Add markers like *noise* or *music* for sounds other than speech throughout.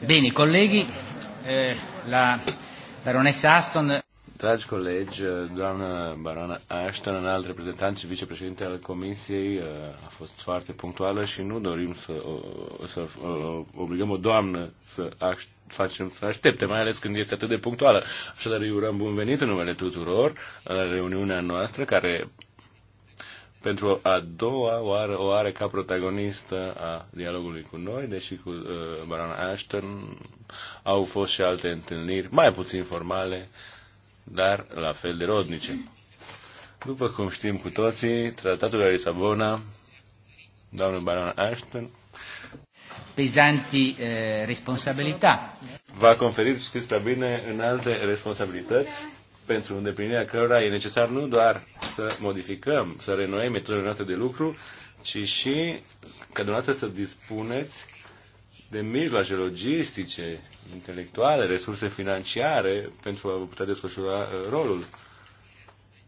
Bene, colleghi, eh, la baronessa Aston. Dragi colegi, eh, doamna barona Ashton, un alt reprezentant și vicepreședinte al Comisiei, eh, a fost foarte punctuală și nu dorim să, o, să o, obligăm o doamnă să aș, facem să aștepte, mai ales când este atât de punctuală. Așadar îi urăm bun venit în numele tuturor la reuniunea noastră, care pentru a doua oară o are ca protagonistă a dialogului cu noi, deși cu uh, barona Ashton au fost și alte întâlniri, mai puțin formale, dar la fel de rodnice. După cum știm cu toții, tratatul de Lisabona, doamnă barona Ashton, pesanti uh, responsabilità. Va a conferit, știți bine, în alte responsabilități pentru îndeplinirea cărora e necesar nu doar să modificăm, să renoim metodele noastre de lucru, ci și ca dumneavoastră să dispuneți de mijloace logistice, intelectuale, resurse financiare pentru a putea desfășura uh, rolul.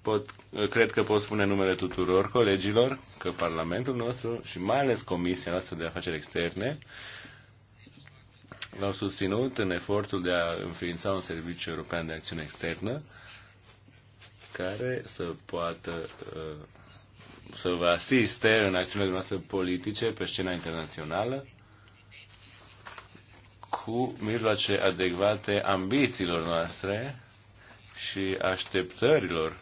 Pot, uh, cred că pot spune numele tuturor colegilor că Parlamentul nostru și mai ales Comisia noastră de Afaceri Externe l-au susținut în efortul de a înființa un serviciu european de acțiune externă care să poată uh, să vă asiste în acțiunile noastre politice pe scena internațională cu mijloace adecvate ambițiilor noastre și așteptărilor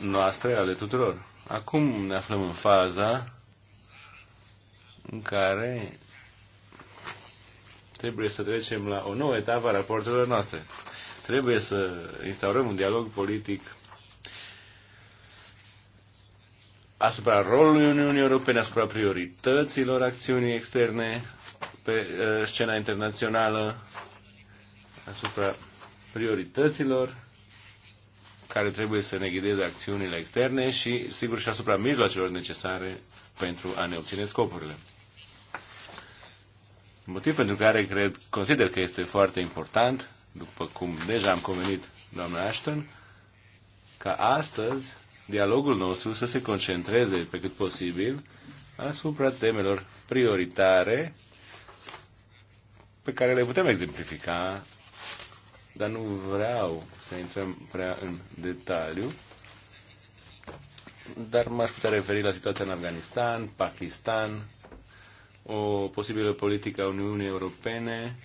noastre ale tuturor. Acum ne aflăm în faza în care trebuie să trecem la o nouă etapă a raporturilor noastre. Trebuie să instaurăm un dialog politic asupra rolului Uniunii Europene, asupra priorităților acțiunii externe pe uh, scena internațională, asupra priorităților care trebuie să ne ghideze acțiunile externe și, sigur, și asupra mijloacelor necesare pentru a ne obține scopurile. Motiv pentru care cred, consider că este foarte important după cum deja am convenit, doamna Ashton, ca astăzi dialogul nostru să se concentreze pe cât posibil asupra temelor prioritare pe care le putem exemplifica, dar nu vreau să intrăm prea în detaliu, dar m-aș putea referi la situația în Afganistan, Pakistan, o posibilă politică a Uniunii Europene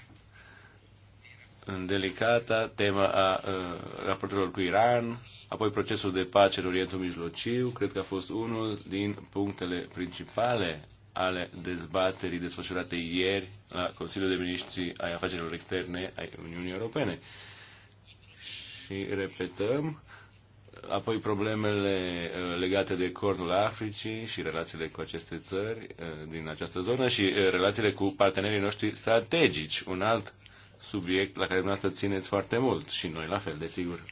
în delicata tema a a uh, raporturilor cu Iran, apoi procesul de pace în Orientul Mijlociu, cred că a fost unul din punctele principale ale dezbaterii desfășurate ieri la Consiliul de Ministri ai Afacerilor Externe ai Uniunii Europene. Și repetăm, apoi problemele uh, legate de cornul Africii și relațiile cu aceste țări uh, din această zonă și relațiile cu partenerii noștri strategici, un alt subiect la care dumneavoastră țineți foarte mult și noi la fel, desigur.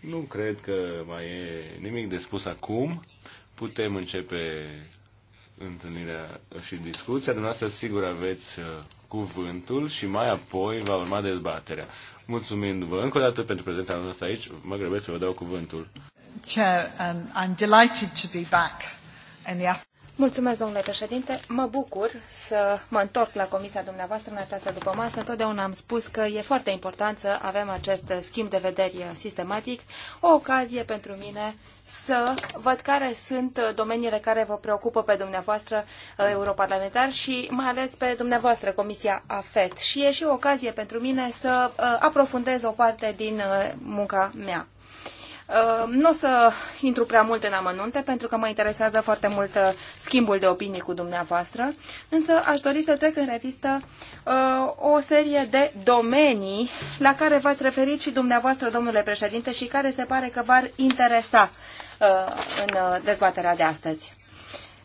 Nu cred că mai e nimic de spus acum. Putem începe întâlnirea și discuția. Dumneavoastră sigur aveți uh, cuvântul și mai apoi va urma dezbaterea. Mulțumindu-vă încă o dată pentru prezența noastră aici, mă grăbesc să vă dau cuvântul. Chair, um, I'm delighted to be back in the Mulțumesc, domnule președinte. Mă bucur să mă întorc la comisia dumneavoastră în această dupămasă. Întotdeauna am spus că e foarte important să avem acest schimb de vederi sistematic, o ocazie pentru mine să văd care sunt domeniile care vă preocupă pe dumneavoastră uh, europarlamentar și mai ales pe dumneavoastră Comisia AFET. Și e și o ocazie pentru mine să uh, aprofundez o parte din uh, munca mea. Ehm, nu o să intru prea mult în amănunte, pentru că mă interesează foarte mult uh, schimbul de opinii cu dumneavoastră, însă aș dori să trec în revistă uh, o serie de domenii la care v-ați referit și dumneavoastră, domnule președinte, și care se pare că v-ar interesa uh, în dezbaterea de astăzi.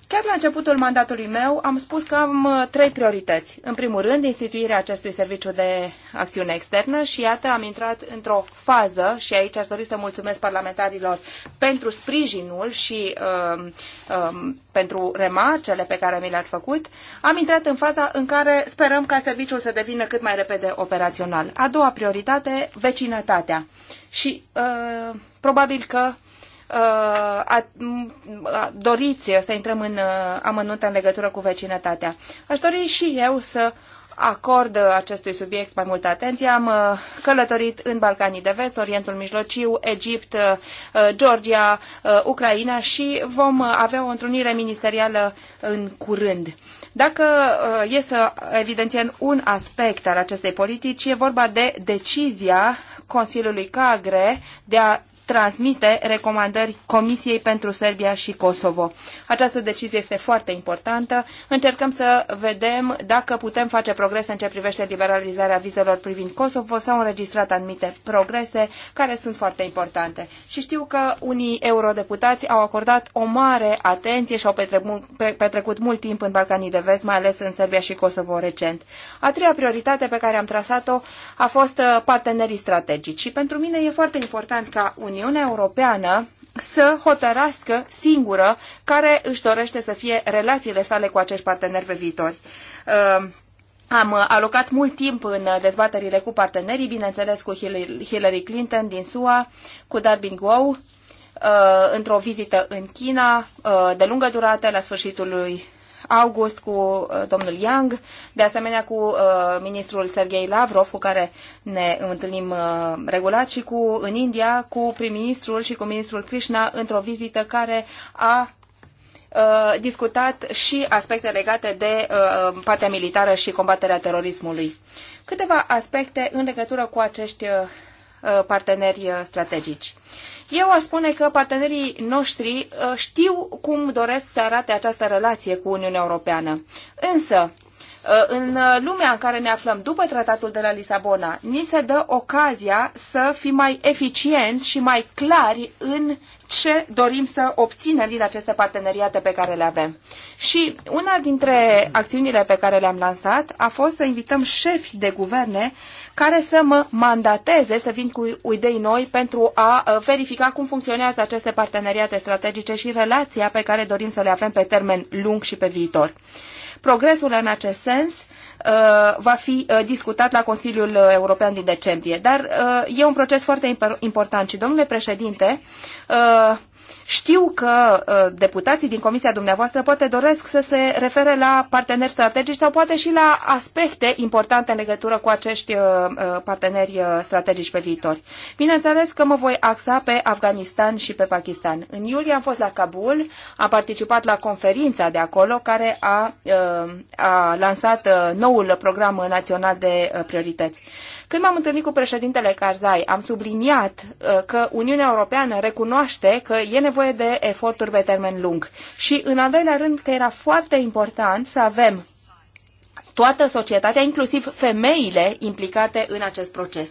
Chiar la începutul mandatului meu am spus că am uh, trei priorități. În primul rând, instituirea acestui serviciu de acțiune externă și iată am intrat într-o fază și aici aș dori să mulțumesc parlamentarilor pentru sprijinul și um, um, pentru remarcele pe care mi le-ați făcut. Am intrat în faza în care sperăm ca serviciul să devină cât mai repede operațional. A doua prioritate, vecinătatea. Și uh, probabil că a, uh, a, uh, doriți să intrăm în uh, amănunte în legătură cu vecinătatea. Aș dori și eu să acord acestui subiect mai multă atenție. Am călătorit în Balcanii de Vest, Orientul Mijlociu, Egipt, Georgia, Ucraina și vom avea o întrunire ministerială în curând. Dacă e să evidențiem un aspect al acestei politici, e vorba de decizia Consiliului Cagre de a transmite recomandări Comisiei pentru Serbia și Kosovo. Această decizie este foarte importantă. Încercăm să vedem dacă putem face progrese în ce privește liberalizarea vizelor privind Kosovo. S-au înregistrat anumite progrese care sunt foarte importante. Și știu că unii eurodeputați au acordat o mare atenție și au petrecut mult timp în Balcanii de Vest, mai ales în Serbia și Kosovo recent. A treia prioritate pe care am trasat-o a fost uh, partenerii strategici. Și pentru mine e foarte important ca unii Uniunea Europeană să hotărască singură care își dorește să fie relațiile sale cu acești parteneri pe viitor. Uh, am alocat mult timp în dezbaterile cu partenerii, bineînțeles cu Hillary Clinton din SUA, cu Darbin Guo, uh, într-o vizită în China uh, de lungă durată la sfârșitul lui august cu uh, domnul Yang, de asemenea cu uh, ministrul Sergei Lavrov, cu care ne întâlnim uh, regulat, și cu, în India cu prim-ministrul și cu ministrul Krishna într-o vizită care a discutat și aspecte legate de partea militară și combaterea terorismului. Câteva aspecte în legătură cu acești Uh, parteneri uh, strategici. Eu aș spune că partenerii noștri uh, știu cum doresc să arate această relație cu Uniunea Europeană. Însă, Uh, în uh, lumea în care ne aflăm după tratatul de la Lisabona, ni se dă ocazia să fim mai eficienți și mai clari în ce dorim să obținem din aceste parteneriate pe care le avem. Și una dintre acțiunile pe care le-am lansat a fost să invităm șefi de guverne care să mă mandateze să vin cu idei noi pentru a uh, verifica cum funcționează aceste parteneriate strategice și relația pe care dorim să le avem pe termen lung și pe viitor. Progresul în acest sens uh, va fi uh, discutat la Consiliul European din decembrie. Dar uh, e un proces foarte important și, domnule președinte, știu că uh, deputații din comisia dumneavoastră poate doresc să se refere la parteneri strategici sau poate și la aspecte importante în legătură cu acești uh, uh, parteneri strategici pe viitor. Bineînțeles că mă voi axa pe Afganistan și pe Pakistan. În iulie am fost la Kabul, am participat la conferința de acolo care a, a lansat noul program național de priorități. Când m-am întâlnit cu președintele Karzai, am subliniat că Uniunea Europeană recunoaște că e e nevoie de eforturi pe termen lung. Și în al doilea rând că era foarte important să avem toată societatea, inclusiv femeile implicate în acest proces.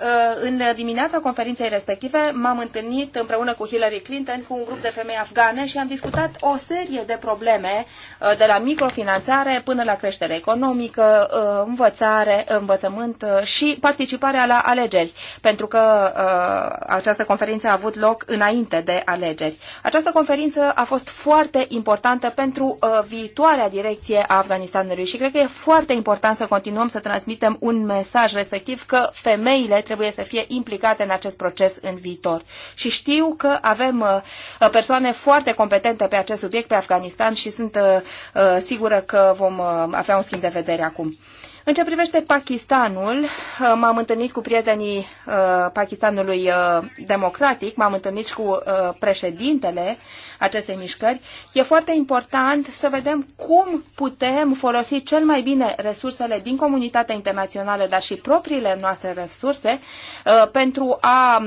Uh, în dimineața conferinței respective m-am întâlnit împreună cu Hillary Clinton cu un grup de femei afgane și am discutat o serie de probleme uh, de la microfinanțare până la creștere economică, uh, învățare, învățământ și participarea la alegeri, pentru că această conferință a avut loc înainte de alegeri. Această conferință a fost foarte importantă pentru viitoarea direcție a Afganistanului și cred că e foarte important să continuăm să transmitem un mesaj respectiv că femeile trebuie să fie implicate în acest proces în viitor. Și știu că avem uh, uh, persoane foarte competente pe acest subiect, pe Afganistan și sunt uh, sigură că vom avea un schimb de vedere acum. În ce privește Pakistanul, uh, m-am întâlnit cu prietenii uh, Pakistanului uh, democratic, m-am întâlnit și cu președintele acestei mișcări. E foarte important să vedem cum putem folosi cel mai bine resursele din comunitatea internațională, dar și propriile noastre resurse pentru a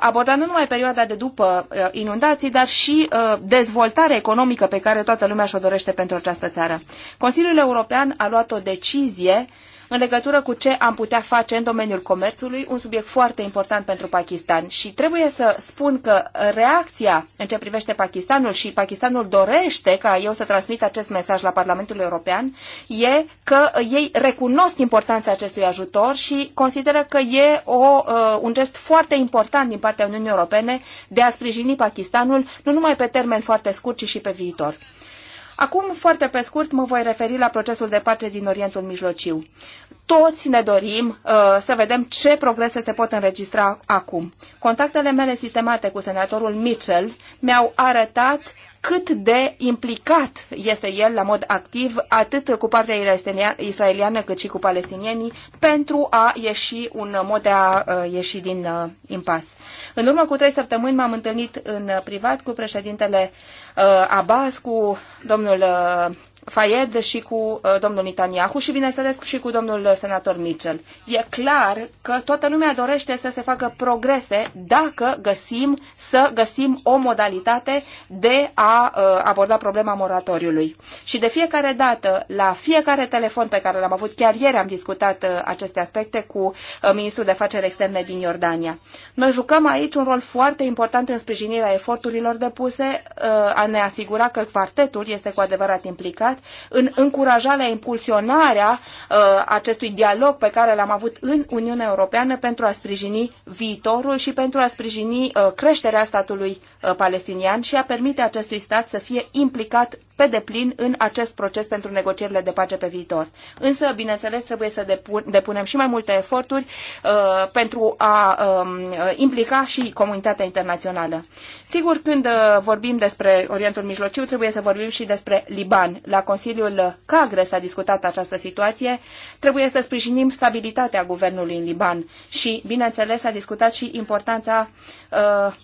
aborda nu numai perioada de după inundații, dar și dezvoltarea economică pe care toată lumea și-o dorește pentru această țară. Consiliul European a luat o decizie în legătură cu ce am putea face în domeniul comerțului, un subiect foarte important pentru Pakistan. Și trebuie să spun că reacția în ce privește Pakistanul și Pakistanul dorește ca eu să transmit acest mesaj la Parlamentul European e că ei recunosc importanța acestui ajutor și consideră că e o, uh, un gest foarte important din partea Uniunii Europene de a sprijini Pakistanul nu numai pe termen foarte scurt, ci și pe viitor. Acum, foarte pe scurt, mă voi referi la procesul de pace din Orientul Mijlociu toți ne dorim uh, să vedem ce progrese se pot înregistra acum. Contactele mele sistemate cu senatorul Mitchell mi-au arătat cât de implicat este el la mod activ, atât cu partea israeliană cât și cu palestinienii, pentru a ieși un mod de a uh, ieși din uh, impas. În urmă cu trei săptămâni m-am întâlnit în privat cu președintele uh, Abbas, cu domnul uh, Fayed și cu uh, domnul Netanyahu și, bineînțeles, și cu domnul senator Mitchell. E clar că toată lumea dorește să se facă progrese dacă găsim să găsim o modalitate de a uh, aborda problema moratoriului. Și de fiecare dată, la fiecare telefon pe care l-am avut, chiar ieri am discutat uh, aceste aspecte cu ministrul de afaceri externe din Iordania. Noi jucăm aici un rol foarte important în sprijinirea eforturilor depuse, a ne asigura că quartetul este cu adevărat implicat implicat în încurajarea, impulsionarea uh, acestui dialog pe care l-am avut în Uniunea Europeană pentru a sprijini viitorul și pentru a sprijini uh, creșterea statului uh, palestinian și a permite acestui stat să fie implicat pe deplin în acest proces pentru negocierile de pace pe viitor. Însă, bineînțeles, trebuie să depunem și mai multe eforturi uh, pentru a um, implica și comunitatea internațională. Sigur, când uh, vorbim despre Orientul Mijlociu, trebuie să vorbim și despre Liban. La Consiliul Cagre s-a discutat această situație. Trebuie să sprijinim stabilitatea guvernului în Liban și, bineînțeles, s-a discutat și importanța uh,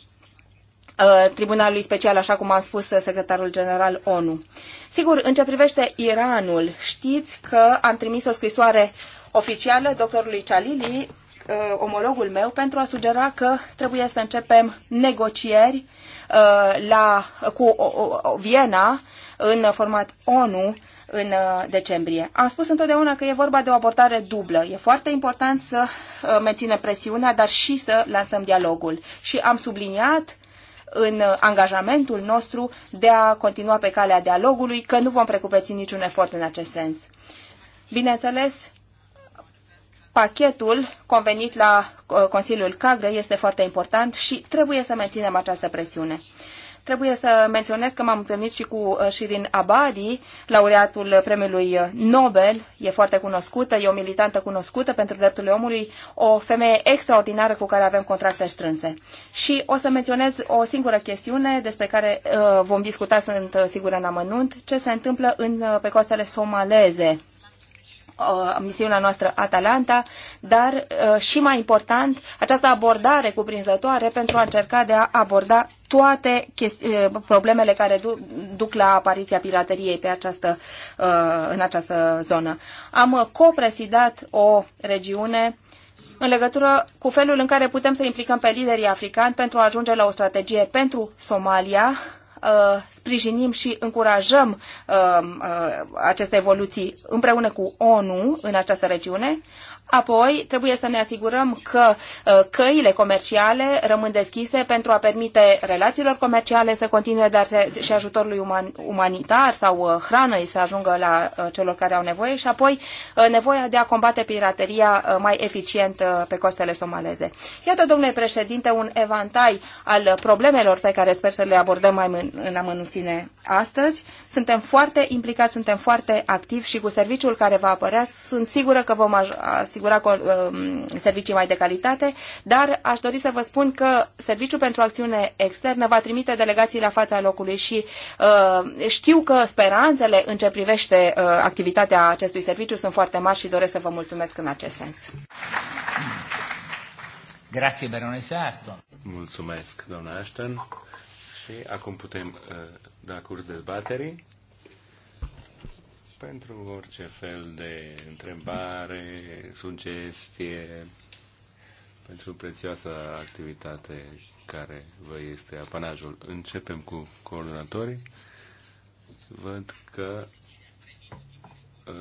Uh, Tribunalului Special, așa cum a spus secretarul general ONU. Sigur, în ce privește Iranul, știți că am trimis o scrisoare oficială doctorului Cialili, uh, omologul meu, pentru a sugera că trebuie să începem negocieri uh, la, cu Viena în format ONU în decembrie. Am spus întotdeauna că e vorba de o abordare dublă. E foarte important să menținem presiunea, dar și să lansăm dialogul. Și am subliniat în uh, angajamentul nostru de a continua pe calea dialogului, că nu vom precupeți niciun efort în acest sens. Bineînțeles, pachetul convenit la uh, Consiliul CAGRE este foarte important și trebuie să menținem această presiune. Trebuie să menționez că m-am întâlnit și cu uh, Shirin Abadi, laureatul premiului uh, Nobel. E foarte cunoscută, e o militantă cunoscută pentru drepturile omului, o femeie extraordinară cu care avem contracte strânse. Și o să menționez o singură chestiune despre care uh, vom discuta, sunt sigură în amănunt, ce se întâmplă în, pe coastele somaleze Uh, misiunea noastră Atalanta, dar uh, și mai important, această abordare cuprinzătoare pentru a încerca de a aborda toate uh, problemele care duc la apariția pirateriei pe această, în această zonă. Am copresidat o regiune în legătură cu felul în care putem să implicăm pe liderii africani pentru a ajunge la o strategie pentru Somalia, Uh, sprijinim și încurajăm uh, uh, aceste evoluții împreună cu ONU în această regiune. Apoi, trebuie să ne asigurăm că căile comerciale rămân deschise pentru a permite relațiilor comerciale să continue, dar și ajutorului uman, umanitar sau hranăi să ajungă la celor care au nevoie și apoi nevoia de a combate pirateria mai eficient pe costele somaleze. Iată, domnule președinte, un evantai al problemelor pe care sper să le abordăm mai în, amănunține astăzi. Suntem foarte implicați, suntem foarte activi și cu serviciul care va apărea sunt sigură că vom asigura um, servicii mai de calitate, dar aș dori să vă spun că Serviciul pentru Acțiune Externă va trimite delegații la fața locului și uh, știu că speranțele în ce privește uh, activitatea acestui serviciu sunt foarte mari și doresc să vă mulțumesc în acest sens. Grazie, Baronesa Aston. Mulțumesc, doamna Ashton. Și acum putem uh, da curs dezbaterii pentru orice fel de întrebare, sugestie, pentru prețioasa activitate care vă este apanajul. Începem cu coordonatorii. Văd că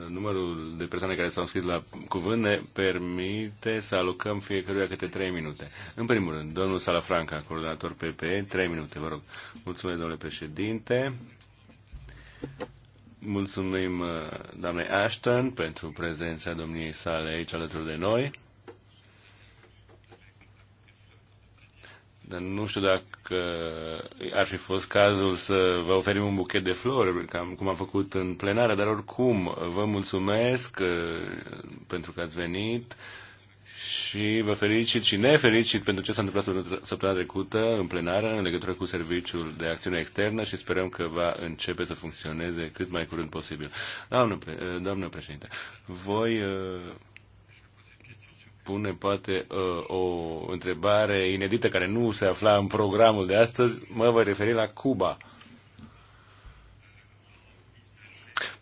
numărul de persoane care s-au înscris la cuvânt ne permite să alocăm fiecăruia câte 3 minute. În primul rând, domnul Salafranca, coordonator PPE, 3 minute, vă rog. Mulțumesc, domnule președinte. Mulțumim uh, doamnei Ashton pentru prezența domniei sale aici alături de noi. Dar nu știu dacă ar fi fost cazul să vă oferim un buchet de flori, cam cum am făcut în plenară, dar oricum vă mulțumesc uh, pentru că ați venit și vă felicit și nefericit pentru ce s-a întâmplat săptămâna trecută în plenară în legătură cu Serviciul de Acțiune Externă și sperăm că va începe să funcționeze cât mai curând posibil. Doamnă, doamnă președinte, voi uh, pune poate uh, o întrebare inedită care nu se afla în programul de astăzi. Mă voi referi la Cuba.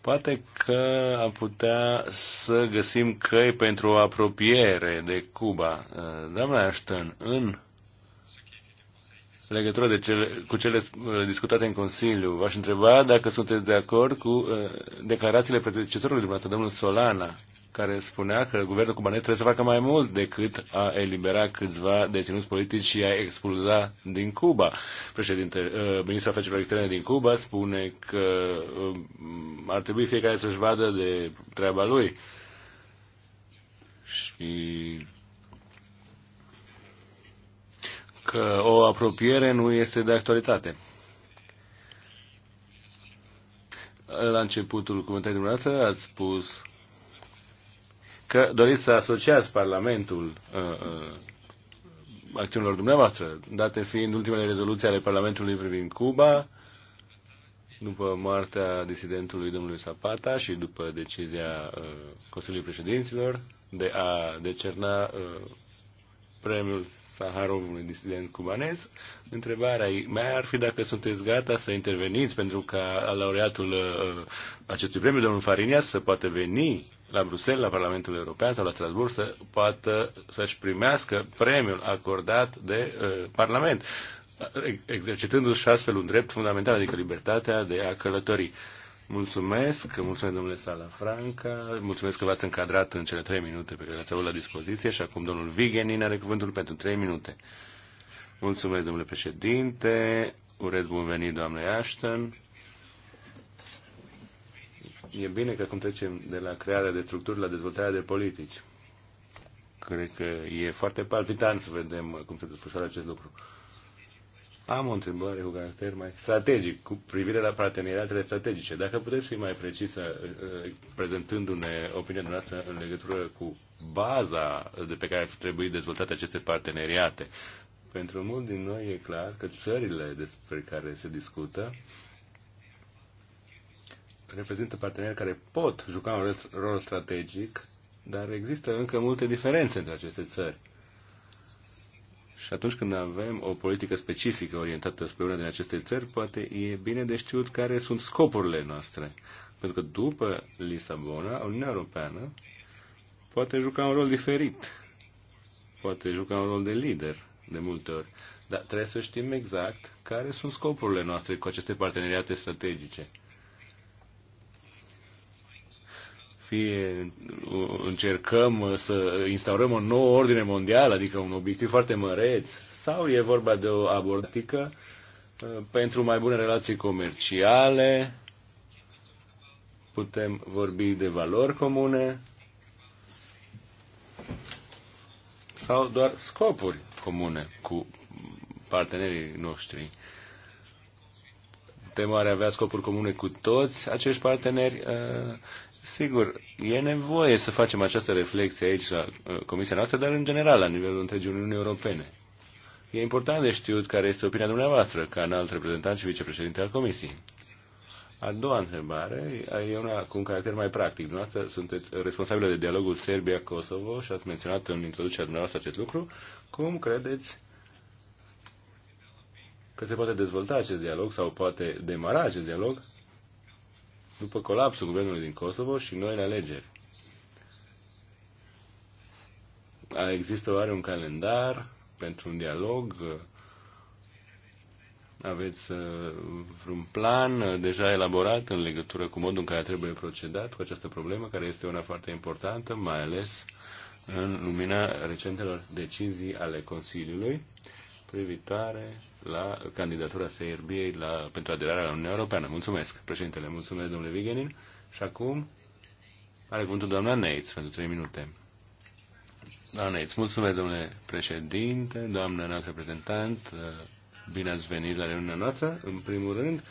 Poate că am putea să găsim căi pentru o apropiere de Cuba. Uh, doamna Ashton, în legătură de cele, cu cele uh, discutate în Consiliu, v-aș întreba dacă sunteți de acord cu declarațiile predecesorului dumneavoastră, domnul Solana, care spunea că guvernul cubanez trebuie să facă mai mult decât a elibera câțiva deținuți politici și a expulza din Cuba. Președinte, uh, ministrul afacerilor externe din Cuba spune că um, ar trebui fiecare să-și vadă de treaba lui. Și că o apropiere nu este de actualitate. La începutul comentariului dumneavoastră ați spus că doriți să asociați Parlamentul uh, uh, acțiunilor dumneavoastră, date fiind ultimele rezoluții ale Parlamentului privind Cuba, după moartea disidentului domnului Zapata și după decizia uh, Consiliului Președinților de a decerna uh, premiul Saharovului disident cubanez. Întrebarea mea ar fi dacă sunteți gata să interveniți pentru ca laureatul uh, acestui premiu, domnul Farinia, să poată veni la Bruxelles, la Parlamentul European sau la Strasbourg să poată să-și primească premiul acordat de uh, Parlament, exercitându-și astfel un drept fundamental, adică libertatea de a călători. Mulțumesc, mulțumesc domnule Sala Franca, mulțumesc că v-ați încadrat în cele trei minute pe care le-ați avut la dispoziție și acum domnul Vigenin are cuvântul pentru trei minute. Mulțumesc, domnule președinte, urez bun venit, doamne Ashton. E bine că acum trecem de la crearea de structuri la dezvoltarea de politici. Cred că e foarte palpitant să vedem cum se desfășoară acest lucru. Am o întrebare cu caracter mai strategic, cu privire la parteneriatele strategice. Dacă puteți fi mai precisă, eh, prezentându-ne opinia noastră în legătură cu baza de pe care ar trebui dezvoltate aceste parteneriate. Pentru mulți din noi e clar că țările despre care se discută reprezintă parteneri care pot juca un rol strategic, dar există încă multe diferențe între aceste țări. Și atunci când avem o politică specifică orientată spre una din aceste țări, poate e bine de știut care sunt scopurile noastre. Pentru că după Lisabona, Uniunea Europeană poate juca un rol diferit. Poate juca un rol de lider, de multe ori. Dar trebuie să știm exact care sunt scopurile noastre cu aceste parteneriate strategice. fie uh, încercăm uh, să instaurăm o nouă ordine mondială, adică un obiectiv foarte măreț, sau e vorba de o abordică uh, pentru mai bune relații comerciale, putem vorbi de valori comune sau doar scopuri comune cu partenerii noștri. Putem oare avea scopuri comune cu toți acești parteneri? Sigur, e nevoie să facem această reflexie aici la uh, Comisia noastră, dar în general la nivelul întregii Uniunii Europene. E important de știut care este opinia dumneavoastră ca înalt reprezentant și vicepreședinte al Comisiei. A doua întrebare e una cu un caracter mai practic. Dumneavoastră sunteți responsabilă de dialogul Serbia-Kosovo și ați menționat în introducerea dumneavoastră acest lucru. Cum credeți că se poate dezvolta acest dialog sau poate demara acest dialog după colapsul guvernului din Kosovo și noile alegeri. Există oare un calendar pentru un dialog? Aveți uh, vreun plan uh, deja elaborat în legătură cu modul în care trebuie procedat cu această problemă, care este una foarte importantă, mai ales în lumina recentelor decizii ale Consiliului privitoare la candidatura Serbiei la, pentru aderarea la Uniunea Europeană. Mulțumesc, președintele. Mulțumesc, domnule Vigenin. Și acum are cuvântul doamna Neitz pentru 3 minute. Doamna Neitz, mulțumesc, domnule președinte, doamna noastră reprezentant. Bine ați venit la reuniunea noastră. În primul rând,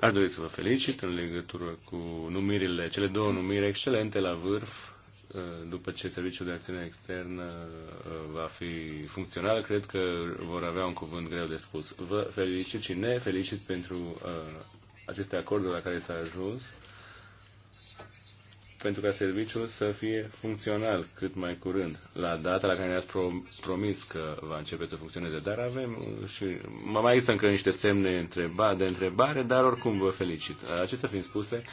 aș dori să vă felicit în legătură cu numirile, cele două numiri excelente la vârf Eh, după ce serviciul de acțiune externă eh, va fi funcțional, cred că vor avea un cuvânt greu de spus. Vă felicit și ne felicit pentru eh, aceste acorduri la care s-a ajuns, pentru ca serviciul să fie funcțional cât mai curând, la data la care ne-ați promis că va începe să funcționeze. Dar avem și mai există încă niște semne de întrebare, dar oricum vă felicit. Acestea fiind spuse, uh,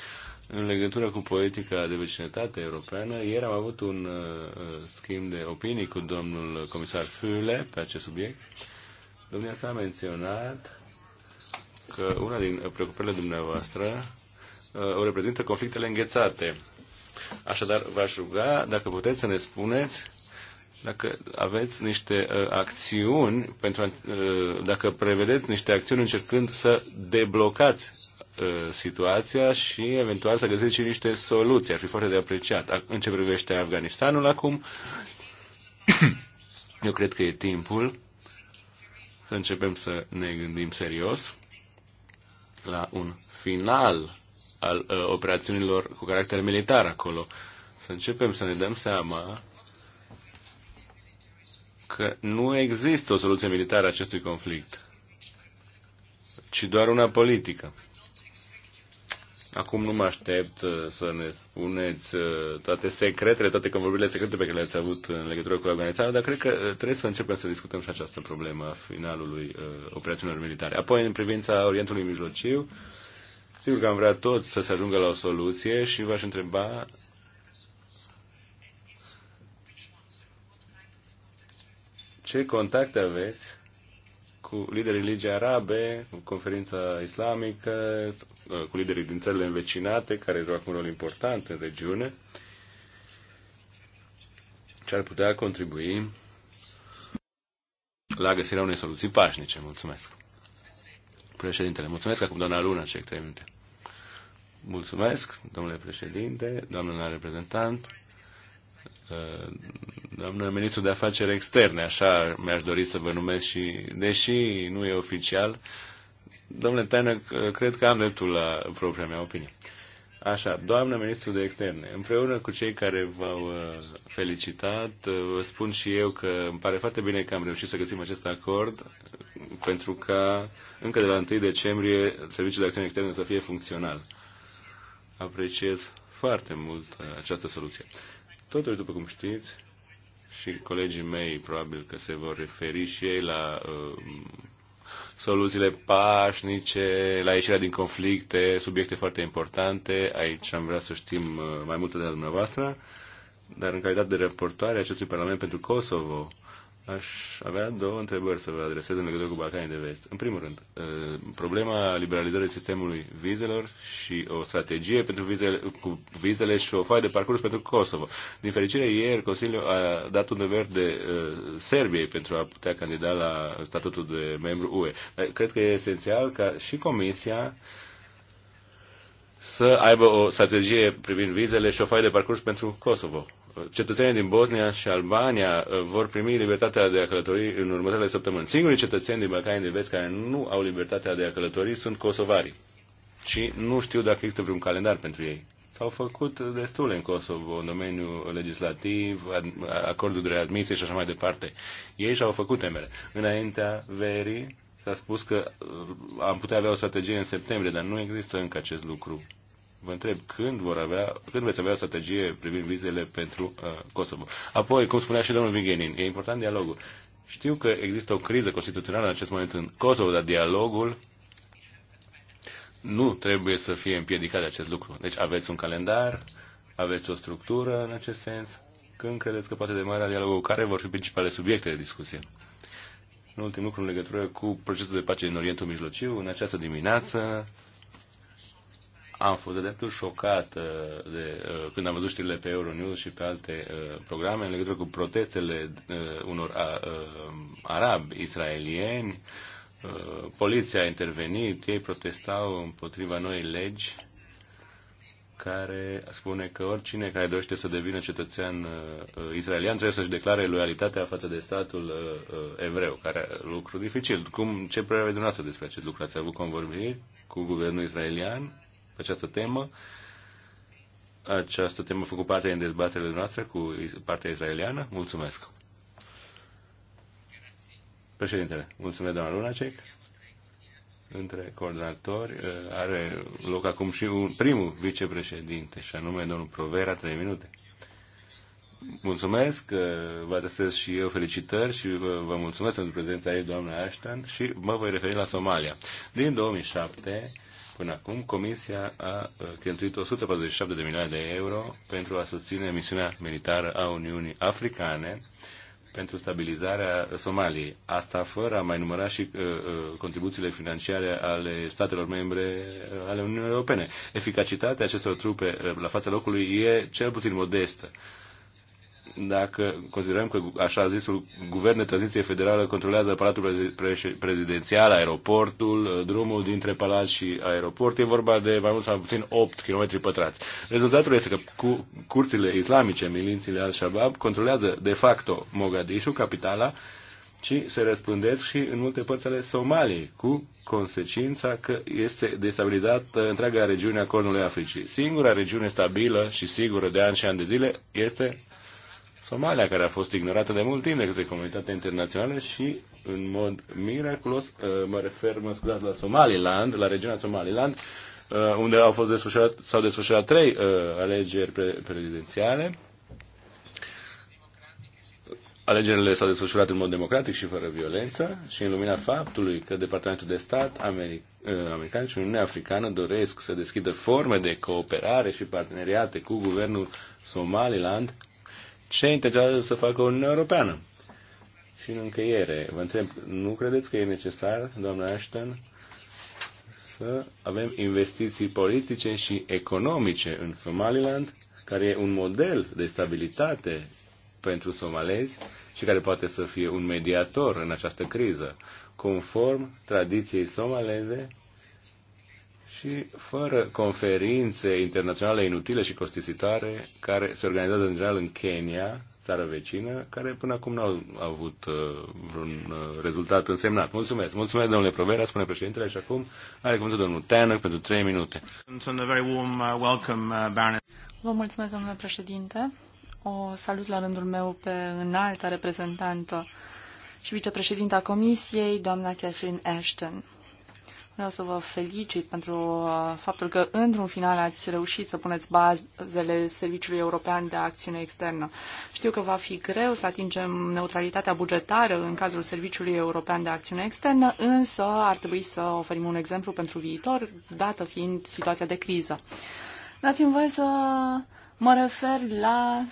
în legătură cu politica de vecinătate europeană, ieri am avut un uh, uh, schimb de opinii cu domnul comisar Füle pe acest subiect. Domnia s-a menționat că una din preocupările dumneavoastră uh, o reprezintă conflictele înghețate. Așadar, v-aș ruga dacă puteți să ne spuneți dacă aveți niște uh, acțiuni, pentru a, uh, dacă prevedeți niște acțiuni încercând să deblocați Uh, situația și eventual să găsiți și niște soluții. Ar fi foarte de apreciat. În ce privește Afganistanul acum, *coughs* eu cred că e timpul să începem să ne gândim serios la un final al uh, operațiunilor cu caracter militar acolo. Să începem să ne dăm seama că nu există o soluție militară a acestui conflict, ci doar una politică. Acum nu mă aștept uh, să ne spuneți uh, toate secretele, toate convorbirile secrete pe care le-ați avut în legătură cu Afganistanul, dar cred că uh, trebuie să începem să discutăm și această problemă a finalului operațiunilor militare. Apoi, în privința Orientului Mijlociu, sigur că am vrea tot să se ajungă la o soluție și v-aș întreba ce contacte aveți cu liderii religiei Arabe, cu conferința islamică, cu liderii din țările învecinate, care joacă un rol important în regiune, ce ar putea contribui la găsirea unei soluții pașnice. Mulțumesc. Președintele, mulțumesc acum doamna Luna, cei trei minute. Mulțumesc, domnule președinte, doamna reprezentant doamnă ministru de afaceri externe, așa mi-aș dori să vă numesc și, deși nu e oficial, domnule Taină, cred că am dreptul la propria mea opinie. Așa, doamnă ministru de externe, împreună cu cei care v-au uh, felicitat, uh, vă spun și eu că îmi pare foarte bine că am reușit să găsim acest acord, pentru că încă de la 1 decembrie Serviciul de Acțiune externe să fie funcțional. Apreciez foarte mult uh, această soluție. Totuși, după cum știți, și colegii mei probabil că se vor referi și ei la uh, soluțiile pașnice, la ieșirea din conflicte, subiecte foarte importante. Aici am vrea să știm uh, mai multe de la dumneavoastră, dar în calitate de raportoare acestui Parlament pentru Kosovo, aș avea două întrebări să vă adresez în legătură cu Balcanii de Vest. În primul rând, uh, problema liberalizării sistemului vizelor și o strategie pentru vizele, cu vizele și o foaie de parcurs pentru Kosovo. Din fericire, ieri Consiliul a dat un verde uh, Serbiei pentru a putea candida la statutul de membru UE. Cred că e esențial ca și Comisia să aibă o strategie privind vizele și o foaie de parcurs pentru Kosovo cetățenii din Bosnia și Albania uh, vor primi libertatea de a călători în următoarele săptămâni. Singurii cetățeni din Balcanii de Vest care nu au libertatea de a călători sunt kosovarii. Și nu știu dacă există vreun calendar pentru ei. S-au făcut destule în Kosovo, în domeniul legislativ, acordul de readmisie și așa mai departe. Ei și-au făcut temele. Înaintea verii s-a spus că uh, am putea avea o strategie în septembrie, dar nu există încă acest lucru vă întreb când, vor avea, când veți avea o strategie privind vizele pentru uh, Kosovo. Apoi, cum spunea și domnul Vigenin, e important dialogul. Știu că există o criză constituțională în acest moment în Kosovo, dar dialogul nu trebuie să fie împiedicat de acest lucru. Deci aveți un calendar, aveți o structură în acest sens. Când credeți că poate demara dialogul? Care vor fi principale subiecte de discuție? În ultim lucru, în legătură cu procesul de pace din Orientul Mijlociu, în această dimineață, am fost de dreptul șocat uh, de, uh, când am văzut știrile pe Euronews și pe alte uh, programe în legătură cu protestele unor arabi israelieni. Poliția a intervenit, ei protestau împotriva noi legi care spune că oricine care dorește să devină cetățean uh, israelian trebuie să-și declare loialitatea față de statul uh, evreu, care e lucru dificil. Cum, ce părere aveți dumneavoastră despre acest lucru? Ați avut convorbiri cu guvernul israelian? această temă. Această temă a făcut parte din dezbaterile noastre cu partea israeliană. Mulțumesc. Președintele, mulțumesc, doamna Lunacek. Între coordonatori uh, are loc acum și un primul vicepreședinte, și anume domnul Provera, trei minute. Mulțumesc, uh, vă adresez și eu felicitări și uh, vă mulțumesc pentru prezența ei, doamna Ashton, și mă voi referi la Somalia. Din 2007, Până acum, Comisia a uh, cheltuit 147 de milioane de euro pentru a susține misiunea militară a Uniunii Africane pentru stabilizarea Somaliei. Asta fără a mai număra și uh, uh contribuțiile financiare ale statelor membre uh, ale Uniunii Europene. Eficacitatea acestor trupe uh, la fața locului e cel puțin modestă. Uh, dacă considerăm că așa zisul guvern de tranziție federală controlează Palatul prezidențial, aeroportul, uh, drumul dintre palat și aeroport, e vorba de mai mult sau puțin 8 km pătrați. Rezultatul este că cu curțile islamice, milințile al-Shabaab, controlează de facto Mogadishu, capitala, ci se răspândesc și în multe părți ale Somaliei, cu consecința că este destabilizată întreaga regiune a Cornului Africii. Singura regiune stabilă și sigură de ani și ani de zile este Somalia, care a fost ignorată de mult timp de către comunitatea internațională și, în mod miraculos, uh, mă refer, mă scuzați, la Somaliland, la regiunea Somaliland, uh, unde au fost desfășurat, s-au desfășurat trei uh, alegeri prezidențiale. Alegerile s-au desfășurat în mod democratic și fără violență și în lumina faptului că Departamentul de Stat Americ American și Uniunea Africană doresc să deschidă forme de cooperare și parteneriate cu guvernul Somaliland ce intenționează să facă Uniunea Europeană. Și în încheiere, vă întreb, nu credeți că e necesar, doamna Ashton, să avem investiții politice și economice în Somaliland, care e un model de stabilitate pentru somalezi și care poate să fie un mediator în această criză, conform tradiției somaleze și fără conferințe internaționale inutile și costisitoare care se organizează în general în Kenya, țară vecină, care până acum nu au avut uh, vreun uh, rezultat însemnat. Mulțumesc. Mulțumesc, domnule Provera, spune președintele, și acum are cuvântul domnul Tanăc pentru trei minute. Uh, uh, Vă mulțumesc, domnule președinte. O salut la rândul meu pe înalta reprezentantă și vicepreședinta Comisiei, doamna Catherine Ashton. Vreau să vă felicit pentru uh, faptul că, într-un final, ați reușit să puneți bazele Serviciului European de Acțiune Externă. Știu că va fi greu să atingem neutralitatea bugetară în cazul Serviciului European de Acțiune Externă, însă ar trebui să oferim un exemplu pentru viitor, dată fiind situația de criză. Dați-mi voie să mă refer la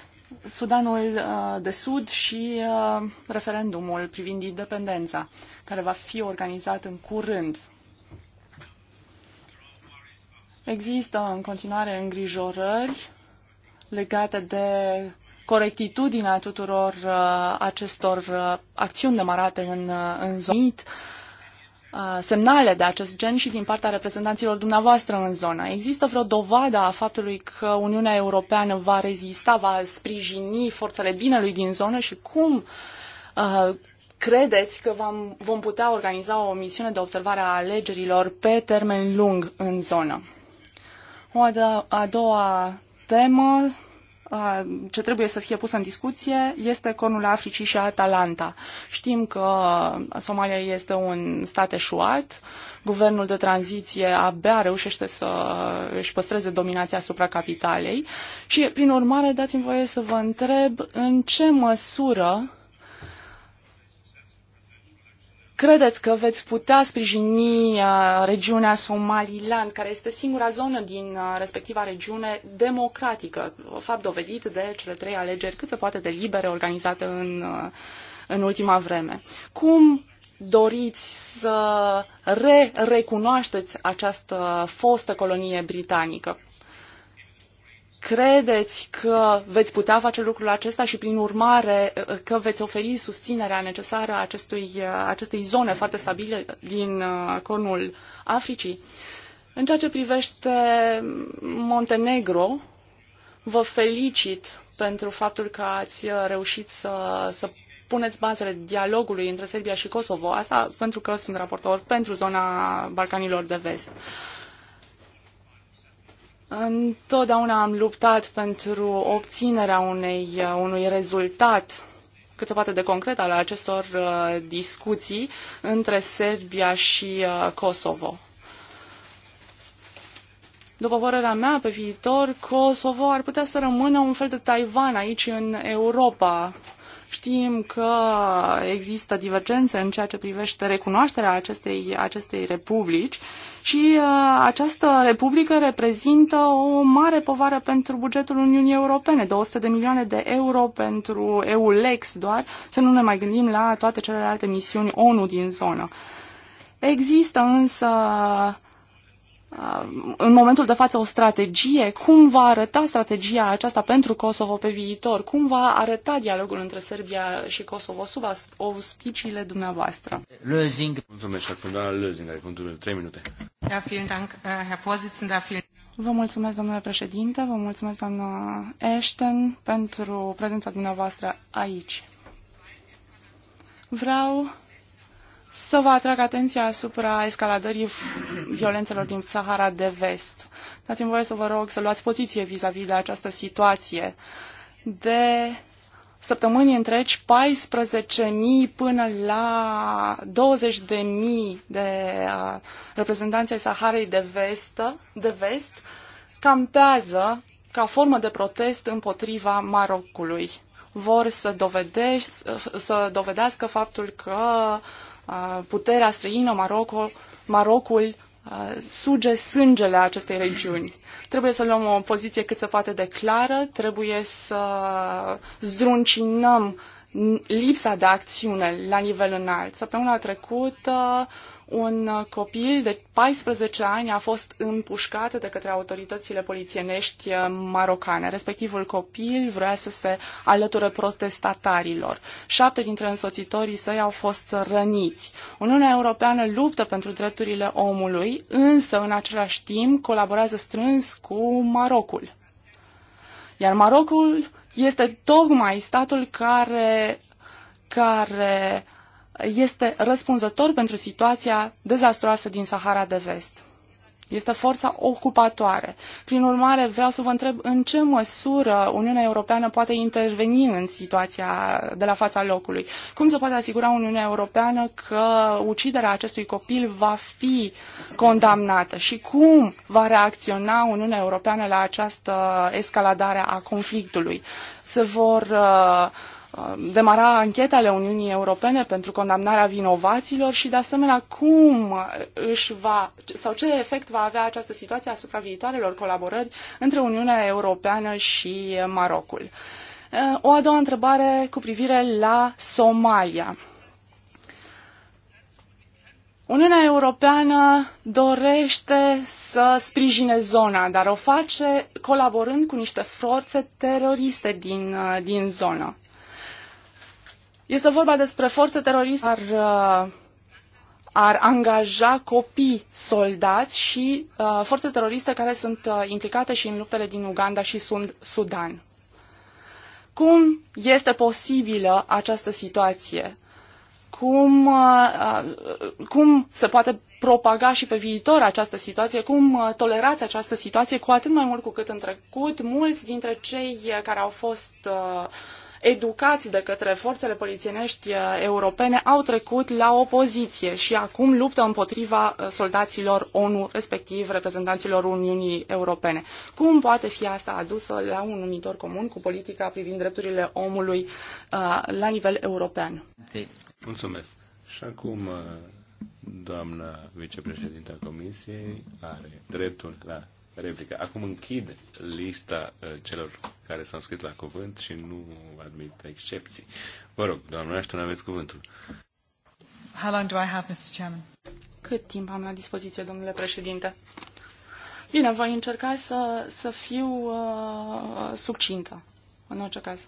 Sudanul uh, de Sud și uh, referendumul privind independența, care va fi organizat în curând Există în continuare îngrijorări legate de corectitudinea tuturor uh, acestor uh, acțiuni demarate în, uh, în zonă, uh, semnale de acest gen și din partea reprezentanților dumneavoastră în zonă. Există vreo dovadă a faptului că Uniunea Europeană va rezista, va sprijini forțele binelui din zonă și cum uh, credeți că vom, vom putea organiza o misiune de observare a alegerilor pe termen lung în zonă? O a doua temă ce trebuie să fie pusă în discuție este Cornul Africii și Atalanta. Știm că Somalia este un stat eșuat, guvernul de tranziție abia reușește să își păstreze dominația asupra capitalei și, prin urmare, dați-mi voie să vă întreb în ce măsură credeți că veți putea sprijini uh, regiunea Somaliland, care este singura zonă din uh, respectiva regiune democratică, fapt dovedit de cele trei alegeri cât se poate de libere organizate în, uh, în ultima vreme. Cum doriți să re-recunoașteți această fostă colonie britanică? credeți că veți putea face lucrul acesta și, prin urmare, că veți oferi susținerea necesară acestui, acestei zone foarte stabile din uh, conul Africii? În ceea ce privește Montenegro, vă felicit pentru faptul că ați reușit să, să puneți bazele dialogului între Serbia și Kosovo. Asta pentru că sunt raportor pentru zona Balcanilor de Vest. Întotdeauna am luptat pentru obținerea unei, uh, unui rezultat cât se poate de concret al acestor uh, discuții între Serbia și uh, Kosovo. După părerea mea, pe viitor, Kosovo ar putea să rămână un fel de Taiwan aici în Europa, Știm că există divergențe în ceea ce privește recunoașterea acestei, acestei republici și uh, această republică reprezintă o mare povară pentru bugetul Uniunii Europene, 200 de milioane de euro pentru EULEX doar, să nu ne mai gândim la toate celelalte misiuni ONU din zonă. Există însă uh, Uh, în momentul de față o strategie, cum va arăta strategia aceasta pentru Kosovo pe viitor, cum va arăta dialogul între Serbia și Kosovo sub auspiciile dumneavoastră. Lözing. Mulțumesc și acum doamna Lözing, are cuvântul 3 minute. Da, Dank, äh, Vă mulțumesc, domnule președinte, vă mulțumesc, doamna Ashton, pentru prezența dumneavoastră aici. Vreau să vă atrag atenția asupra escaladării violențelor din Sahara de Vest. Dați-mi voie să vă rog să luați poziție vis-a-vis -vis de această situație. De săptămâni întregi, 14.000 până la 20.000 de reprezentanți ai Saharei de, Vest, de Vest campează ca formă de protest împotriva Marocului. Vor să, dovedești, să dovedească faptul că uh, puterea străină, Maroco, Marocul suge sângele acestei regiuni. Trebuie să luăm o poziție cât se poate de clară, trebuie să zdruncinăm lipsa de acțiune la nivel înalt. Săptămâna trecută uh, un uh, copil de 14 ani a fost împușcat de către autoritățile polițienești uh, marocane. Respectivul copil vrea să se alăture protestatarilor. Șapte dintre însoțitorii săi au fost răniți. Uniunea Europeană luptă pentru drepturile omului, însă în același timp colaborează strâns cu Marocul. Iar Marocul este tocmai statul care, care uh, este răspunzător pentru situația dezastroasă din Sahara de Vest. Este forța ocupatoare. Prin urmare, vreau să vă întreb în ce măsură Uniunea Europeană poate interveni în situația de la fața locului. Cum se poate asigura Uniunea Europeană că uciderea acestui copil va fi condamnată și cum va reacționa Uniunea Europeană la această escaladare a conflictului? Se vor uh, demara anchete ale Uniunii Europene pentru condamnarea vinovaților și, de asemenea, cum își va sau ce efect va avea această situație asupra viitoarelor colaborări între Uniunea Europeană și Marocul. Eh, o a doua întrebare cu privire la Somalia. Uniunea Europeană dorește să sprijine zona, dar o face colaborând cu niște forțe teroriste din, eh, din zonă. Este vorba despre forțe teroriste ar, uh, ar angaja copii soldați și uh, forțe teroriste care sunt uh, implicate și în luptele din Uganda și Sudan. Cum este posibilă această situație? Cum, uh, uh, cum se poate propaga și pe viitor această situație? Cum uh, tolerați această situație? Cu atât mai mult cu cât în trecut, mulți dintre cei care au fost uh, educați de către forțele polițienești uh, europene au trecut la opoziție și acum luptă împotriva uh, soldaților ONU, respectiv reprezentanților Uniunii Europene. Cum poate fi asta adusă la un numitor comun cu politica privind drepturile omului uh, la nivel european? Mulțumesc. Și acum doamna vicepreședinta Comisiei are dreptul la replică. Acum închid lista uh, celor care s-au scris la cuvânt și nu admit excepții. Vă rog, doamnă Ashton, aveți cuvântul. How long do I have, Mr. Chairman? Cât timp am la dispoziție, domnule președinte? Bine, voi încerca să, să fiu uh, succintă, în orice caz.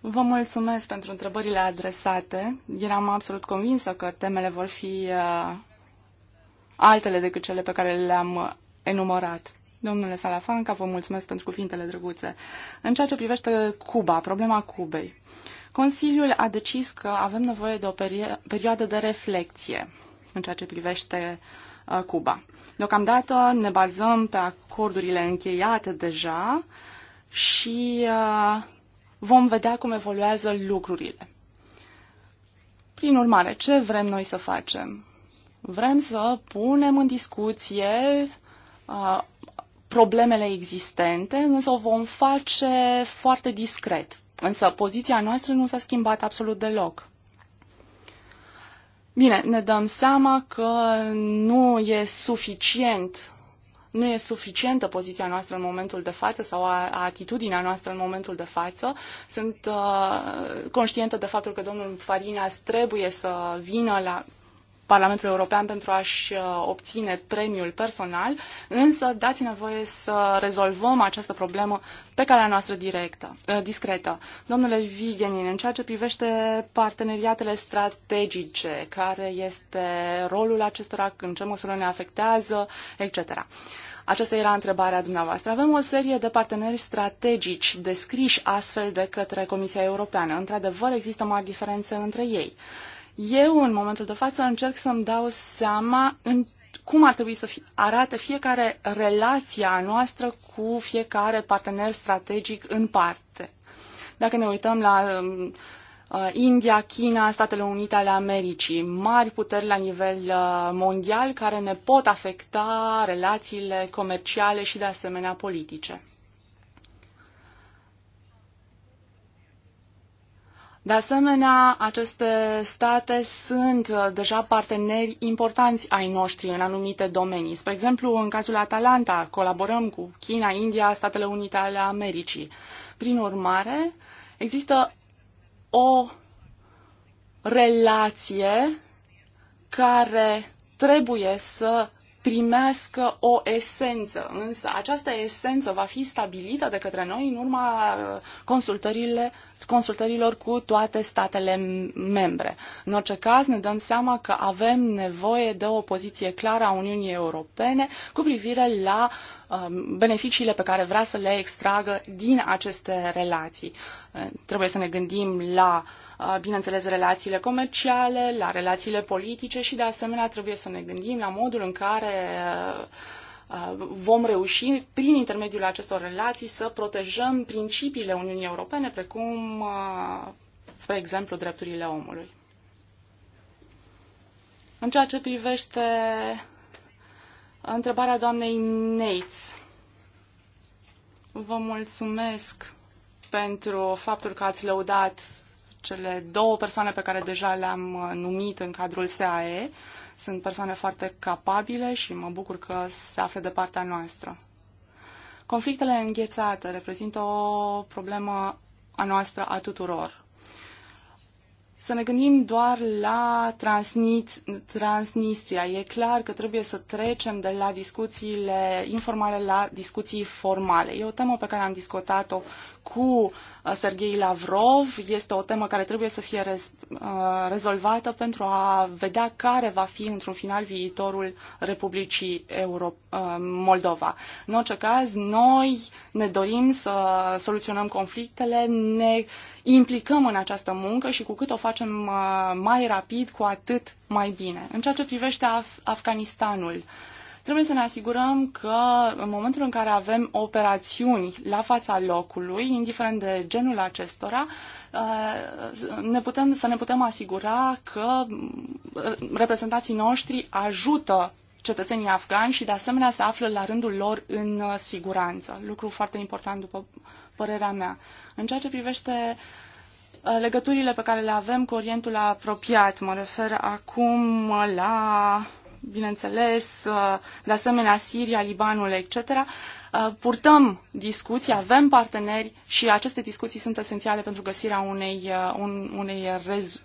Vă mulțumesc pentru întrebările adresate. Eram absolut convinsă că temele vor fi uh, altele decât cele pe care le-am enumerat. Domnule Salafanca, vă mulțumesc pentru cuvintele drăguțe. În ceea ce privește Cuba, problema Cubei, Consiliul a decis că avem nevoie de o perio perioadă de reflexie în ceea ce privește uh, Cuba. Deocamdată ne bazăm pe acordurile încheiate deja și uh, vom vedea cum evoluează lucrurile. Prin urmare, ce vrem noi să facem? Vrem să punem în discuție problemele existente, însă o vom face foarte discret. Însă poziția noastră nu s-a schimbat absolut deloc. Bine, ne dăm seama că nu e suficient nu e suficientă poziția noastră în momentul de față sau a, a atitudinea noastră în momentul de față. Sunt uh, conștientă de faptul că domnul Farinas trebuie să vină la Parlamentul European pentru a-și uh, obține premiul personal, însă dați-ne voie să rezolvăm această problemă pe calea noastră directă, uh, discretă. Domnule Vigenin, în ceea ce privește parteneriatele strategice, care este rolul acestora, în ce măsură ne afectează, etc. Aceasta era întrebarea dumneavoastră. Avem o serie de parteneri strategici descriși astfel de către Comisia Europeană. Într-adevăr, există mari diferențe între ei. Eu, în momentul de față, încerc să-mi dau seama în cum ar trebui să arate fiecare relația noastră cu fiecare partener strategic în parte. Dacă ne uităm la um, uh, India, China, Statele Unite ale Americii, mari puteri la nivel uh, mondial care ne pot afecta relațiile comerciale și de asemenea politice. De asemenea, aceste state sunt uh, deja parteneri importanți ai noștri în anumite domenii. Spre exemplu, în cazul Atalanta, colaborăm cu China, India, Statele Unite ale Americii. Prin urmare, există o relație care trebuie să primească o esență, însă această esență va fi stabilită de către noi în urma uh, consultările, consultărilor cu toate statele membre. În orice caz, ne dăm seama că avem nevoie de o poziție clară a Uniunii Europene cu privire la uh, beneficiile pe care vrea să le extragă din aceste relații. Uh, trebuie să ne gândim la uh, bineînțeles, relațiile comerciale, la relațiile politice și, de asemenea, trebuie să ne gândim la modul în care vom reuși, prin intermediul acestor relații, să protejăm principiile Uniunii Europene, precum, spre exemplu, drepturile omului. În ceea ce privește întrebarea doamnei Neitz, vă mulțumesc pentru faptul că ați lăudat cele două persoane pe care deja le-am uh, numit în cadrul SAE sunt persoane foarte capabile și mă bucur că se află de partea noastră. Conflictele înghețate reprezintă o problemă a noastră a tuturor. Să ne gândim doar la Transnistria. E clar că trebuie să trecem de la discuțiile informale la discuții formale. E o temă pe care am discutat-o cu Serghei Lavrov. Este o temă care trebuie să fie rez, uh, rezolvată pentru a vedea care va fi într-un final viitorul Republicii Euro- uh, Moldova. În orice caz, noi ne dorim să soluționăm conflictele, ne implicăm în această muncă și cu cât o facem uh, mai rapid, cu atât mai bine. În ceea ce privește Af- Afganistanul, uh, Trebuie să ne asigurăm că în momentul în care avem operațiuni la fața locului, indiferent de genul acestora, uh, ne putem, să ne putem asigura că uh, reprezentații noștri ajută cetățenii afgani și de asemenea se află la rândul lor în uh, siguranță. Lucru foarte important după părerea mea. În ceea ce privește legăturile pe care le avem cu Orientul apropiat, mă refer acum la bineînțeles, uh, de asemenea Siria, Libanul, etc., uh, purtăm discuții, avem parteneri și aceste discuții sunt esențiale pentru găsirea unei, uh, unei rez,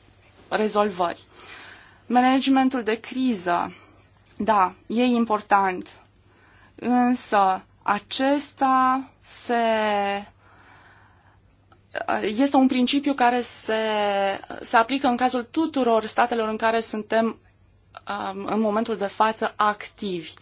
rezolvări. Managementul de criză, da, e important, însă acesta se este un principiu care se, se aplică în cazul tuturor statelor în care suntem Um, în momentul de față activi.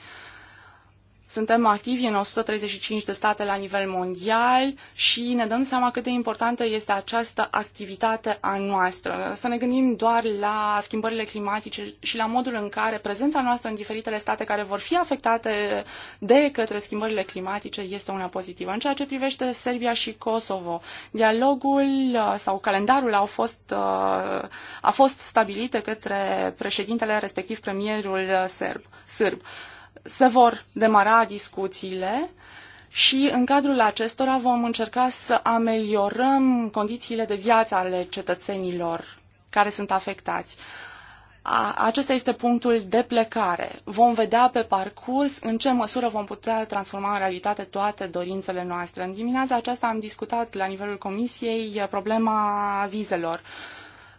Suntem activi în 135 de state la nivel mondial și ne dăm seama cât de importantă este această activitate a noastră. Să ne gândim doar la schimbările climatice și la modul în care prezența noastră în diferitele state care vor fi afectate de către schimbările climatice este una pozitivă. În ceea ce privește Serbia și Kosovo, dialogul uh, sau calendarul au fost, uh, a fost stabilit către președintele, respectiv premierul uh, serb. sârb se vor demara discuțiile și în cadrul acestora vom încerca să ameliorăm condițiile de viață ale cetățenilor care sunt afectați. A, acesta este punctul de plecare. Vom vedea pe parcurs în ce măsură vom putea transforma în realitate toate dorințele noastre. În dimineața aceasta am discutat la nivelul comisiei problema vizelor.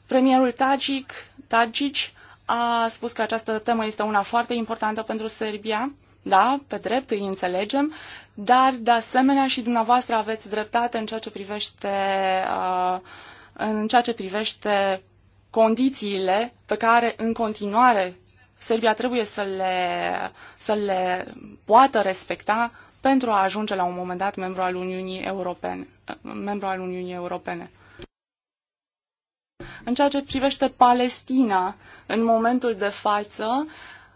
Premierul Tagic, Tagic a spus că această temă este una foarte importantă pentru Serbia. Da, pe drept îi înțelegem, dar de asemenea și dumneavoastră aveți dreptate în ceea ce privește, în ceea ce privește condițiile pe care în continuare Serbia trebuie să le, să le poată respecta pentru a ajunge la un moment dat membru al Uniunii Europene. Membru al Uniunii Europene. În ceea ce privește Palestina, în momentul de față,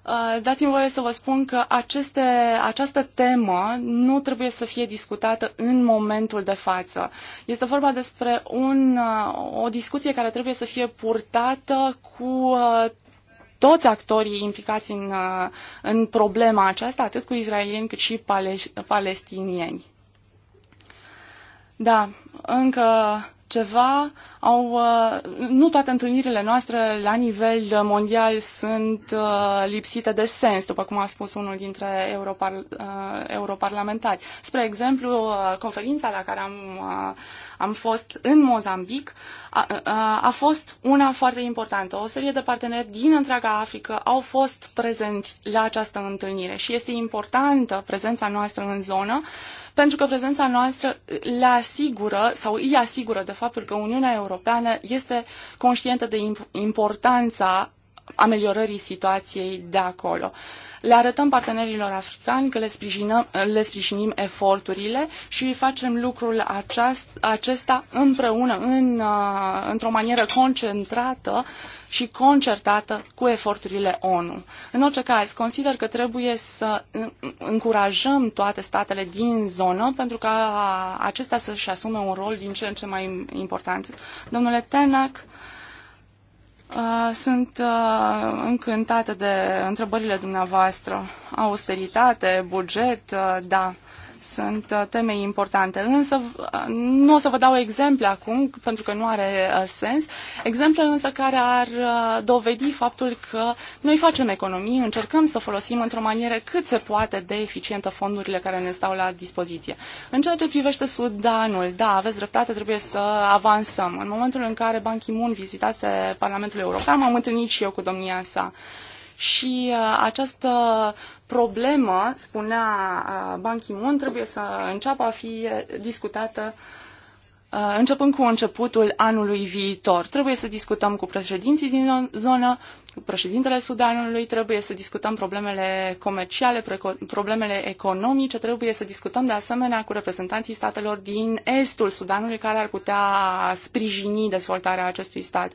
uh, dați-mi voie să vă spun că aceste, această temă nu trebuie să fie discutată în momentul de față. Este vorba despre un, uh, o discuție care trebuie să fie purtată cu uh, toți actorii implicați în, în problema aceasta, atât cu israelieni cât și palestinieni. Da, încă ceva, au, uh, nu toate întâlnirile noastre la nivel mondial sunt uh, lipsite de sens, după cum a spus unul dintre europar, uh, europarlamentari. Spre exemplu, conferința la care am am fost în Mozambic, a, a, a fost una foarte importantă. O serie de parteneri din întreaga Africă au fost prezenți la această întâlnire și este importantă prezența noastră în zonă pentru că prezența noastră le asigură sau îi asigură de faptul că Uniunea Europeană este conștientă de importanța ameliorării situației de acolo. Uh, le arătăm partenerilor africani că le, sprijinăm, le sprijinim eforturile și facem lucrul aceast, acesta împreună, în, uh, într-o manieră concentrată și concertată cu eforturile ONU. În orice caz, consider că trebuie să încurajăm toate statele din zonă pentru ca acestea să-și asume un rol din ce în ce mai important. Domnule Tenac, Uh, sunt uh, încântată de întrebările dumneavoastră. Austeritate, buget, uh, da. Sunt uh, teme importante, însă uh, nu o să vă dau exemple acum, pentru că nu are uh, sens. Exemple însă care ar dovedi faptul că noi facem economii, încercăm să folosim într-o manieră cât se poate de eficientă fondurile care ne stau la dispoziție. În ceea ce privește Sudanul, da, aveți dreptate, trebuie să avansăm. În momentul în care Ban Ki-moon vizitase Parlamentul European, m-am întâlnit și eu cu domnia sa. Și uh, această problemă, spunea Ban Ki-moon, trebuie să înceapă a fi discutată începând cu începutul anului viitor. Trebuie să discutăm cu președinții din zonă, cu președintele Sudanului, trebuie să discutăm problemele comerciale, problemele economice, trebuie să discutăm de asemenea cu reprezentanții statelor din estul Sudanului care ar putea sprijini dezvoltarea acestui stat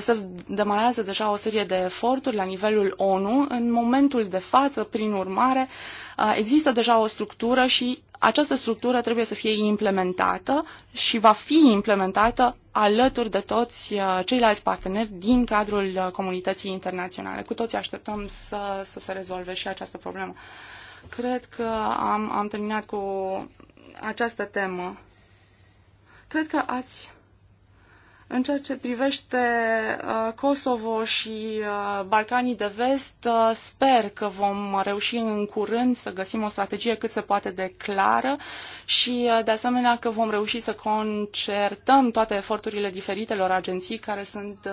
se demarează deja o serie de eforturi la nivelul ONU. În momentul de față, prin urmare, există deja o structură și această structură trebuie să fie implementată și va fi implementată alături de toți ceilalți parteneri din cadrul comunității internaționale. Cu toții așteptăm să, să se rezolve și această problemă. Cred că am, am terminat cu această temă. Cred că ați în ceea ce privește uh, Kosovo și uh, Balcanii de Vest, uh, sper că vom reuși în curând să găsim o strategie cât se poate de clară și, de asemenea, că vom reuși să concertăm toate eforturile diferitelor agenții care sunt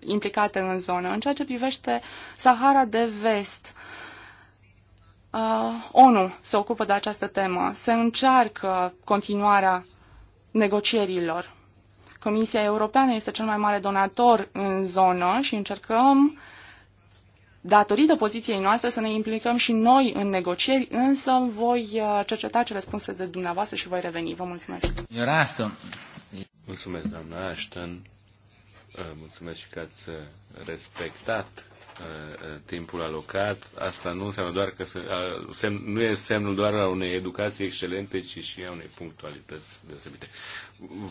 implicate în zonă. În ceea ce privește Sahara de Vest, ONU se ocupă de această temă. Se încearcă continuarea negocierilor Comisia Europeană este cel mai mare donator în zonă și încercăm, datorită poziției noastre, să ne implicăm și noi în negocieri, însă voi uh, cerceta ce răspunse de dumneavoastră și voi reveni. Vă mulțumesc. Mulțumesc, doamna Ashton. Uh, mulțumesc și că ați uh, respectat timpul alocat. Asta nu înseamnă doar că se, nu e semnul doar a unei educații excelente, ci și a unei punctualități deosebite.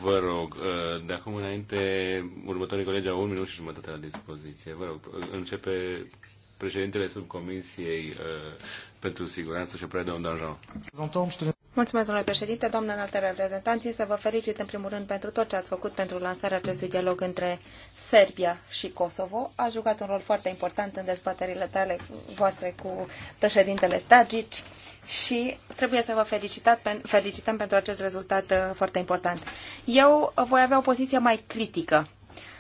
Vă rog, uh, de acum înainte, următorii colegi au un minut și jumătate la dispoziție. Vă rog, începe președintele subcomisiei uh, pentru siguranță și predă un danjau. Mulțumesc, domnule președinte, doamnă înaltă reprezentanții, să vă felicit în primul rând pentru tot ce ați făcut pentru lansarea acestui dialog între Serbia și Kosovo. A jucat un rol foarte important în dezbaterile tale voastre cu președintele Tagici și trebuie să vă felicitat, felicităm pentru acest rezultat uh, foarte important. Eu voi avea o poziție mai critică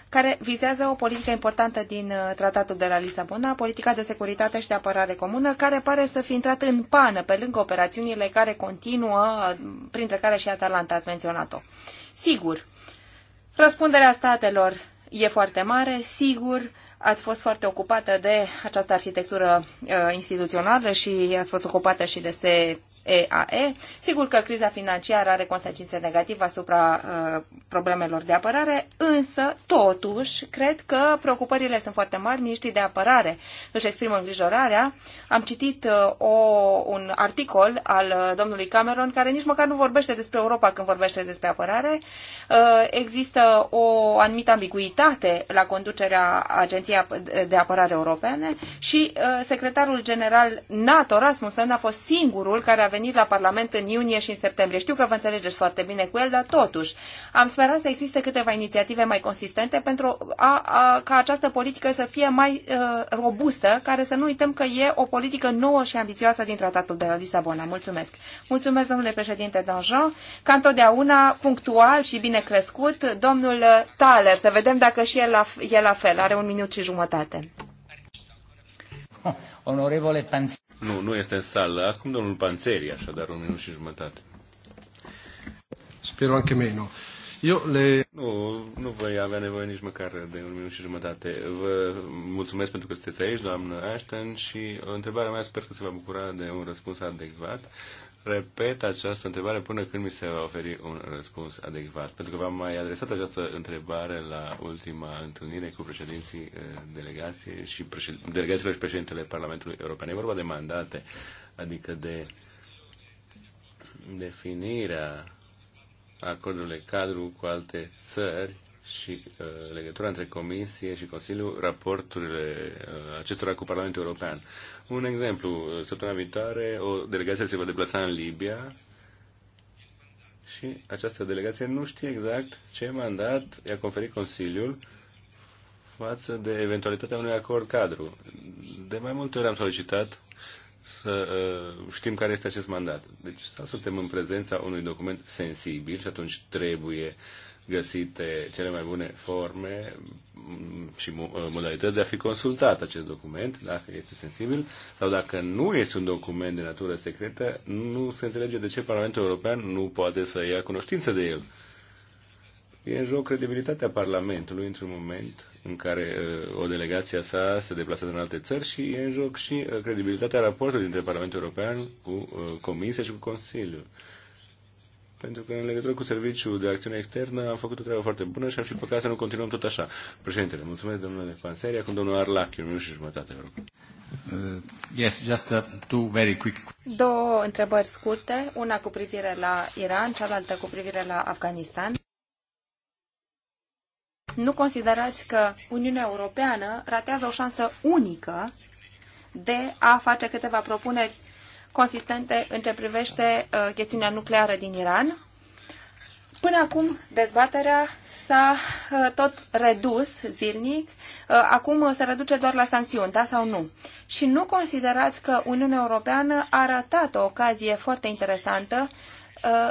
care vizează o politică importantă din uh, tratatul de la Lisabona, politica de securitate și de apărare comună, care pare să fi intrat în pană pe lângă operațiunile care continuă, uh, printre care și Atalanta ați menționat-o. Sigur, răspunderea statelor e foarte mare, sigur, ați fost foarte ocupată de această arhitectură uh, instituțională și ați fost ocupată și de SEAE. Sigur că criza financiară are consecințe negative asupra uh, problemelor de apărare, însă, totuși, cred că preocupările sunt foarte mari. Miniștrii de apărare își exprimă îngrijorarea. Am citit uh, o, un articol al domnului Cameron care nici măcar nu vorbește despre Europa când vorbește despre apărare. Există o anumită ambiguitate la conducerea agenției Agenția de Apărare Europene și uh, secretarul general NATO, Rasmussen, a fost singurul care a venit la Parlament în iunie și în septembrie. Știu că vă înțelegeți foarte bine cu el, dar totuși am sperat să existe câteva inițiative mai consistente pentru a, a, ca această politică să fie mai a, uh, robustă, care să nu uităm că e o politică nouă și ambițioasă din Tratatul de la Lisabona. Mulțumesc! Mulțumesc, domnule președinte Danjean, ca întotdeauna punctual și bine crescut, domnul Thaler, să vedem dacă și el e la fel, are un minut și jumătate. Onorevole Nu, nu este în sală. Acum domnul Panțeri, așadar, un minut și jumătate. Spero anche meno. Eu le... Nu, nu voi avea nevoie nici măcar de un minut și jumătate. Vă mulțumesc pentru că sunteți aici, doamnă Ashton, și întrebarea mea sper că se va bucura de un răspuns adecvat repet această întrebare până când mi se va oferi un răspuns adecvat. Pentru că v-am mai adresat această întrebare la ultima întâlnire cu președinții eh, delegației și președ... delegațiilor și președintele Parlamentului European. E vorba de mandate, adică de definirea acordurile cadru cu alte țări și uh, legătura între Comisie și Consiliu, raporturile uh, acestora cu Parlamentul European. Un exemplu, săptămâna viitoare o delegație se va deplasa în Libia și această delegație nu știe exact ce mandat i-a conferit Consiliul față de eventualitatea unui acord cadru. De mai multe ori am solicitat să uh, știm care este acest mandat. Deci suntem în prezența unui document sensibil și atunci trebuie uh, găsite cele mai bune forme mm, și uh, modalități de a fi consultat acest document, dacă este sensibil, sau dacă nu este un document de natură secretă, nu se înțelege de ce Parlamentul European nu poate să ia cunoștință de el. E în joc credibilitatea Parlamentului într-un moment în care uh, o delegație a sa se deplasează în alte țări și e în joc și uh, credibilitatea raportului dintre Parlamentul European cu Comisia și cu Consiliul pentru că în legătură cu serviciul de acțiune externă am făcut o treabă foarte bună și ar fi păcat să nu continuăm tot așa. Președintele, mulțumesc domnule Panseria, cu domnul Arlac, eu minut și jumătate, vă rog. Uh, yes, just uh, two very quick. Două întrebări scurte, una cu privire la Iran, cealaltă cu privire la Afganistan. Nu considerați că Uniunea Europeană ratează o șansă unică de a face câteva propuneri consistente în ce privește uh, chestiunea nucleară din Iran. Până acum dezbaterea s-a uh, tot redus zilnic, uh, acum se reduce doar la sancțiuni, da sau nu. Și nu considerați că Uniunea Europeană a ratat o ocazie foarte interesantă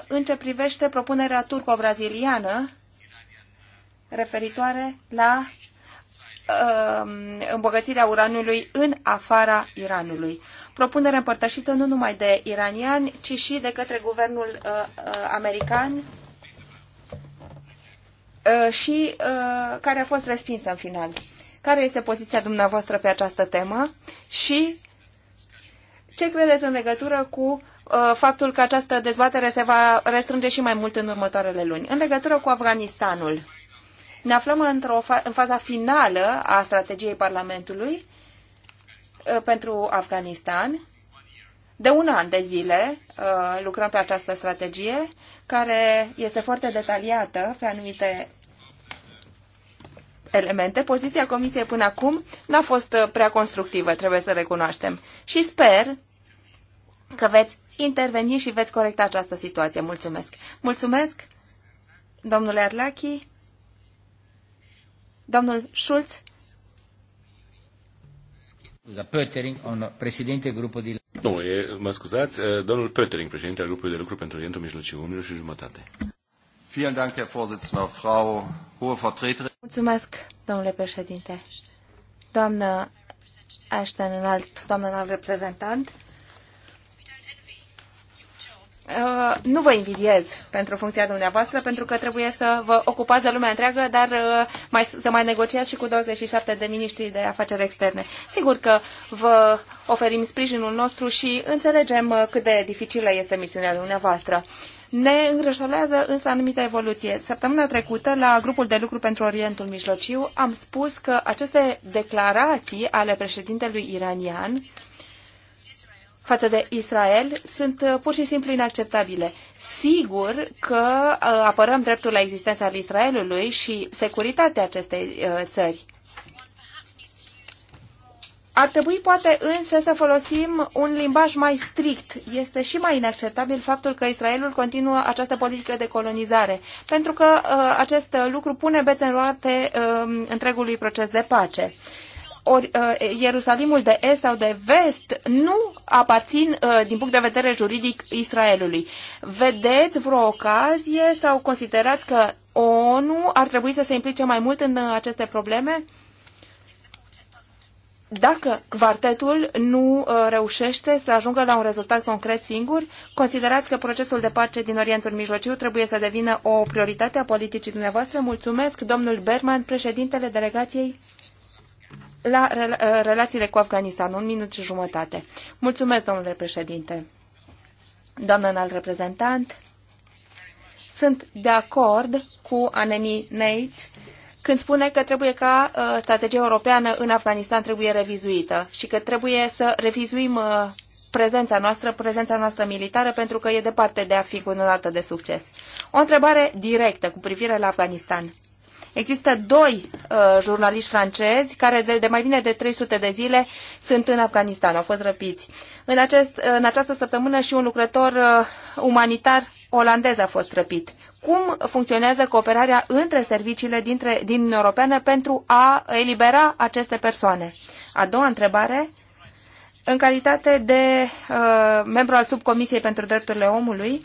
în ce privește propunerea turco-braziliană referitoare la îmbogățirea uranului în afara Iranului propunere împărtășită nu numai de iraniani, ci și de către guvernul uh, uh, american uh, și uh, care a fost respinsă în final. Care este poziția dumneavoastră pe această temă și ce credeți în legătură cu uh, faptul că această dezbatere se va restrânge și mai mult în următoarele luni? În legătură cu Afganistanul, ne aflăm într-o fa- în faza finală a strategiei Parlamentului Uh, pentru Afganistan. De un an de zile uh, lucrăm pe această strategie, care este foarte detaliată pe anumite elemente. Poziția Comisiei până acum n-a fost uh, prea constructivă, trebuie să recunoaștem. Și sper că veți interveni și veți corecta această situație. Mulțumesc! Mulțumesc, domnule Arlachi, domnul Schulz, la Pöttering, un președinte grupul de... Nu, e, mă scuzați, domnul Pöttering, președinte al grupului de lucru pentru Orientul Mijlociu, un și jumătate. Mulțumesc, domnule președinte. Doamnă Ashton, înalt, doamnă înalt reprezentant, Uh, nu vă invidiez pentru funcția dumneavoastră, pentru că trebuie să vă ocupați de lumea întreagă, dar uh, mai, să mai negociați și cu 27 de miniștri de afaceri externe. Sigur că vă oferim sprijinul nostru și înțelegem uh, cât de dificilă este misiunea dumneavoastră. Ne îngrijorează însă anumite evoluție. Săptămâna trecută, la grupul de lucru pentru Orientul Mijlociu, am spus că aceste declarații ale președintelui iranian față de Israel sunt uh, pur și simplu inacceptabile. Sigur că uh, apărăm dreptul la existența al Israelului și securitatea acestei uh, țări. Ar trebui poate însă să folosim un limbaj mai strict. Este și mai inacceptabil faptul că Israelul continuă această politică de colonizare, pentru că uh, acest lucru pune bețe în roate uh, întregului proces de pace. Uh, ori, uh, Ierusalimul de est sau de vest nu aparțin uh, din punct de vedere juridic Israelului. Vedeți vreo ocazie sau considerați că ONU ar trebui să se implice mai mult în uh, aceste probleme? Dacă quartetul nu reușește să ajungă la un rezultat concret singur, considerați că procesul de pace din Orientul Mijlociu trebuie să devină o prioritate a politicii dumneavoastră? Mulțumesc, domnul Berman, președintele delegației la eh, relațiile cu Afganistan. Un minut și jumătate. Mulțumesc, domnule președinte. Doamnă înalt reprezentant, sunt de acord cu Anemi Neitz când spune că trebuie ca eh, strategia europeană în Afganistan trebuie revizuită și că trebuie să revizuim eh, prezența noastră, prezența noastră militară, pentru că e departe de a fi cununată de succes. O întrebare directă cu privire la Afganistan. Există doi uh, jurnaliști francezi care de, de mai bine de 300 de zile sunt în Afganistan, au fost răpiți. În, acest, în această săptămână și un lucrător uh, umanitar olandez a fost răpit. Cum funcționează cooperarea între serviciile dintre, din Europeană pentru a elibera aceste persoane? A doua întrebare, în calitate de uh, membru al subcomisiei pentru drepturile omului,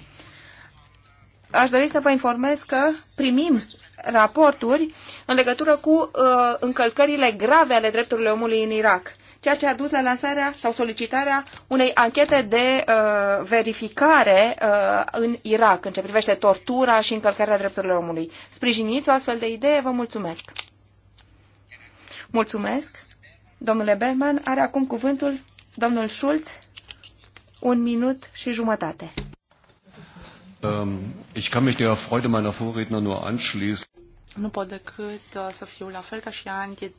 aș dori să vă informez că primim raporturi în legătură cu uh, încălcările grave ale drepturilor omului în Irak, ceea ce a dus la lansarea sau solicitarea unei anchete de uh, verificare uh, în Irak în ce privește tortura și încălcarea drepturilor omului. Sprijiniți o astfel de idee, vă mulțumesc! Mulțumesc! Domnule Berman, are acum cuvântul domnul Schulz, un minut și jumătate. Um, Ich kann mich der Freude meiner Vorredner nur anschließen. Nu pot decât uh, să fiu la fel ca și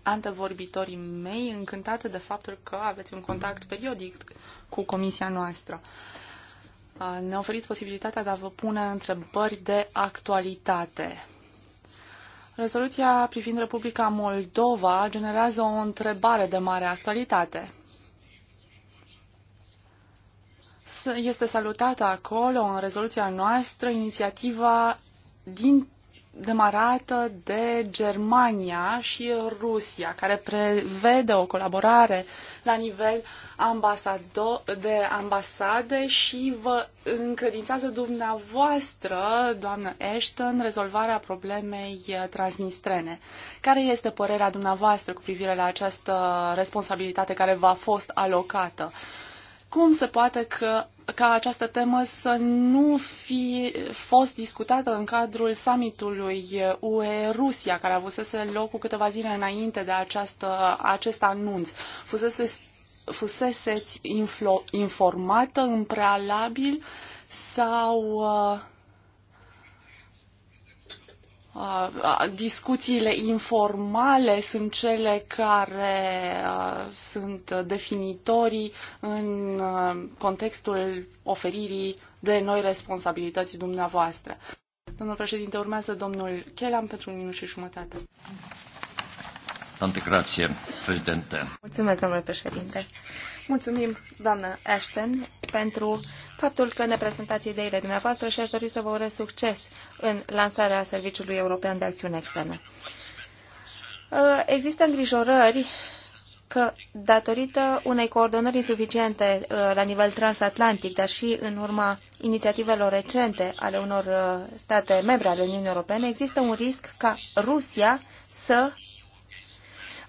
antevorbitorii mei, încântată de faptul că aveți un contact periodic cu comisia noastră. Uh, ne oferiți posibilitatea de a vă pune întrebări de actualitate. Rezoluția privind Republica Moldova generează o întrebare de mare actualitate. este salutată acolo, în rezoluția noastră, inițiativa din demarată de Germania și Rusia, care prevede o colaborare la nivel ambasado- de ambasade și vă încredințează dumneavoastră, doamnă Ashton, rezolvarea problemei transnistrene. Care este părerea dumneavoastră cu privire la această responsabilitate care v-a fost alocată? Uh, cum se poate că, ca această temă să nu fi fost discutată în cadrul summitului UE-Rusia, care avusese loc cu câteva zile înainte de această, acest anunț? Fusese, fuseseți inflo, informată în prealabil sau... Uh, discuțiile informale sunt cele care sunt definitorii în contextul oferirii de noi responsabilități dumneavoastră. Domnul președinte, urmează domnul Chelam pentru un minut și jumătate. Tante grație, președinte. Mulțumesc, domnule președinte. Mulțumim, doamnă Ashton, pentru faptul că ne prezentați ideile dumneavoastră și aș dori să vă urez succes în lansarea Serviciului European de Acțiune Externă. Există îngrijorări că datorită unei coordonări insuficiente uh, la nivel transatlantic, dar și în urma inițiativelor recente ale unor uh, state membre ale Uniunii Europene, există un risc ca Rusia să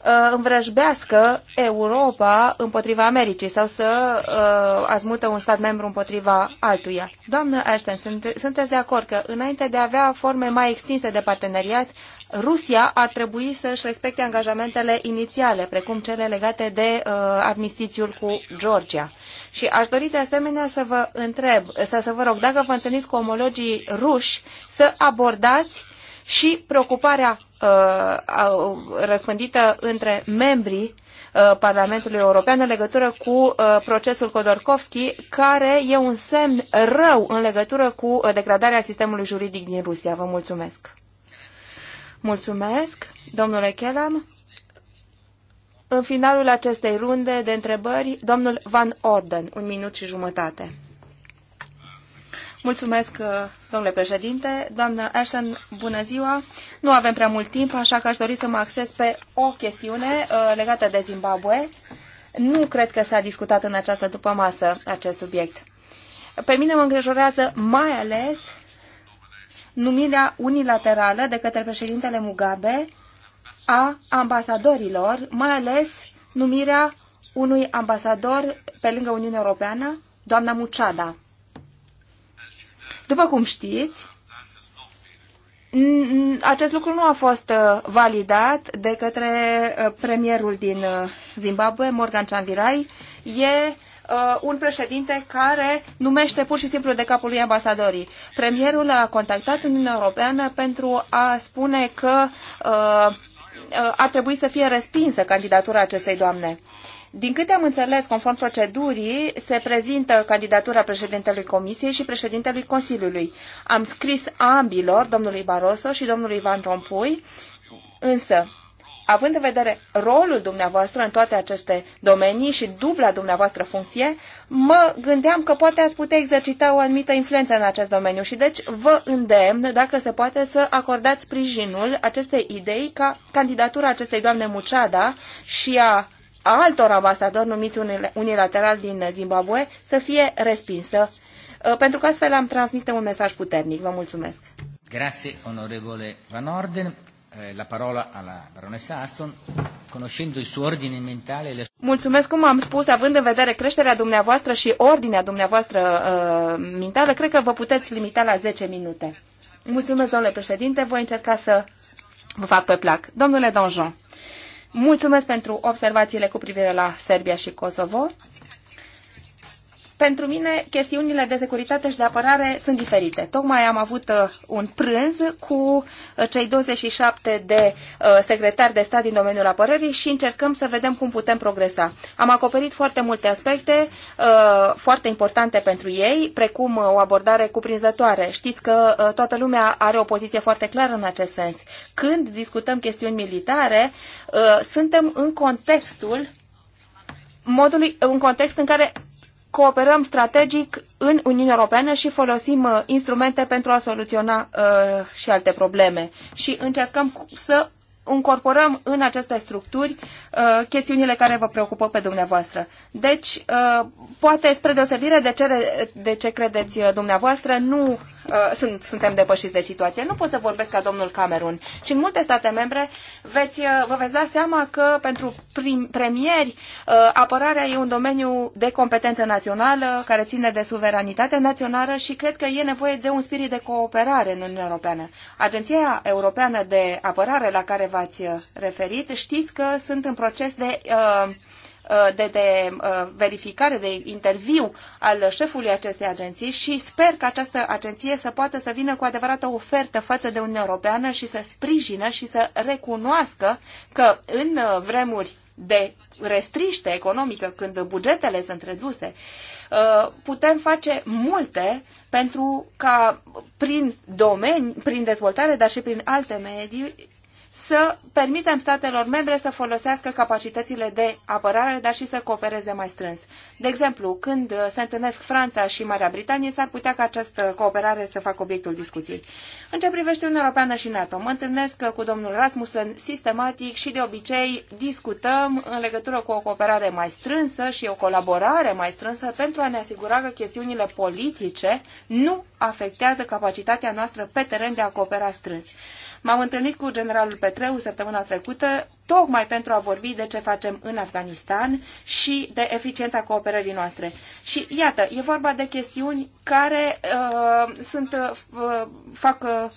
Uh, învrăjbească Europa împotriva Americii sau să uh, azmută un stat membru împotriva altuia. Doamnă Ashton, sunte, sunteți de acord că înainte de a avea forme mai extinse de parteneriat, Rusia ar trebui să-și respecte angajamentele inițiale, precum cele legate de uh, armistițiul cu Georgia. Și aș dori de asemenea să vă întreb, să, să vă rog, dacă vă întâlniți cu omologii ruși, să abordați și preocuparea Uh, răspândită între membrii uh, Parlamentului European în legătură cu uh, procesul Khodorkovsky, care e un semn rău în legătură cu degradarea sistemului juridic din Rusia. Vă mulțumesc! Mulțumesc, domnule Kellam. În finalul acestei runde de întrebări, domnul Van Orden, un minut și jumătate. Mulțumesc, uh, domnule președinte. Doamnă Ashton, bună ziua. Nu avem prea mult timp, așa că aș dori să mă acces pe o chestiune uh, legată de Zimbabwe. Nu cred că s-a discutat în această dupămasă acest subiect. Pe mine mă îngrijorează mai ales numirea unilaterală de către președintele Mugabe a ambasadorilor, mai ales numirea unui ambasador pe lângă Uniunea Europeană, doamna Muchada. După cum știți, acest lucru nu a fost uh, validat de către uh, premierul din uh, Zimbabwe, Morgan Chandirai. E un președinte care numește pur și simplu de capul lui ambasadorii. Premierul a contactat Uniunea Europeană pentru a spune că ar trebui să fie respinsă candidatura acestei doamne. Uh, din câte am înțeles, conform procedurii, se prezintă candidatura președintelui Comisiei și președintelui Consiliului. Am scris ambilor, domnului Barroso și domnului Van Rompuy, însă având în vedere rolul dumneavoastră în toate aceste domenii și dubla dumneavoastră funcție, mă gândeam că poate ați putea exercita o anumită influență în acest domeniu și deci vă îndemn, dacă se poate, să acordați sprijinul acestei idei ca candidatura acestei doamne Muceada și a altor ambasadori numiți unilateral din Zimbabwe să fie respinsă, uh, pentru că astfel am transmite un mesaj puternic. Vă mulțumesc. Grazie, onorevole Van Orden. Uh, la parola alla baronessa Aston, conoscendo il suo ordine mentale. Le... Mulțumesc, cum am spus, având în vedere creșterea dumneavoastră și ordinea dumneavoastră uh, mentală, cred că vă puteți limita la 10 minute. Mulțumesc, domnule președinte, voi încerca să vă fac pe plac. Domnule Donjon. Mulțumesc pentru observațiile cu privire la Serbia și Kosovo. Pentru mine, chestiunile de securitate și de apărare sunt diferite. Tocmai am avut uh, un prânz cu uh, cei 27 de uh, secretari de stat din domeniul apărării și încercăm să vedem cum putem progresa. Am acoperit foarte multe aspecte foarte importante pentru ei, precum o abordare cuprinzătoare. Știți că toată lumea are o poziție foarte clară în acest sens. Când discutăm chestiuni militare, suntem în contextul modului, un context în care cooperăm strategic în Uniunea Europeană și folosim uh, instrumente pentru a soluționa uh, și alte probleme. Și încercăm să încorporăm în aceste structuri Uh, chestiunile care vă preocupă pe dumneavoastră. Deci, uh, poate spre deosebire de ce, de ce credeți uh, dumneavoastră, nu sunt, suntem depășiți de situație. Nu pot să vorbesc ca domnul Camerun. Și în multe state membre veți, vă veți da seama că pentru prim, premieri apărarea e un domeniu de competență națională care ține de suveranitate națională și cred că e nevoie de un spirit de cooperare în Uniunea Europeană. Agenția Europeană de Apărare la care v-ați referit, știți că sunt în proces de, uh, uh, de, de uh, verificare, de interviu al șefului acestei agenții și sper că această agenție să poată să vină cu adevărat o ofertă față de Uniunea Europeană și să sprijină și să recunoască că în vremuri de restriște economică, când bugetele sunt reduse, putem face multe pentru ca prin domeni, prin dezvoltare, dar și prin alte medii, să permitem statelor membre să folosească capacitățile de apărare, dar și să coopereze mai strâns. De exemplu, când se întâlnesc Franța și Marea Britanie, s-ar putea ca această cooperare să facă obiectul discuției. În ce privește Uniunea Europeană și NATO, mă întâlnesc cu domnul Rasmussen sistematic și de obicei discutăm în legătură cu o cooperare mai strânsă și o colaborare mai strânsă pentru a ne asigura că chestiunile politice nu afectează capacitatea noastră pe teren de a coopera strâns. M-am întâlnit cu generalul Petreu săptămâna trecută tocmai pentru a vorbi de ce facem în Afganistan și de eficiența cooperării noastre. Și iată, e vorba de chestiuni care uh, sunt, uh, fac uh,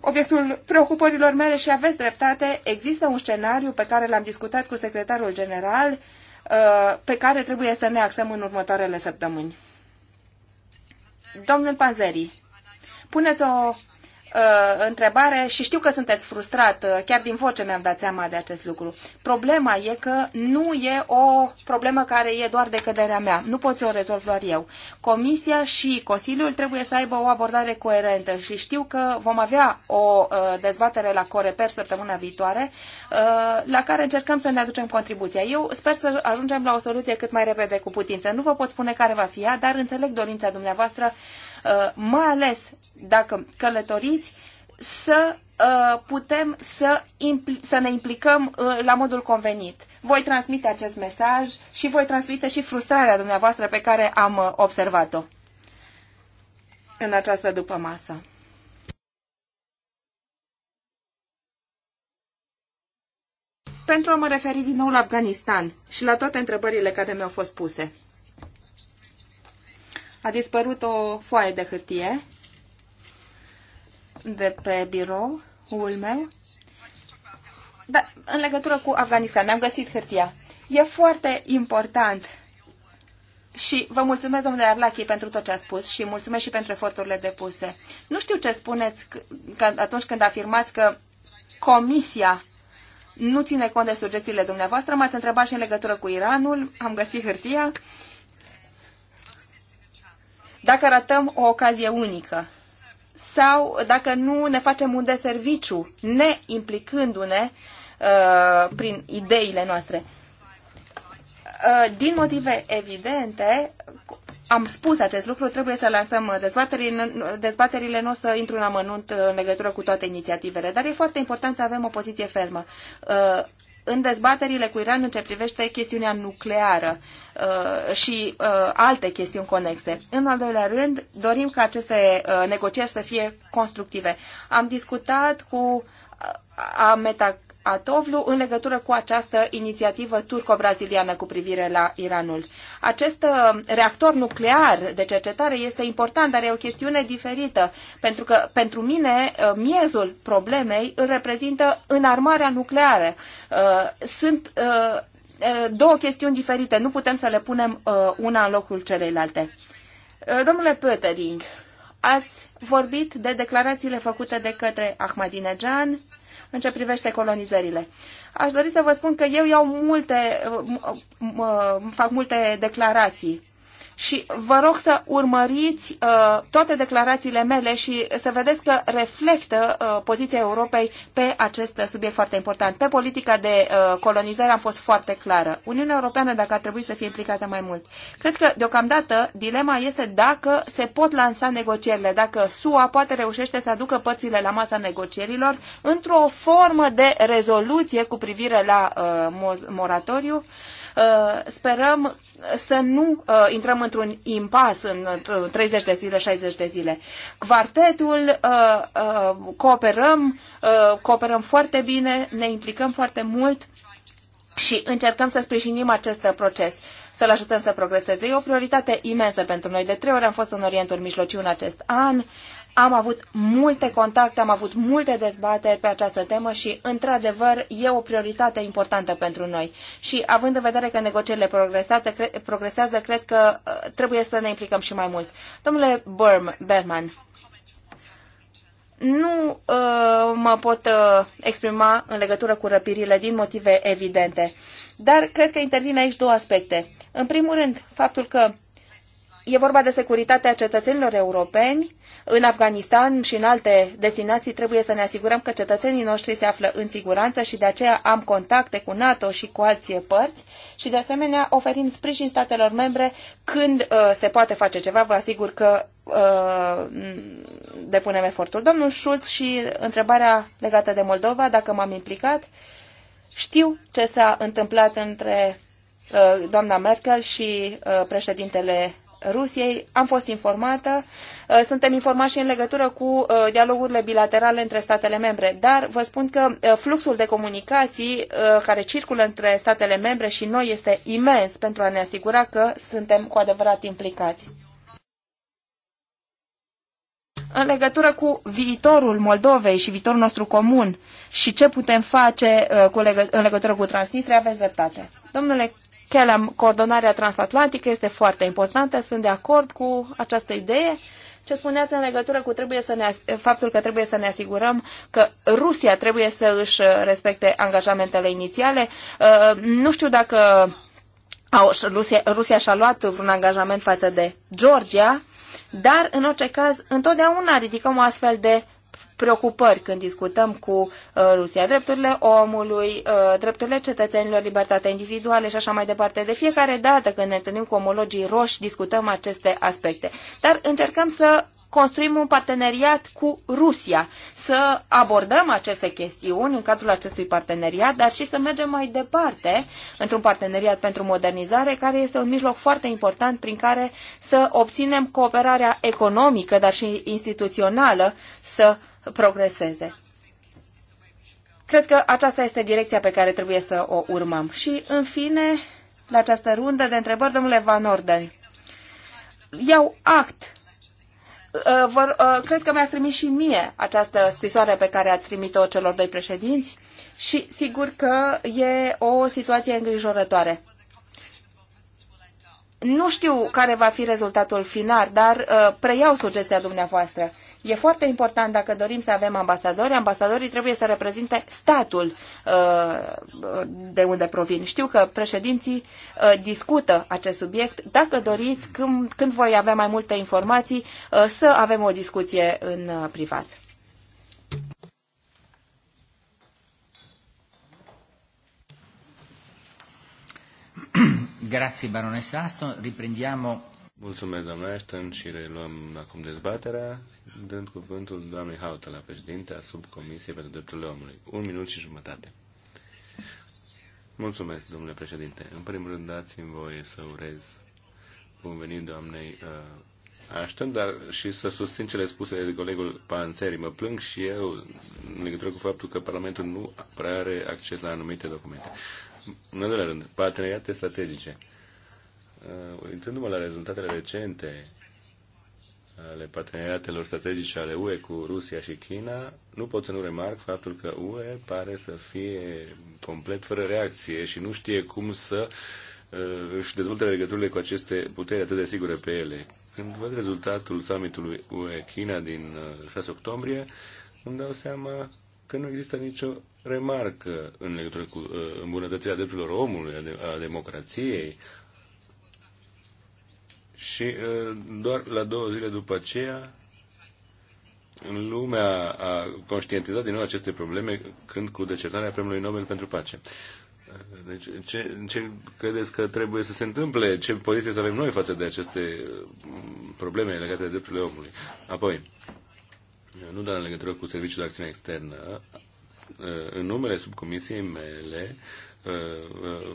obiectul preocupărilor mele și aveți dreptate. Există un scenariu pe care l-am discutat cu secretarul general uh, pe care trebuie să ne axăm în următoarele săptămâni. Domnul Panzeri, puneți o uh, întrebare și știu că sunteți frustrat, uh, chiar din voce mi-am dat seama de acest lucru. Problema e că nu e o problemă care e doar de căderea mea. Nu pot să o rezolv doar eu. Comisia și Consiliul trebuie să aibă o abordare coerentă și știu că vom avea o uh, dezbatere la Coreper săptămâna viitoare uh, la care încercăm să ne aducem contribuția. Eu sper să ajungem la o soluție cât mai repede cu putință. Nu vă pot spune care va fi ea, dar înțeleg dorința dumneavoastră uh, Uh, mai ales dacă călătoriți, să uh, putem să, să ne implicăm uh, la modul convenit. Voi transmite acest mesaj și voi transmite și frustrarea dumneavoastră pe care am observat-o în această după masă. Pentru a mă referi din nou la Afganistan și la toate întrebările care mi-au fost puse a dispărut o foaie de hârtie de pe biroul meu. Da, în legătură cu Afganistan, am găsit hârtia. E foarte important și vă mulțumesc, domnule Arlachi, pentru tot ce a spus și mulțumesc și pentru eforturile depuse. Nu știu ce spuneți că, atunci când afirmați că Comisia nu ține cont de sugestiile dumneavoastră. M-ați întrebat și în legătură cu Iranul. Am găsit hârtia. Uh, dacă ratăm o ocazie unică sau dacă nu ne facem un deserviciu implicându ne uh, prin ideile noastre. Uh, din motive evidente, am spus acest lucru, trebuie să lansăm dezbaterile, dezbaterile nu o să intru în amănunt uh, în legătură cu toate inițiativele, dar e foarte important să avem o poziție fermă. Uh, în dezbaterile cu Iran în ce privește chestiunea nucleară uh, și uh, alte chestiuni conexe. În al doilea rând, dorim ca aceste uh, negocieri să fie constructive. Am discutat cu ameta Atovlu în legătură cu această inițiativă turco-braziliană cu privire la Iranul. Acest uh, reactor nuclear de cercetare este important, dar e o chestiune diferită, pentru că pentru mine uh, miezul problemei îl reprezintă înarmarea nucleară. Uh, sunt două chestiuni diferite, nu putem să le punem una în locul celeilalte. Domnule Pötering, ați vorbit de declarațiile făcute de către Ahmadinejad, în ce privește colonizările. Aș dori să vă spun că eu iau multe, fac multe declarații și vă rog să urmăriți uh, toate declarațiile mele și să vedeți că reflectă uh, poziția Europei pe acest subiect foarte important. Pe politica de uh, colonizare am fost foarte clară. Uniunea Europeană, dacă ar trebui să fie implicată mai mult. Cred că, deocamdată, dilema este dacă se pot lansa negocierile, dacă SUA poate reușește să aducă părțile la masa negocierilor într-o formă de rezoluție cu privire la uh, moratoriu. Uh, Uh, sperăm să nu uh, intrăm într-un impas în 30 de zile, 60 de zile. Quartetul uh, cooperăm, cooperăm foarte bine, ne implicăm foarte mult și încercăm să sprijinim acest proces să-l ajutăm să progreseze. E o prioritate imensă pentru noi. De trei ori am fost în Orientul Mijlociu în acest an. Am avut multe contacte, am avut multe dezbateri pe această temă și, într-adevăr, e o prioritate importantă pentru noi. Și, având în vedere că negocierile progresează, cred că uh, trebuie să ne implicăm și mai mult. Domnule Berman, nu uh, mă pot uh, exprima în legătură cu răpirile din motive evidente, dar cred că intervin aici două aspecte. În primul rând, faptul că E vorba de securitatea cetățenilor europeni. În Afganistan și în alte destinații trebuie să ne asigurăm că cetățenii noștri se află în siguranță și de aceea am contacte cu NATO și cu alți părți și de asemenea oferim sprijin statelor membre când uh, se poate face ceva. Vă asigur că uh, depunem efortul. Domnul Schulz și întrebarea legată de Moldova, dacă m-am implicat, știu ce s-a întâmplat între uh, doamna Merkel și uh, președintele Rusiei. Am fost informată, uh, suntem informați și în legătură cu uh, dialogurile bilaterale între statele membre, dar vă spun că uh, fluxul de comunicații care circulă între statele membre și noi este imens pentru a ne asigura că suntem cu adevărat implicați. În legătură cu viitorul Moldovei și viitorul nostru comun și ce putem face cu legă- în legătură cu Transnistria, aveți dreptate. Domnule la coordonarea transatlantică este foarte importantă, sunt de acord cu această idee. Ce spuneați în legătură cu trebuie să ne, faptul că trebuie să ne asigurăm că Rusia trebuie să își respecte angajamentele inițiale. Uh, nu știu dacă Rusia, Rusia și-a luat vreun angajament față de Georgia, dar, în orice caz, întotdeauna ridicăm o astfel de preocupări când discutăm cu uh, Rusia. Drepturile omului, uh, drepturile cetățenilor, libertatea individuală și așa mai departe. De fiecare dată când ne întâlnim cu omologii roși, discutăm aceste aspecte. Dar încercăm să construim un parteneriat cu Rusia, să abordăm aceste chestiuni în cadrul acestui parteneriat, dar și să mergem mai departe într-un parteneriat pentru modernizare, care este un mijloc foarte important prin care să obținem cooperarea economică, dar și instituțională să progreseze. Cred că aceasta este direcția pe care trebuie să o urmăm. Și, în fine, la această rundă de întrebări, domnule Van Orden, iau act Uh, vor, uh, cred că mi-ați trimis și mie această scrisoare pe care ați trimit-o celor doi președinți și sigur că e o situație îngrijorătoare. Nu știu care va fi rezultatul final, dar uh, preiau sugestia dumneavoastră. E foarte important dacă dorim să avem ambasadori, ambasadorii trebuie să reprezinte statul uh, de unde provin. Știu că președinții uh, discută acest subiect. Dacă doriți, când, voi avea mai multe informații, uh, să avem o discuție în privat. Grazie baronessa Aston, riprendiamo. Mulțumesc doamna Aston, și reluăm acum dezbaterea dând cuvântul doamnei Haută la președinte a subcomisiei pentru drepturile omului. Un minut și jumătate. Mulțumesc, domnule președinte. În primul rând, dați-mi voie să urez bun venit doamnei uh, Ashton, dar și să susțin cele spuse de colegul Panțeri. Mă plâng și eu în legătură cu faptul că Parlamentul nu prea are acces la anumite documente. În al doilea rând, parteneriate strategice. Uh, uitându-mă la rezultatele recente ale parteneriatelor strategice ale UE cu Rusia și China, nu pot să nu remarc faptul că UE pare să fie complet fără reacție și nu știe cum să uh, își dezvolte legăturile cu aceste puteri atât de sigure pe ele. Când văd rezultatul summitului UE-China din 6 uh, octombrie, îmi dau seama că nu există nicio remarcă în legătură cu uh, îmbunătățirea drepturilor omului, a democrației, și doar la două zile după aceea, lumea a conștientizat din nou aceste probleme când cu decertarea Premiului Nobel pentru Pace. Deci, ce, ce credeți că trebuie să se întâmple? Ce poziție să avem noi față de aceste probleme legate de drepturile omului? Apoi, nu doar în legătură cu Serviciul de Acțiune Externă, în numele subcomisiei mele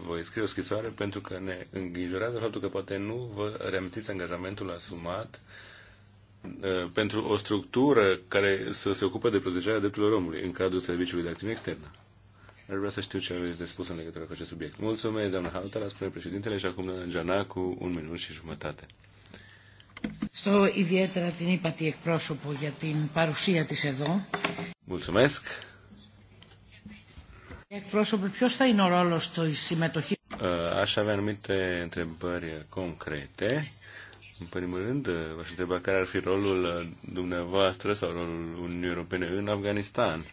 voi scrie o scrisoare pentru că ne îngrijorează faptul că poate nu vă reamintiți angajamentul asumat uh, pentru o structură care să se ocupe de protejarea drepturilor omului în cadrul Serviciului de Acțiune Externă. Ar vrea să știu ce aveți de spus în legătură cu acest subiect. Mulțumesc, doamna Hautala, spune președintele și acum doamna Giana cu un minut și jumătate. Στο ιδιαίτερα την είπα τη εκπρόσωπο για την παρουσία της εδώ. Mulțumesc. Aș avea anumite întrebări concrete. În primul rând, vă întreba care ar fi rolul dumneavoastră sau rolul Uniunii Europene în Afganistan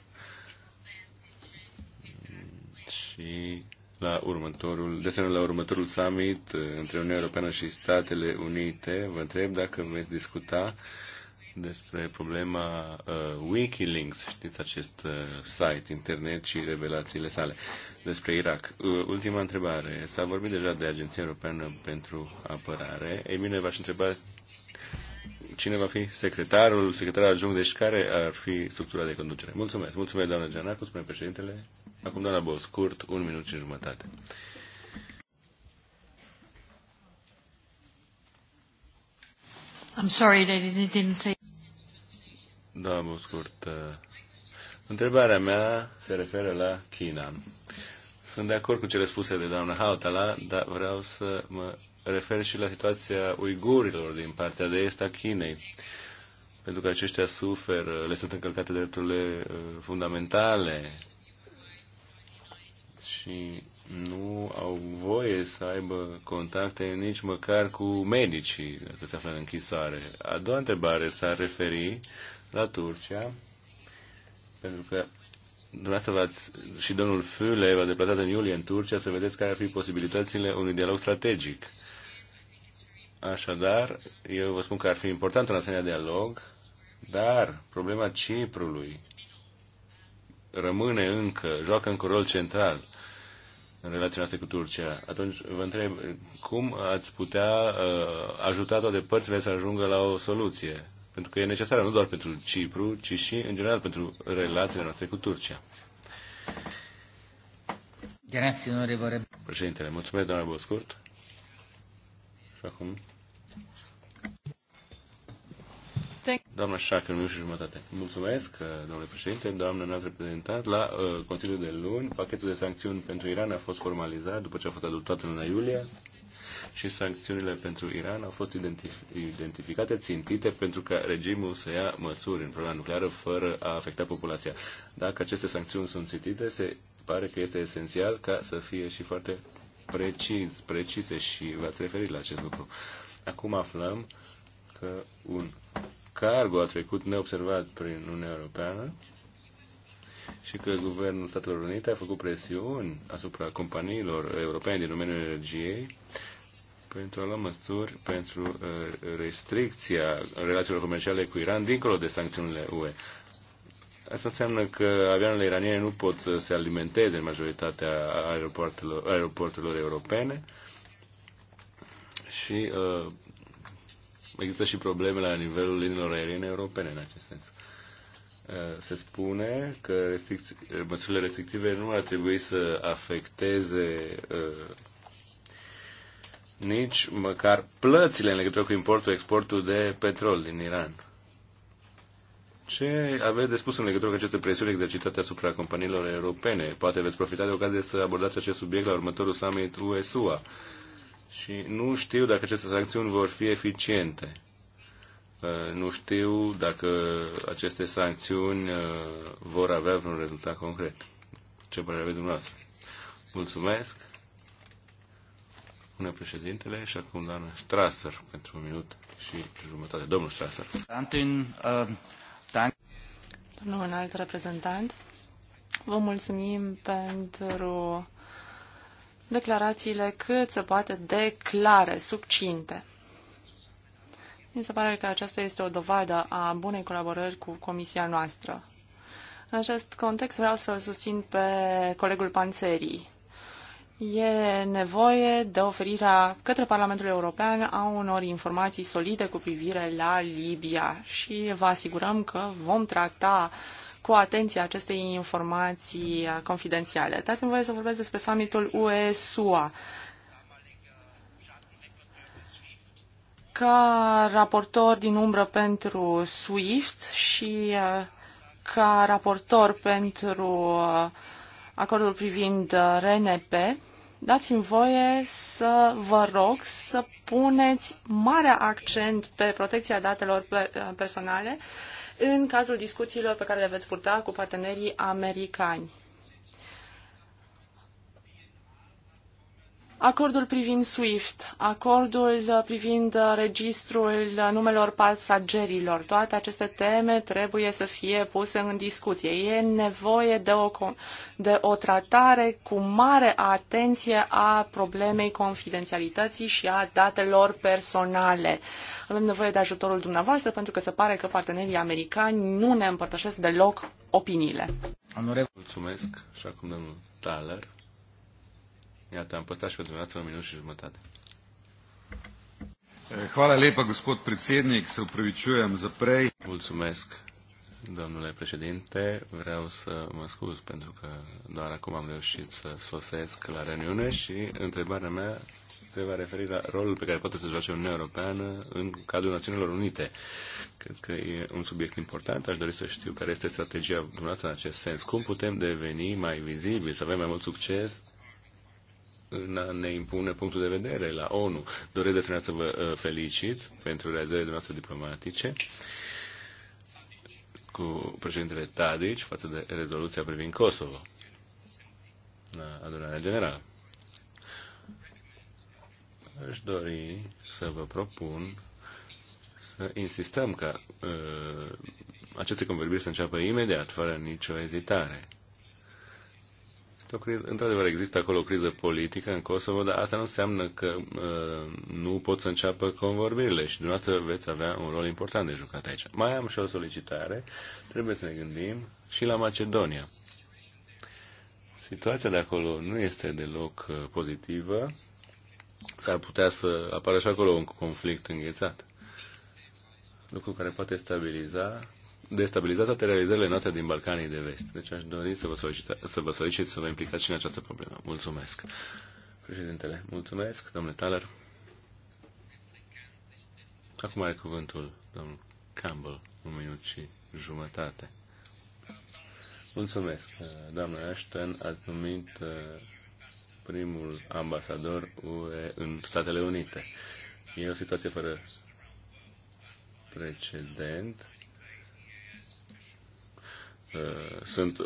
și la următorul, de asemenea la următorul summit între Uniunea Europeană și Statele Unite, vă întreb dacă veți discuta uh, despre problema uh, Wikileaks, știți acest uh, site internet și revelațiile sale despre Irak. Uh, ultima întrebare. S-a vorbit deja de Agenția Europeană pentru Apărare. Ei bine, v-aș întreba cine va fi secretarul, secretarul adjunct, deci care ar fi structura de conducere. Mulțumesc. Mulțumesc, doamna Gianacu, spune președintele. Acum, doamna Bos, scurt, un minut și jumătate. I'm sorry that it didn't say da, mă scurt. Uh, întrebarea mea se referă la China. Sunt de acord cu cele spuse de doamna Hautala, dar vreau să mă refer și la situația uigurilor din partea de est a Chinei. Pentru că aceștia suferă, le sunt încălcate drepturile uh, fundamentale și nu au voie să aibă contacte nici măcar cu medicii, dacă se află în închisoare. A doua întrebare s-ar referi la Turcia, pentru că dumneavoastră v-ați, și domnul Füle v-a deplasat în iulie în Turcia să vedeți care ar fi posibilitățile unui dialog strategic. Așadar, eu vă spun că ar fi important un asemenea dialog, dar problema Ciprului rămâne încă, joacă încă un rol central în relația noastră cu Turcia. Atunci vă întreb, cum ați putea uh, ajuta toate părțile să ajungă la o soluție? pentru că e necesară nu doar pentru Cipru, ci și, în general, pentru relațiile noastre cu Turcia. Grazie, onorevole. Președintele, mulțumesc, doamna Boscurt. Și acum... Doamna Șacă, nu și jumătate. Mulțumesc, uh, domnule președinte, ne-a reprezentat. La uh, Consiliul de luni, pachetul de sancțiuni pentru Iran a fost formalizat după ce a fost adoptat în luna iulie și sancțiunile pentru Iran au fost identificate, țintite pentru ca regimul să ia măsuri în problema nucleară fără a afecta populația. Dacă aceste sancțiuni sunt țintite, se pare că este esențial ca să fie și foarte precis, precise și v-ați referit la acest lucru. Acum aflăm că un cargo a trecut neobservat prin Uniunea Europeană și că Guvernul Statelor Unite a făcut presiuni asupra companiilor europene din domeniul energiei pentru a lua măsuri pentru uh, restricția relațiilor comerciale cu Iran dincolo de sancțiunile UE. Asta înseamnă că avioanele iraniene nu pot să se alimenteze în majoritatea aeroportelor aeroporturilor europene și uh, există și probleme la nivelul liniilor aeriene europene în acest sens. Uh, se spune că restric- măsurile restrictive nu ar trebui să afecteze uh, nici măcar plățile în legătură cu importul, exportul de petrol din Iran. Ce aveți de spus în legătură cu aceste presiuni exercitate asupra companiilor europene? Poate veți profita de ocazie să abordați acest subiect la următorul summit USUA. Și nu știu dacă aceste sancțiuni vor fi eficiente. Uh, nu știu dacă aceste sancțiuni uh, vor avea vreun rezultat concret. Ce părere aveți dumneavoastră? Mulțumesc! Bună președintele și acum doamna Strasser pentru un minut și jumătate. Domnul Strasser. Antin, un uh, alt reprezentant, vă mulțumim pentru declarațiile cât se poate de clare, subcinte. Mi se pare că aceasta este o dovadă a bunei colaborări cu comisia noastră. În acest context vreau să-l susțin pe colegul Panserii e nevoie de oferirea către Parlamentul European a unor informații solide cu privire la Libia și vă asigurăm că vom tracta cu atenție aceste informații confidențiale. Dați-mi voie să vorbesc despre summitul UE-SUA. Ca raportor din umbră pentru SWIFT și uh, ca raportor pentru uh, acordul privind uh, RNP, dați-mi voie să vă rog să puneți mare accent pe protecția datelor eh, personale în cadrul discuțiilor pe care le veți purta cu partenerii americani. Acordul privind SWIFT, acordul uh, privind uh, registrul uh, numelor pasagerilor, toate aceste teme trebuie să fie puse în discuție. E nevoie de o, de o tratare cu mare atenție a problemei confidențialității și a datelor personale. Avem nevoie de ajutorul dumneavoastră pentru că se pare că partenerii americani nu ne împărtășesc deloc opiniile. mulțumesc și acum domnul Thaler. Iată, am păstrat și pentru dumneavoastră un minut și jumătate. Eh, hvala lepa, gospod predsednik, se upravičujem za prej. Mulțumesc, domnule președinte. Vreau să mă scuz pentru că doar acum am reușit să sosesc la reuniune și întrebarea mea se va referi la rolul pe care poate să joace Uniunea Europeană în cadrul Națiunilor Unite. Cred că e un subiect important. Aș dori să știu care este strategia dumneavoastră în acest sens. Cum putem deveni mai vizibili, să avem mai mult succes în a ne impune punctul de vedere la ONU. Doresc de să vă uh, felicit pentru realizările noastre diplomatice cu președintele Tadic față de rezoluția privind Kosovo la adunarea generală. Aș dori să vă propun să insistăm ca uh, aceste convorbiri să înceapă imediat, fără nicio ezitare o criză, într-adevăr, există acolo o criză politică în Kosovo, dar asta nu înseamnă că uh, nu pot să înceapă convorbirile și dumneavoastră veți avea un rol important de jucat aici. Mai am și o solicitare, trebuie să ne gândim și la Macedonia. Situația de acolo nu este deloc uh, pozitivă, s-ar putea să apară și acolo un conflict înghețat, lucru care poate stabiliza destabilizat toate realizările noastre din Balcanii de Vest. Deci aș dori să vă, solicita, să vă solicit să vă implicați și în această problemă. Mulțumesc. Președintele, mulțumesc, domnule Taler. Acum are cuvântul domnul Campbell, un minut și jumătate. Mulțumesc, Doamna Ashton, ați numit uh, primul ambasador UE în Statele Unite. E o situație fără precedent Eh, sunt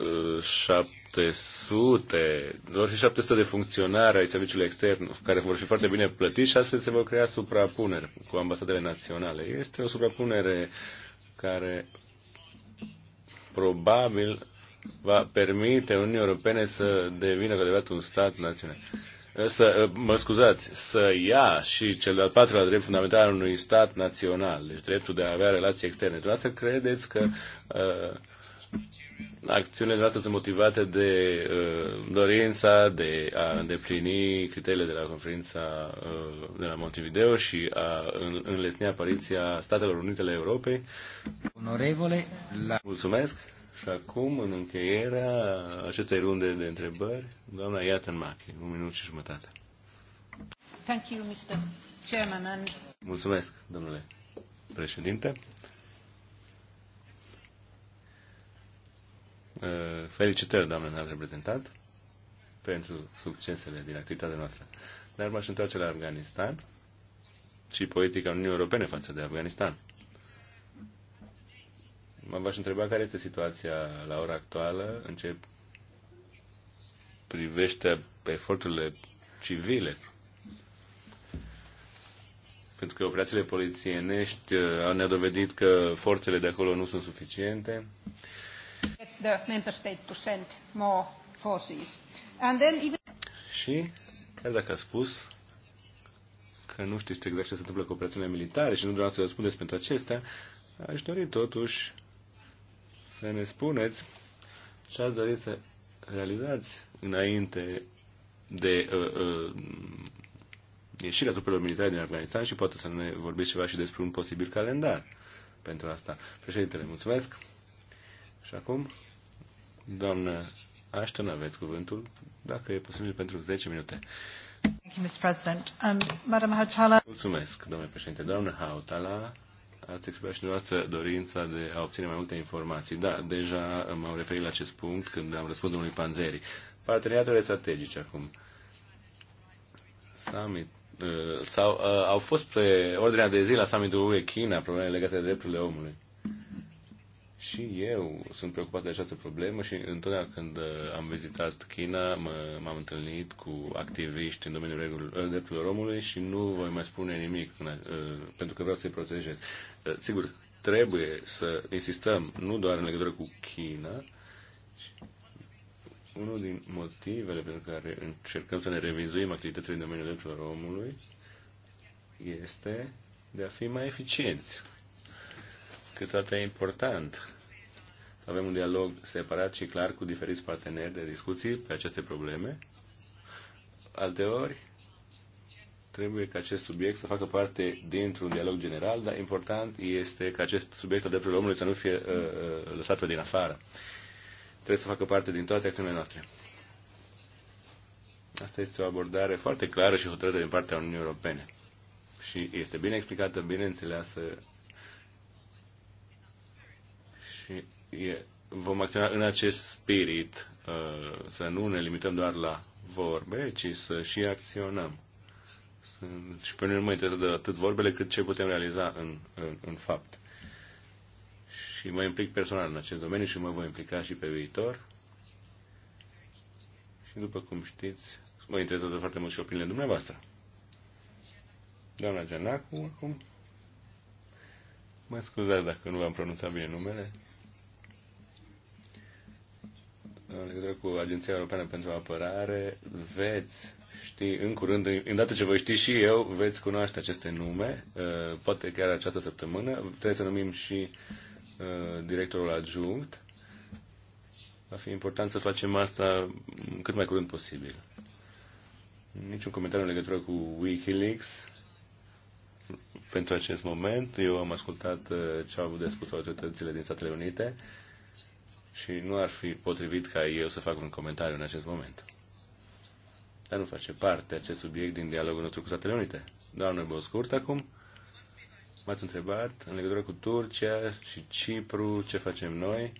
700, eh, doar și 700 de funcționari ai serviciului extern care vor fi foarte bine plătiți și astfel se vor crea suprapuneri cu ambasadele naționale. Este o suprapunere care probabil va permite Uniunii Europene să devină cu adevărat un stat național. Eh, să, mă scuzați, să ia și cel de-al patrulea drept fundamental al unui stat național, deci dreptul de a avea relații externe. Dumneavoastră credeți că uh, acțiunile noastre sunt motivate de uh, dorința de a îndeplini criteriile de la conferința uh, de la Montevideo și a înlesni apariția Statelor Unite ale Europei. Onorevole, la... Mulțumesc! Și acum, în încheierea acestei runde de întrebări, doamna Machi, un minut și jumătate. Thank you, Mr. Chairman, and... Mulțumesc, domnule președinte. Uh, felicitări, ne-am reprezentant, pentru succesele din activitatea noastră. Dar m-aș întoarce la Afganistan și politica Uniunii Europene față de Afganistan. Mă v-aș întreba care este situația la ora actuală în ce privește eforturile civile. Pentru că operațiile polițienești uh, ne-au dovedit că forțele de acolo nu sunt suficiente the member state to send more forces. And then even... Și, chiar dacă a spus că nu știți exact ce se întâmplă cu operațiunile militare și nu doar să răspundeți pentru acestea, aș dori totuși să ne spuneți ce ați dori să realizați înainte de uh, uh, ieșirea trupelor militare din Afganistan și poate să ne vorbiți ceva și despre un posibil calendar pentru asta. Președintele, mulțumesc. Și acum Doamnă Ashton, aveți cuvântul, dacă e posibil, pentru 10 minute. Um, Mulțumesc, domnule președinte. Doamnă Hautala, ați expresat și dumneavoastră dorința de a obține mai multe informații. Da, deja m-am referit la acest punct când am răspuns domnului Panzeri. Parteneriatele strategice acum. Summit uh, sau, uh, au fost pe ordinea de zi la summitul UE China probleme legate de drepturile omului și eu sunt preocupat de această problemă și întotdeauna când uh, am vizitat China m-am întâlnit cu activiști în domeniul uh, drepturilor omului și nu voi mai spune nimic uh, pentru că vreau să-i protejez. Sigur, trebuie să insistăm nu doar în legătură cu China, unul din motivele pentru care încercăm să ne revizuim activitățile în domeniul drepturilor omului este de a fi mai eficienți câteodată e important să avem un dialog separat și clar cu diferiți parteneri de discuții pe aceste probleme. Alteori, trebuie ca acest subiect să facă parte dintr-un dialog general, dar important este ca acest subiect al drepturilor omului să nu fie uh, uh, lăsat pe din afară. Trebuie să facă parte din toate acțiunile noastre. Asta este o abordare foarte clară și hotărâtă din partea Uniunii Europene. Și este bine explicată, bine înțeleasă vom acționa în acest spirit, uh, să nu ne limităm doar la vorbe, ci să și acționăm. Și pe noi nu mă interesează atât vorbele, cât ce putem realiza în, în, în fapt. Și mă implic personal în acest domeniu și mă voi implica și pe viitor. Și după cum știți, mă interesează foarte mult și opiniile dumneavoastră. Doamna Gianacu, acum. Mă scuzați dacă nu v-am pronunțat bine numele în legătură cu Agenția Europeană pentru Apărare, veți ști în curând, îndată ce voi ști și eu, veți cunoaște aceste nume, uh, poate chiar această săptămână. Trebuie să numim și uh, directorul adjunct. Va fi important să facem asta cât mai curând posibil. Niciun comentariu în legătură cu Wikileaks pentru acest moment. Eu am ascultat uh, ce au avut de spus autoritățile din Statele Unite și nu ar fi potrivit ca eu să fac un comentariu în acest moment. Dar nu face parte acest subiect din dialogul nostru cu Statele Unite. Doamne scurt acum m-ați întrebat în legătură cu Turcia și Cipru, ce facem noi.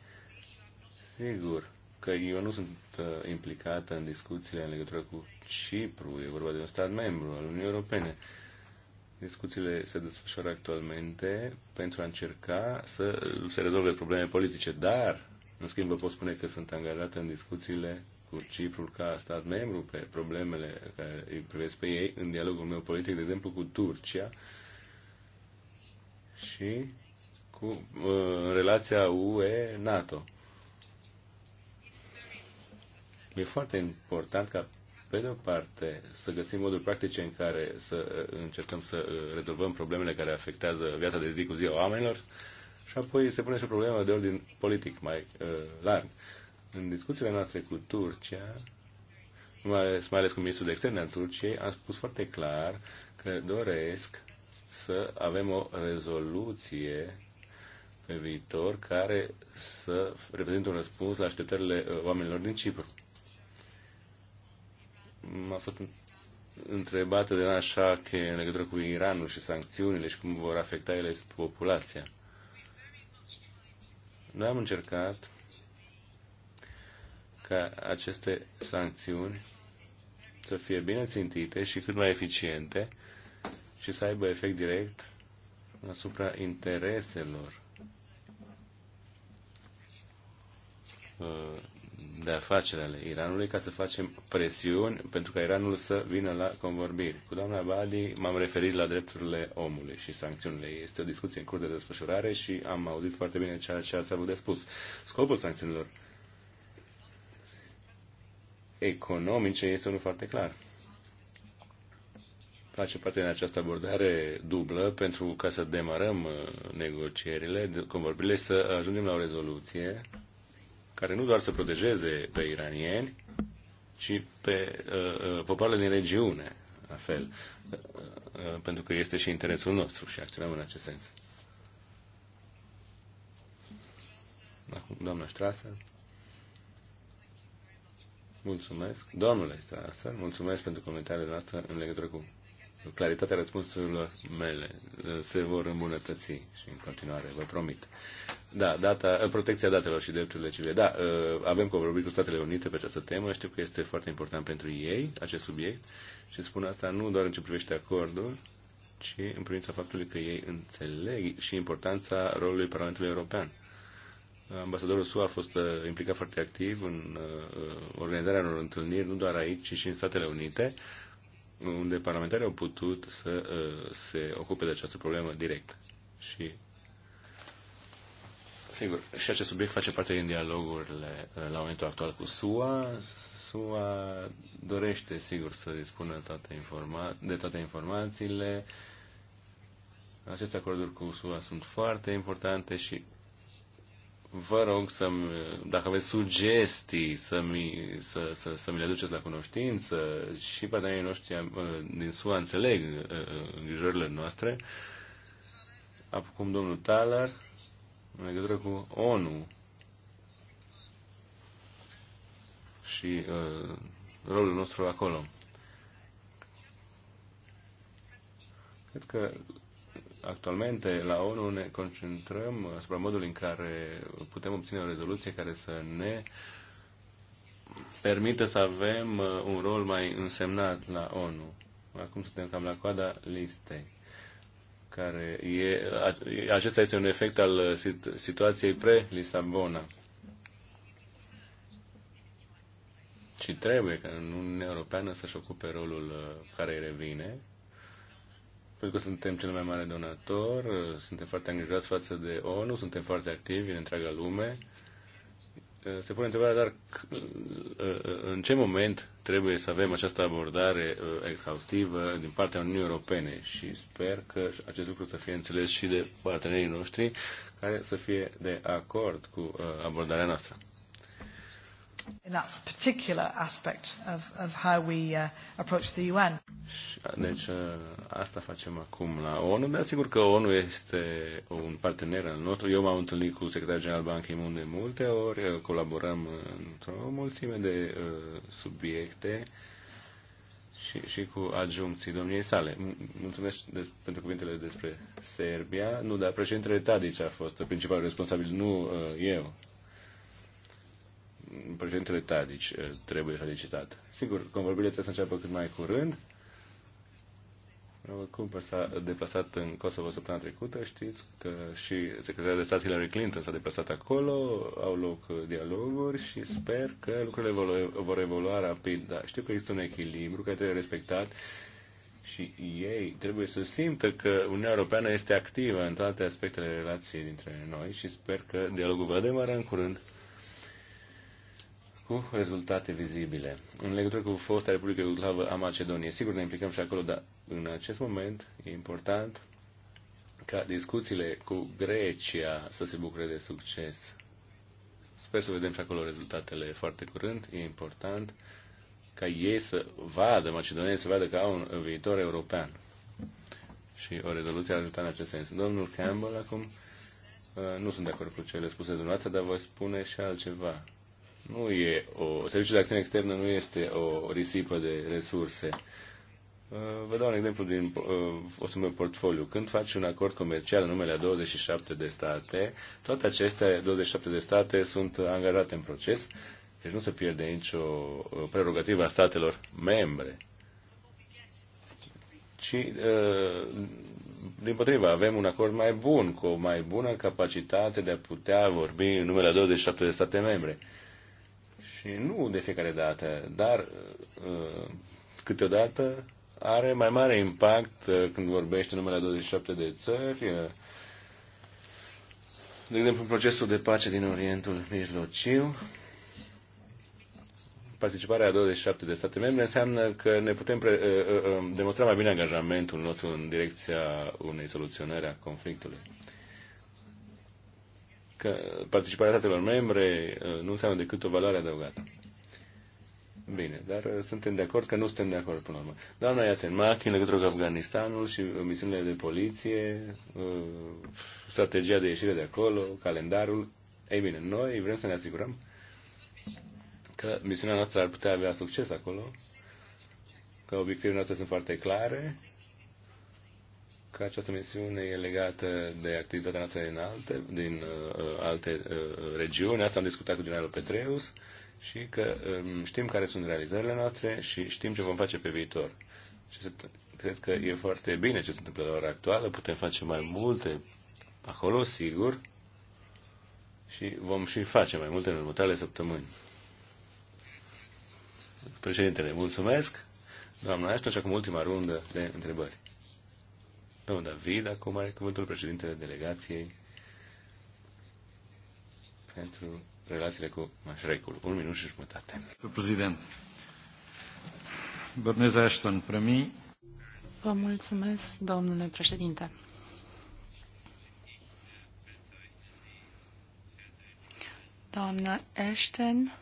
Sigur că eu nu sunt uh, implicată în discuțiile în legătură cu Cipru, e vorba de un stat membru al Uniunii Europene. Discuțiile se desfășoară actualmente pentru a încerca să se rezolve probleme politice, dar în schimb, vă pot spune că sunt angajată în discuțiile cu Ciprul ca stat membru pe problemele care îi privesc pe ei în dialogul meu politic, de exemplu, cu Turcia și cu uh, relația UE-NATO. E foarte important ca, pe de o parte, să găsim moduri practice în care să uh, încercăm să uh, rezolvăm problemele care afectează viața de zi cu zi a oamenilor și apoi se pune și o problemă de ordin politic mai uh, larg. În discuțiile noastre cu Turcia, mai ales, mai ales cu ministrul de externe al Turciei, am spus foarte clar că doresc să avem o rezoluție pe viitor care să reprezintă un răspuns la așteptările uh, oamenilor din Cipru. M-a fost întrebată de așa că în legătură cu Iranul și sancțiunile și cum vor afecta ele populația. Noi am încercat ca aceste sancțiuni să fie bine țintite și cât mai eficiente și să aibă efect direct asupra intereselor uh, de afaceri ale Iranului ca să facem presiuni pentru ca Iranul să vină la convorbiri. Cu doamna Badi m-am referit la drepturile omului și sancțiunile. Este o discuție în curs de desfășurare și am auzit foarte bine ceea ce ați avut de spus. Scopul sancțiunilor economice este unul foarte clar. Face parte din această abordare dublă pentru ca să demarăm uh, negocierile, convorbirile, să ajungem la o rezoluție care nu doar să protejeze pe iranieni, ci pe uh, uh, popoarele din regiune, la fel, uh, uh, pentru că este și interesul nostru și acționăm în acest sens. Acum, doamna Strasser. Mulțumesc. Domnule Strasser, mulțumesc pentru comentariile noastre în legătură cu claritatea răspunsurilor mele uh, se vor îmbunătăți și în continuare, vă promit. Da, data, uh, protecția datelor și drepturile civile. Da, uh, avem convorbit cu Statele Unite pe această temă, știu că este foarte important pentru ei, acest subiect, și spun asta nu doar în ce privește acordul, ci în privința faptului că ei înțeleg și importanța rolului Parlamentului European. Ambasadorul SUA a fost implicat foarte activ în organizarea unor întâlniri, nu doar aici, ci și în Statele Unite, unde parlamentarii au putut să uh, se ocupe de această problemă direct. Și Sigur, și acest subiect face parte din dialogurile uh, la momentul actual cu SUA. SUA dorește, sigur, să dispună toate informa- de toate informațiile. Aceste acorduri cu SUA sunt foarte importante și vă rog să dacă aveți sugestii, să-mi, să, să, să mi le aduceți la cunoștință și partenerii noștri din SUA înțeleg uh, îngrijorile noastre. Acum domnul Talar, în legătură cu ONU și uh, rolul nostru acolo. Cred că actualmente la ONU ne concentrăm asupra modului în care putem obține o rezoluție care să ne permită să avem uh, un rol mai însemnat la ONU. Acum suntem cam la coada listei care e, acesta este un efect al uh, situației pre-Lisabona. Și trebuie ca în Uniunea Europeană să-și ocupe rolul uh, care îi revine pentru că suntem cel mai mare donator, suntem foarte angajați față de ONU, suntem foarte activi în întreaga lume. Se pune întrebarea dar în ce moment trebuie să avem această abordare uh, exhaustivă din partea Uniunii Europene și sper că acest lucru să fie înțeles și de partenerii noștri care să fie de acord cu uh, abordarea noastră. In that particular aspect of, of how we uh, approach the UN. Deci asta facem acum la ONU, dar sigur că ONU este un partener al nostru. Eu m-am întâlnit cu secretarul general Ban Ki-moon de multe ori, uh, colaborăm uh, într-o mulțime de uh, subiecte și, și cu adjuncții domniei sale. Mulțumesc de, pentru cuvintele despre Serbia. Nu, dar președintele Tadic a fost principalul responsabil, nu uh, eu președintele Tadic deci, eh, trebuie felicitat. Sigur, convorbirile trebuie să înceapă cât mai curând. Cum s-a deplasat în Kosovo săptămâna trecută, știți că și secretarul de stat Hillary Clinton s-a deplasat acolo, au loc eh, dialoguri și sper că lucrurile vor evolua rapid. Dar știu că există un echilibru care trebuie respectat și ei trebuie să simtă că Uniunea Europeană este activă în toate aspectele relației dintre noi și sper că dialogul va demara în curând cu rezultate vizibile. În legătură cu fosta Republică Iugoslavă a Macedoniei, sigur ne implicăm și acolo, dar în acest moment e important ca discuțiile cu Grecia să se bucure de succes. Sper să vedem și acolo rezultatele foarte curând. E important ca ei să vadă, Macedonia să vadă că au un viitor european. Și o rezoluție a ajutat în acest sens. Domnul Campbell acum uh, nu sunt de acord cu cele spuse dumneavoastră, dar vă spune și altceva nu e o, serviciul de acțiune externă nu este o risipă de resurse. Uh, vă dau un exemplu din uh, fostul meu portfoliu. Când faci un acord comercial în numele a 27 de state, toate aceste 27 de state sunt angajate în proces, deci nu se pierde nicio uh, prerogativă a statelor membre. Ci, din potriva, avem un acord mai bun, cu o mai bună capacitate de a putea vorbi în numele a 27 de state membre. Și nu de fiecare dată, dar uh, câteodată are mai mare impact uh, când vorbește numele 27 de țări. Uh, de exemplu, în procesul de pace din Orientul Mijlociu, participarea a 27 de state membre înseamnă că ne putem pre- demonstra mai bine angajamentul nostru în direcția unei soluționări a conflictului că participarea statelor membre uh, nu înseamnă decât o valoare adăugată. Bine, dar uh, suntem de acord că nu suntem de acord până la urmă. Doamna Iatenmachi, în legătură cu Afganistanul și uh, misiunile de poliție, strategia de ieșire de acolo, calendarul, ei bine, noi vrem să ne asigurăm că misiunea noastră ar putea avea succes acolo, că obiectivele noastre sunt foarte clare că această misiune e legată de activitatea noastră din alte, din, uh, uh, alte uh, regiuni. Asta am discutat cu generalul Petreus și că um, știm care sunt realizările noastre și știm ce vom face pe viitor. Ce se, cred că e foarte bine ce se întâmplă la ora actuală, putem face mai multe acolo, sigur, și vom și face mai multe în următoarele săptămâni. Președintele, mulțumesc. Doamna Ashton, și ultima rundă de întrebări. Domnul David, acum are cuvântul președintele delegației pentru relațiile cu Mașrecul. Un minut și jumătate. Președinte, Bernez Ashton, premi. Vă mulțumesc, domnule președinte. Doamna Ashton,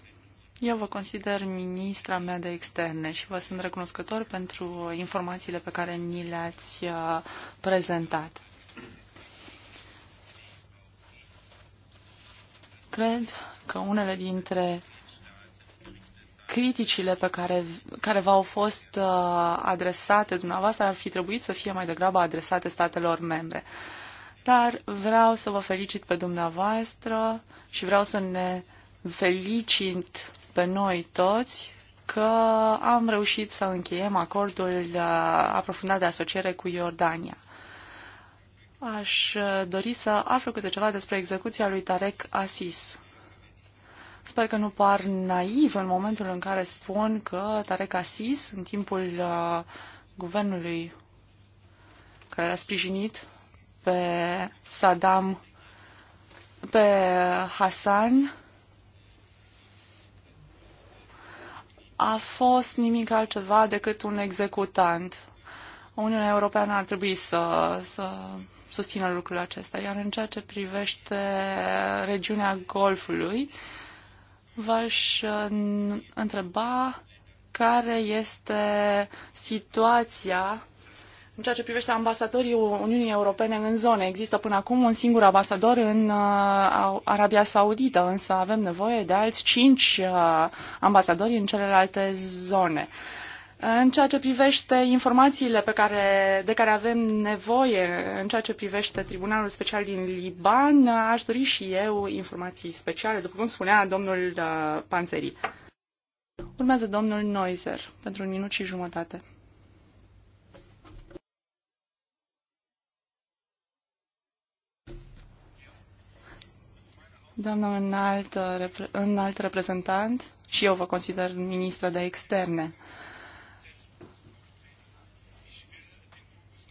eu vă consider ministra mea de externe și vă sunt recunoscător pentru informațiile pe care ni le-ați uh, prezentat. Cred că unele dintre criticile pe care, care v-au fost uh, adresate dumneavoastră ar fi trebuit să fie mai degrabă adresate statelor membre. Dar vreau să vă felicit pe dumneavoastră și vreau să ne felicit pe noi toți că am reușit să încheiem acordul uh, aprofundat de asociere cu Iordania. Aș uh, dori să aflu câte ceva despre execuția lui Tarek Asis. Sper că nu par naiv în momentul în care spun că Tarek Asis, în timpul uh, guvernului care l-a sprijinit pe Saddam, pe Hassan, a fost nimic altceva decât un executant. Uniunea Europeană ar trebui să, să susțină lucrul acesta. Iar în ceea ce privește regiunea Golfului, v-aș uh, întreba care este situația în ceea ce privește ambasadorii Uniunii Europene în zone, există până acum un singur ambasador în uh, Arabia Saudită, însă avem nevoie de alți cinci uh, ambasadori în celelalte zone. În ceea ce privește informațiile pe care, de care avem nevoie, în ceea ce privește Tribunalul Special din Liban, aș dori și eu informații speciale, după cum spunea domnul uh, Panzeri. Urmează domnul Noiser pentru un minut și jumătate. Doamna înalt, înalt reprezentant, și eu vă consider ministră de externe.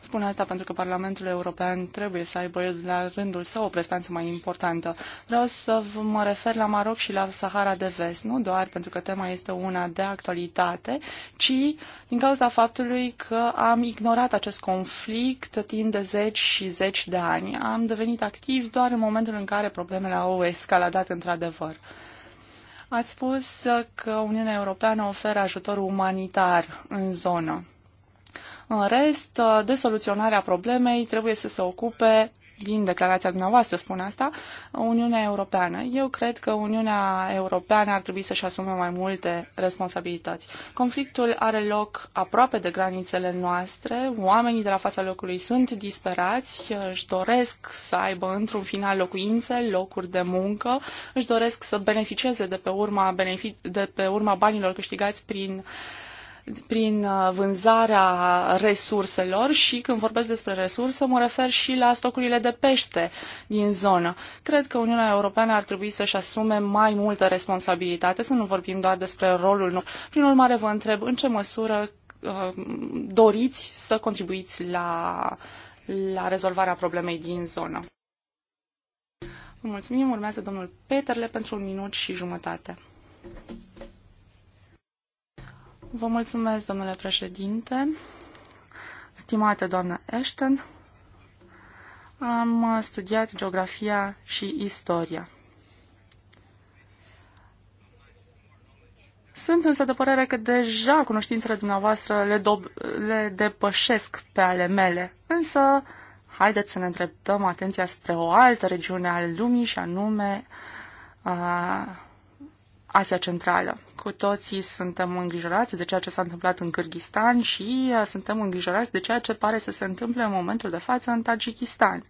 Spun asta pentru că Parlamentul European trebuie să aibă la rândul său o prestanță mai importantă. Vreau să mă refer la Maroc și la Sahara de Vest, nu doar pentru că tema este una de actualitate, ci din cauza faptului că am ignorat acest conflict timp de zeci și zeci de ani. Am devenit activ doar în momentul în care problemele au escaladat într-adevăr. Ați spus că Uniunea Europeană oferă ajutor umanitar în zonă. În rest, de soluționarea problemei trebuie să se ocupe din declarația dumneavoastră spune asta, Uniunea Europeană. Eu cred că Uniunea Europeană ar trebui să-și asume mai multe responsabilități. Conflictul are loc aproape de granițele noastre, oamenii de la fața locului sunt disperați, își doresc să aibă într-un final locuințe, locuri de muncă, își doresc să beneficieze de pe urma, benefic- de pe urma banilor câștigați prin uh, prin uh, vânzarea resurselor și când vorbesc despre resurse mă refer și la stocurile de pește din zonă. Cred că Uniunea Europeană ar trebui să-și asume mai multă responsabilitate, să nu vorbim doar despre rolul nostru. Prin urmare vă întreb în ce măsură uh, doriți să contribuiți la, la rezolvarea problemei din zonă. Vă mulțumim, urmează domnul Peterle pentru un minut și jumătate. Vă mulțumesc, domnule președinte, stimate doamnă Ashton. Am studiat geografia și istoria. Sunt însă de părere că deja cunoștințele dumneavoastră le, le depășesc pe ale mele. Însă, haideți să ne îndreptăm atenția spre o altă regiune a al lumii și anume Asia Centrală. Cu toții suntem îngrijorați de ceea ce s-a întâmplat în Kyrgyzstan și uh, suntem îngrijorați de ceea ce pare să se întâmple în momentul de față în Tajikistan.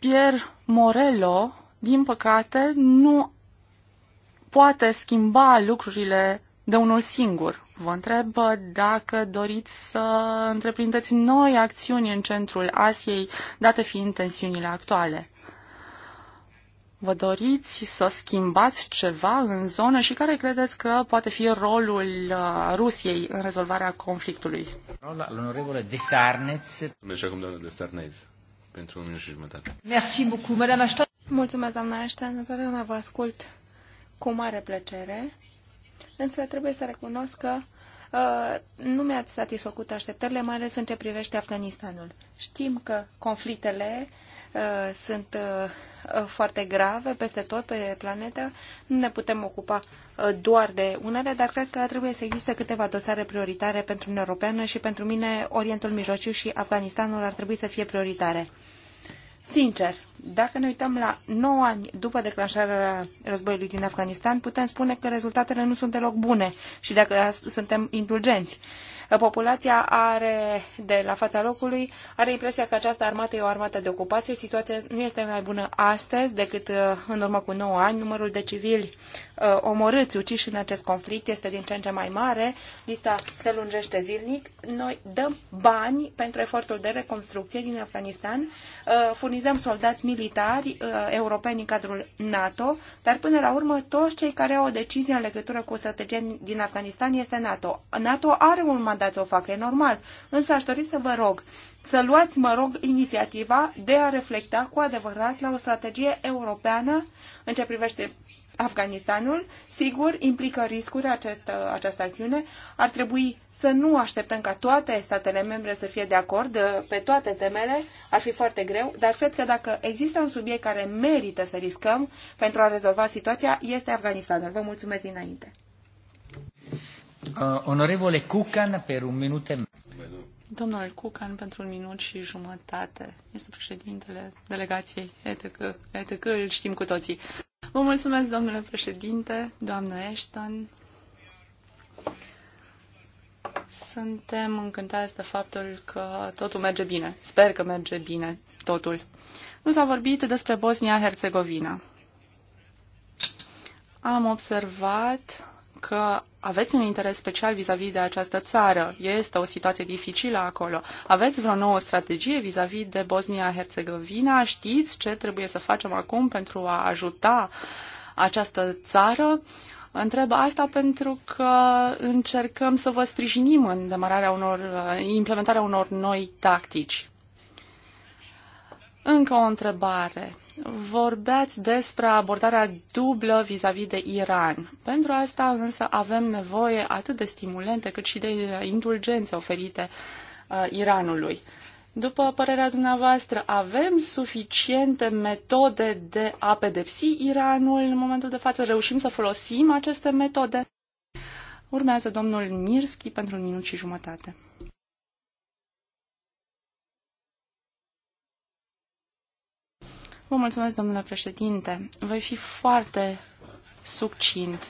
Pierre Morello, din păcate, nu poate schimba lucrurile de unul singur. Vă întreb uh, dacă doriți să întreprindeți noi acțiuni în centrul Asiei, date fiind tensiunile actuale vă doriți să schimbați ceva în zonă și care credeți că poate fi rolul uh, Rusiei în rezolvarea conflictului? Rolul al onorevole de Sarneț. Merge acum doamna de Sarneț pentru un minut și jumătate. Merci beaucoup, madame Ashton. Mulțumesc, doamna Ashton. Întotdeauna vă ascult cu mare plăcere. Însă trebuie să recunosc că uh, nu mi-ați satisfăcut așteptările, mai ales în ce privește Afganistanul. Știm că conflictele uh, Uh, sunt uh, foarte grave peste tot pe planetă. Nu ne putem ocupa uh, doar de unele, dar cred că trebuie să existe câteva dosare prioritare pentru Uniunea Europeană și pentru mine Orientul Mijlociu și Afganistanul ar trebui să fie prioritare. Sincer, dacă ne uităm la 9 ani după declanșarea războiului din Afganistan, putem spune că rezultatele nu sunt deloc bune și dacă suntem indulgenți. Uh, Populația are, de la fața locului are impresia că această armată e o armată de ocupație. Situația nu este mai bună astăzi decât uh, în urmă cu 9 ani. Numărul de civili uh, omorâți, uciși în acest conflict este din ce în ce mai mare. Lista se lungește zilnic. Noi dăm bani pentru efortul de reconstrucție din Afganistan. Uh, furnizăm soldați militari europeni în cadrul NATO, dar până la urmă toți cei care au o decizie în legătură cu strategia din Afganistan este NATO. NATO are un mandat dați o facă, e normal. Însă aș dori să vă rog să luați, mă rog, inițiativa de a reflecta cu adevărat la o strategie europeană în ce privește Afganistanul, sigur, implică riscuri această, această acțiune. Ar trebui să nu așteptăm ca toate statele membre să fie de acord uh, pe toate temele, ar fi foarte greu, dar cred că dacă există un subiect care merită să riscăm pentru a rezolva situația, este Afganistanul. Vă mulțumesc dinainte. Uh, onorevole Cucan, per un minut. Domnul Cucan, pentru un minut și jumătate, este președintele delegației ETC. ETC îl știm cu toții. Vă mulțumesc, domnule președinte, doamnă Ashton. Suntem încântați de faptul că totul merge bine. Sper că merge bine totul. Nu s-a vorbit despre Bosnia-Herzegovina. Am observat că aveți un interes special vis-a-vis -vis de această țară. Este o situație dificilă acolo. Aveți vreo nouă strategie vis-a-vis -vis de Bosnia-Herzegovina? Știți ce trebuie să facem acum pentru a ajuta această țară? Întreb asta pentru că încercăm să vă sprijinim în demararea unor, implementarea unor noi tactici. Încă o întrebare. Vorbeați despre abordarea dublă vis-a-vis -vis de Iran. Pentru asta însă avem nevoie atât de stimulente cât și de indulgențe oferite uh, Iranului. După părerea dumneavoastră, avem suficiente metode de a pedepsi Iranul în momentul de față? Reușim să folosim aceste metode? Urmează domnul Mirski pentru un minut și jumătate. Vă mulțumesc, domnule președinte. Voi fi foarte succint.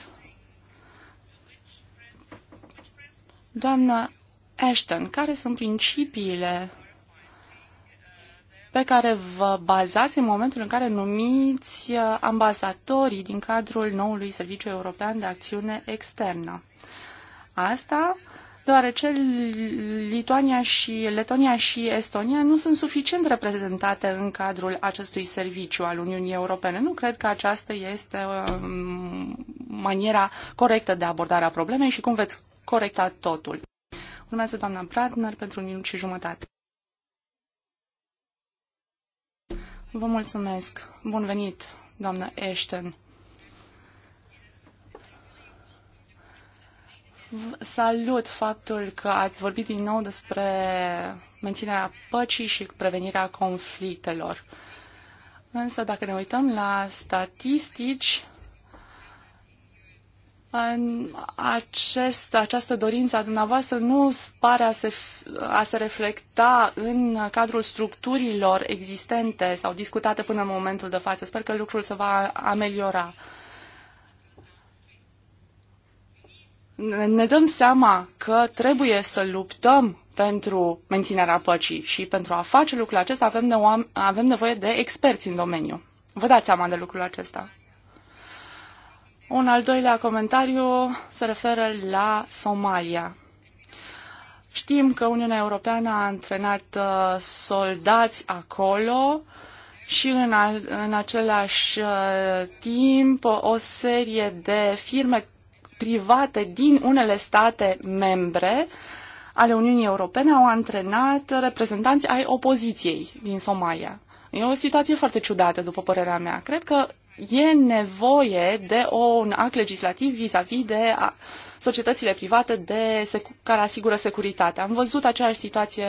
Doamna Ashton, care sunt principiile pe care vă bazați în momentul în care numiți ambasadorii din cadrul noului Serviciu European de Acțiune Externă? Asta deoarece Lituania și Letonia și Estonia nu sunt suficient reprezentate în cadrul acestui serviciu al Uniunii Europene. Nu cred că aceasta este um, maniera corectă de abordare a problemei și cum veți corecta totul. Urmează doamna Pratner pentru un minut și jumătate. Vă mulțumesc. Bun venit, doamnă Ashton. Salut faptul că ați vorbit din nou despre menținerea păcii și prevenirea conflictelor. Însă, dacă ne uităm la statistici, în acest, această dorință a dumneavoastră nu pare a se, a se reflecta în cadrul structurilor existente sau discutate până în momentul de față. Sper că lucrul se va ameliora. ne dăm seama că trebuie să luptăm pentru menținerea păcii și pentru a face lucrul acesta avem, de oam- avem nevoie de experți în domeniu. Vă dați seama de lucrul acesta. Un al doilea comentariu se referă la Somalia. Știm că Uniunea Europeană a antrenat uh, soldați acolo și în, a, în același uh, timp o serie de firme private din unele state membre ale Uniunii Europene au antrenat reprezentanți ai opoziției din Somalia. E o situație foarte ciudată, după părerea mea. Cred că e nevoie de un act legislativ vis-a-vis -vis de societățile private de care asigură securitatea. Am văzut aceeași situație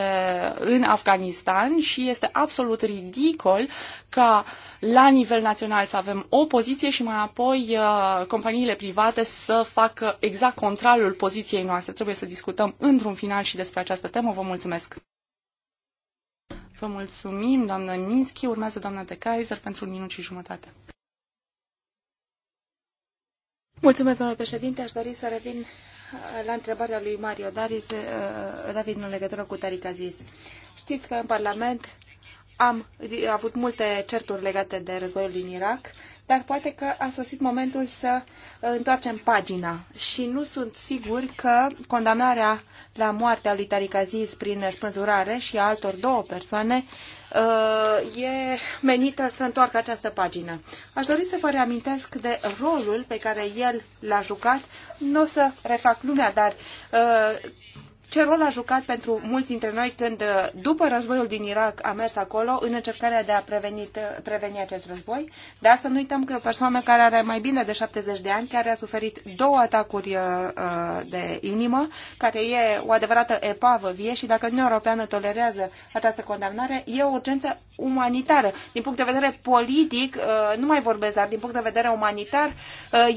în Afganistan și este absolut ridicol ca la nivel național să avem o poziție și mai apoi uh, companiile private să facă exact contrarul poziției noastre. Trebuie să discutăm într-un final și despre această temă. Vă mulțumesc! Vă mulțumim, doamnă Minschi. Urmează doamna de Kaiser pentru un minut și jumătate. Mulțumesc, domnule președinte. Aș dori să revin uh, la întrebarea lui Mario Daris, uh, David, în legătură cu Tarik Aziz. Știți că în Parlament am avut multe certuri legate de războiul din Irak dar poate că a sosit momentul să uh, întoarcem pagina și nu sunt sigur că condamnarea la moarte lui Tariq Aziz prin spânzurare și a altor două persoane uh, e menită să întoarcă această pagină. Aș dori să vă reamintesc de rolul pe care el l-a jucat. Nu o să refac lumea, dar uh, ce rol a jucat pentru mulți dintre noi când, uh, după războiul din Irak, a mers acolo în încercarea de a preveni, uh, preveni acest război. Dar să nu uităm că o persoană care are mai bine de 70 de ani, care a suferit două atacuri uh, de inimă, care e o adevărată epavă vie și dacă Uniunea Europeană tolerează această condamnare, e o urgență umanitară. Din punct de vedere politic, nu mai vorbesc, dar din punct de vedere umanitar,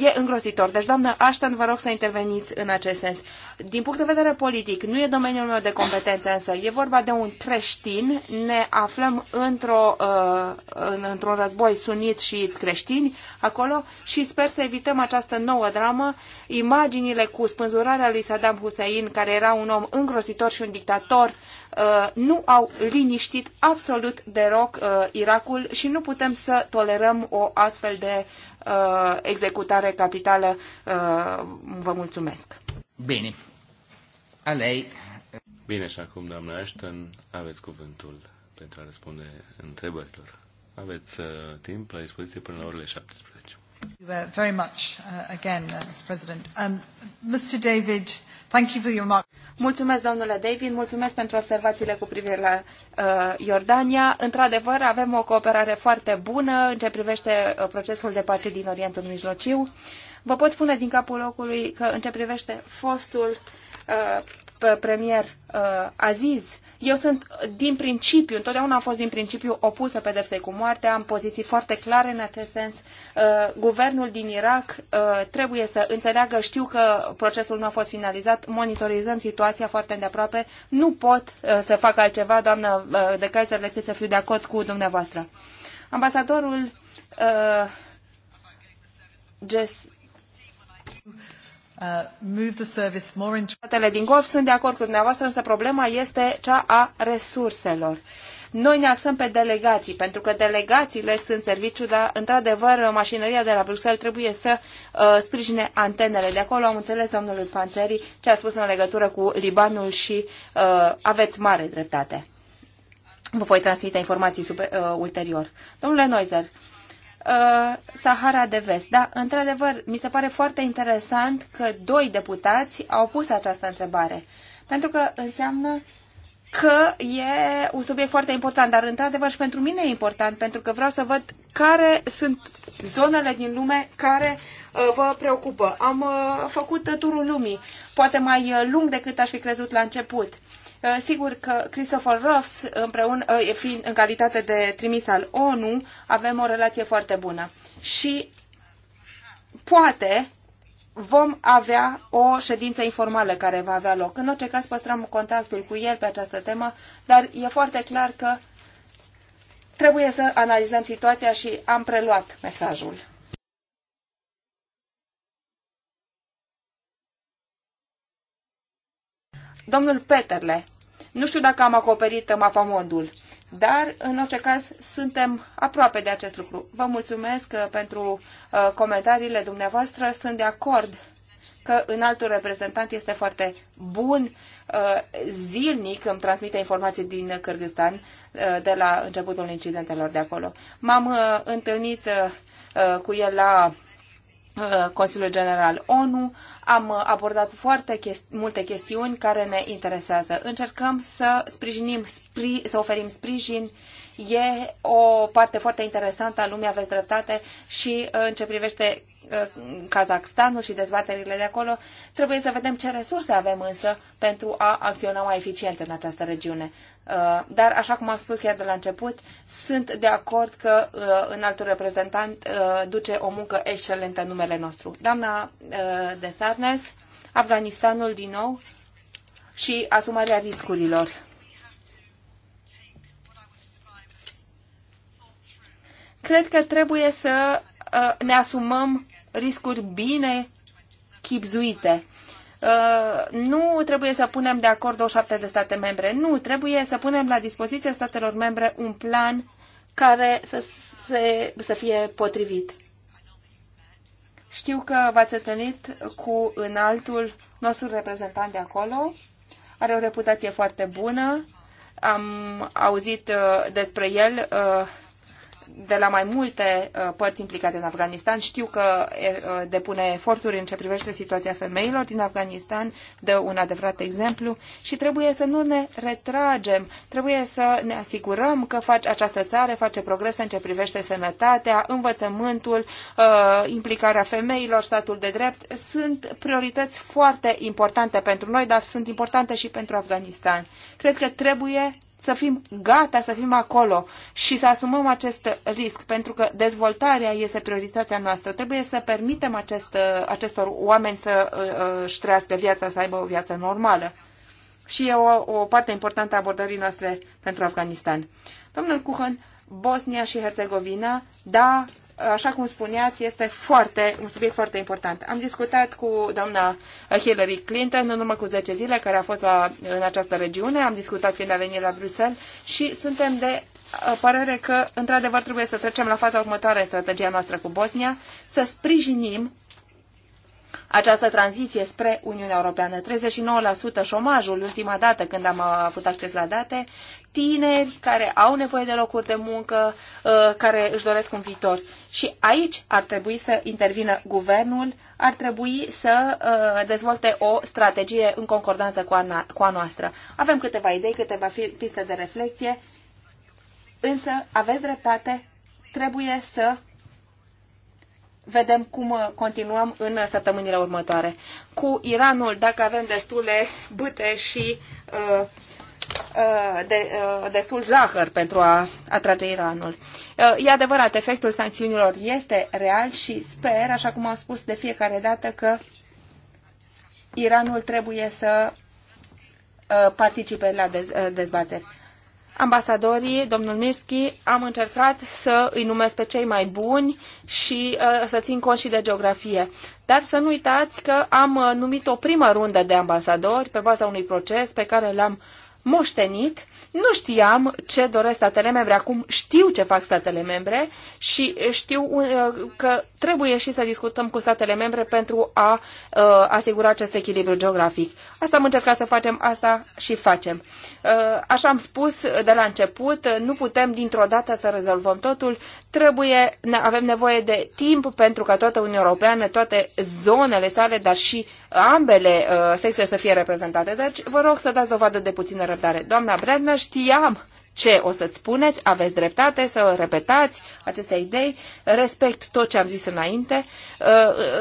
e îngrozitor. Deci, doamnă Ashton, vă rog să interveniți în acest sens. Din punct de vedere politic, nu e domeniul meu de competență, însă e vorba de un creștin. Ne aflăm într-o, uh, în, într-un război sunit și creștini acolo și sper să evităm această nouă dramă. Imaginile cu spânzurarea lui Saddam Hussein, care era un om îngrozitor și un dictator, uh, nu au liniștit absolut deloc uh, Irakul și nu putem să tolerăm o astfel de uh, executare capitală. Uh, vă mulțumesc! Bine. A lei. Bine, și acum, doamna Ashton, aveți cuvântul pentru a răspunde întrebărilor. Aveți uh, timp la dispoziție până la orele 17. Very much uh, again, uh, Mr. President. Um, Mr. David, thank you for your remarks. Mulțumesc, domnule David, mulțumesc pentru observațiile cu privire la uh, Iordania. Într-adevăr, avem o cooperare foarte bună în ce privește uh, procesul de pace din Orientul Mijlociu. Uh, Vă pot spune din capul locului că în ce privește fostul uh, premier uh, Aziz, eu sunt din principiu, întotdeauna am fost din principiu opusă pedepsei cu moartea, am poziții foarte clare în acest sens. Uh, guvernul din Irak uh, trebuie să înțeleagă, știu că procesul nu a fost finalizat, monitorizăm situația foarte îndeaproape, nu pot uh, să fac altceva, doamnă de Kaiser, decât să fiu de acord cu dumneavoastră. Ambasadorul Ges Uh, Statele din Golf sunt de acord cu dumneavoastră, însă problema este cea a resurselor. Noi ne axăm pe delegații, pentru că delegațiile sunt serviciu, dar, într-adevăr, mașinăria de la Bruxelles trebuie să uh, sprijine antenele. De acolo am înțeles, domnul Panțeri, ce a spus în legătură cu Libanul și uh, aveți mare dreptate. Vă voi transmite informații super, uh, ulterior. Domnule Noizer, uh, Uh, Sahara de Vest. Da, într-adevăr, mi se pare foarte interesant că doi deputați au pus această întrebare, pentru că înseamnă că e un subiect foarte important, dar într-adevăr și pentru mine e important, pentru că vreau să văd care sunt zonele din lume care uh, vă preocupă. Am uh, făcut turul lumii, poate mai uh, lung decât aș fi crezut la început. Uh, sigur că Christopher Ruffs, împreună, uh, fiind în calitate de trimis al ONU, avem o relație foarte bună. Și poate vom avea o ședință informală care va avea loc. În orice caz păstrăm contactul cu el pe această temă, dar e foarte clar că trebuie să analizăm situația și am preluat mesajul. Domnul Peterle nu știu dacă am acoperit uh, mapamondul, dar în orice caz suntem aproape de acest lucru. Vă mulțumesc uh, pentru uh, comentariile dumneavoastră. Sunt de acord că în altul reprezentant este foarte bun, zilnic îmi transmite informații din Kyrgyzstan de la începutul incidentelor de acolo. M-am întâlnit cu el la Uh, Consiliul General ONU, am uh, abordat foarte multe chestiuni care ne interesează. Încercăm să sprijinim, spri- să oferim sprijin. E o parte foarte interesantă a lumii, aveți dreptate, și uh, în ce privește Uh, Kazakhstanul și dezbaterile de acolo. Trebuie să vedem ce resurse avem însă pentru a acționa mai eficient în această regiune. Uh, dar, așa cum am spus chiar de la început, sunt de acord că în uh, altul reprezentant duce o muncă excelentă în numele nostru. Doamna de Sarnes, Afganistanul din nou și asumarea riscurilor. cred că trebuie să ne asumăm riscuri bine chipzuite. Uh, nu trebuie să punem de acord 27 de state membre. Nu, trebuie să punem la dispoziția statelor membre un plan care să, se, să fie potrivit. Știu că v-ați întâlnit cu înaltul nostru reprezentant de acolo. Are o reputație foarte bună. Am auzit uh, despre el uh, de la mai multe uh, părți implicate în Afganistan. Știu că uh, depune eforturi în ce privește situația femeilor din Afganistan, dă un adevărat exemplu și trebuie să nu ne retragem, trebuie să ne asigurăm că face această țară face progrese în ce privește sănătatea, învățământul, uh, implicarea femeilor, statul de drept. Sunt priorități foarte importante pentru noi, dar sunt importante și pentru Afganistan. Cred că trebuie să fim gata să fim acolo și să asumăm acest risc, pentru că dezvoltarea este prioritatea noastră. Trebuie să permitem acest, uh, acestor oameni să uh, uh, își trăiască viața, să aibă o viață normală. Și e o, o parte importantă a abordării noastre pentru Afganistan. Domnul Cuhan, Bosnia și Herțegovina, da, așa cum spuneați, este foarte, un subiect foarte important. Am discutat cu doamna Hillary Clinton în urmă cu 10 zile, care a fost la, în această regiune, am discutat fiind a venit la Bruxelles și suntem de uh, părere că, într-adevăr, trebuie să trecem la faza următoare în strategia noastră cu Bosnia, să sprijinim această tranziție spre Uniunea Europeană. 39% șomajul, ultima dată când am avut acces la date, tineri care au nevoie de locuri de muncă, uh, care își doresc un viitor. Și aici ar trebui să intervină guvernul, ar trebui să uh, dezvolte o strategie în concordanță cu a, cu a noastră. Avem câteva idei, câteva piste de reflexie, însă aveți dreptate, trebuie să vedem cum uh, continuăm în săptămânile următoare. Cu Iranul, dacă avem destule bâte și uh, uh de, uh, destul zahăr pentru a atrage Iranul. E adevărat, efectul sancțiunilor este real și sper, așa cum am spus de fiecare dată, că Iranul trebuie să participe la dez, dezbateri ambasadorii, domnul Mirski, am încercat să îi numesc pe cei mai buni și uh, să țin cont și de geografie. Dar să nu uitați că am uh, numit o primă rundă de ambasadori pe baza unui proces pe care l-am uh, moștenit. Nu știam ce doresc statele membre, acum știu ce fac statele membre și știu uh, că trebuie și să discutăm cu statele membre pentru a uh, asigura acest echilibru geografic. Asta am încercat să facem, asta și facem. Uh, așa am spus de la început, nu putem dintr-o dată să rezolvăm totul, trebuie, avem nevoie de timp pentru ca toată Uniunea Europeană, toate zonele sale, dar și ambele uh, sexe să fie reprezentate. Deci vă rog să dați dovadă de puțină răbdare. Doamna Bradner, știam ce o să-ți spuneți, aveți dreptate să repetați aceste idei, respect tot ce am zis înainte, uh,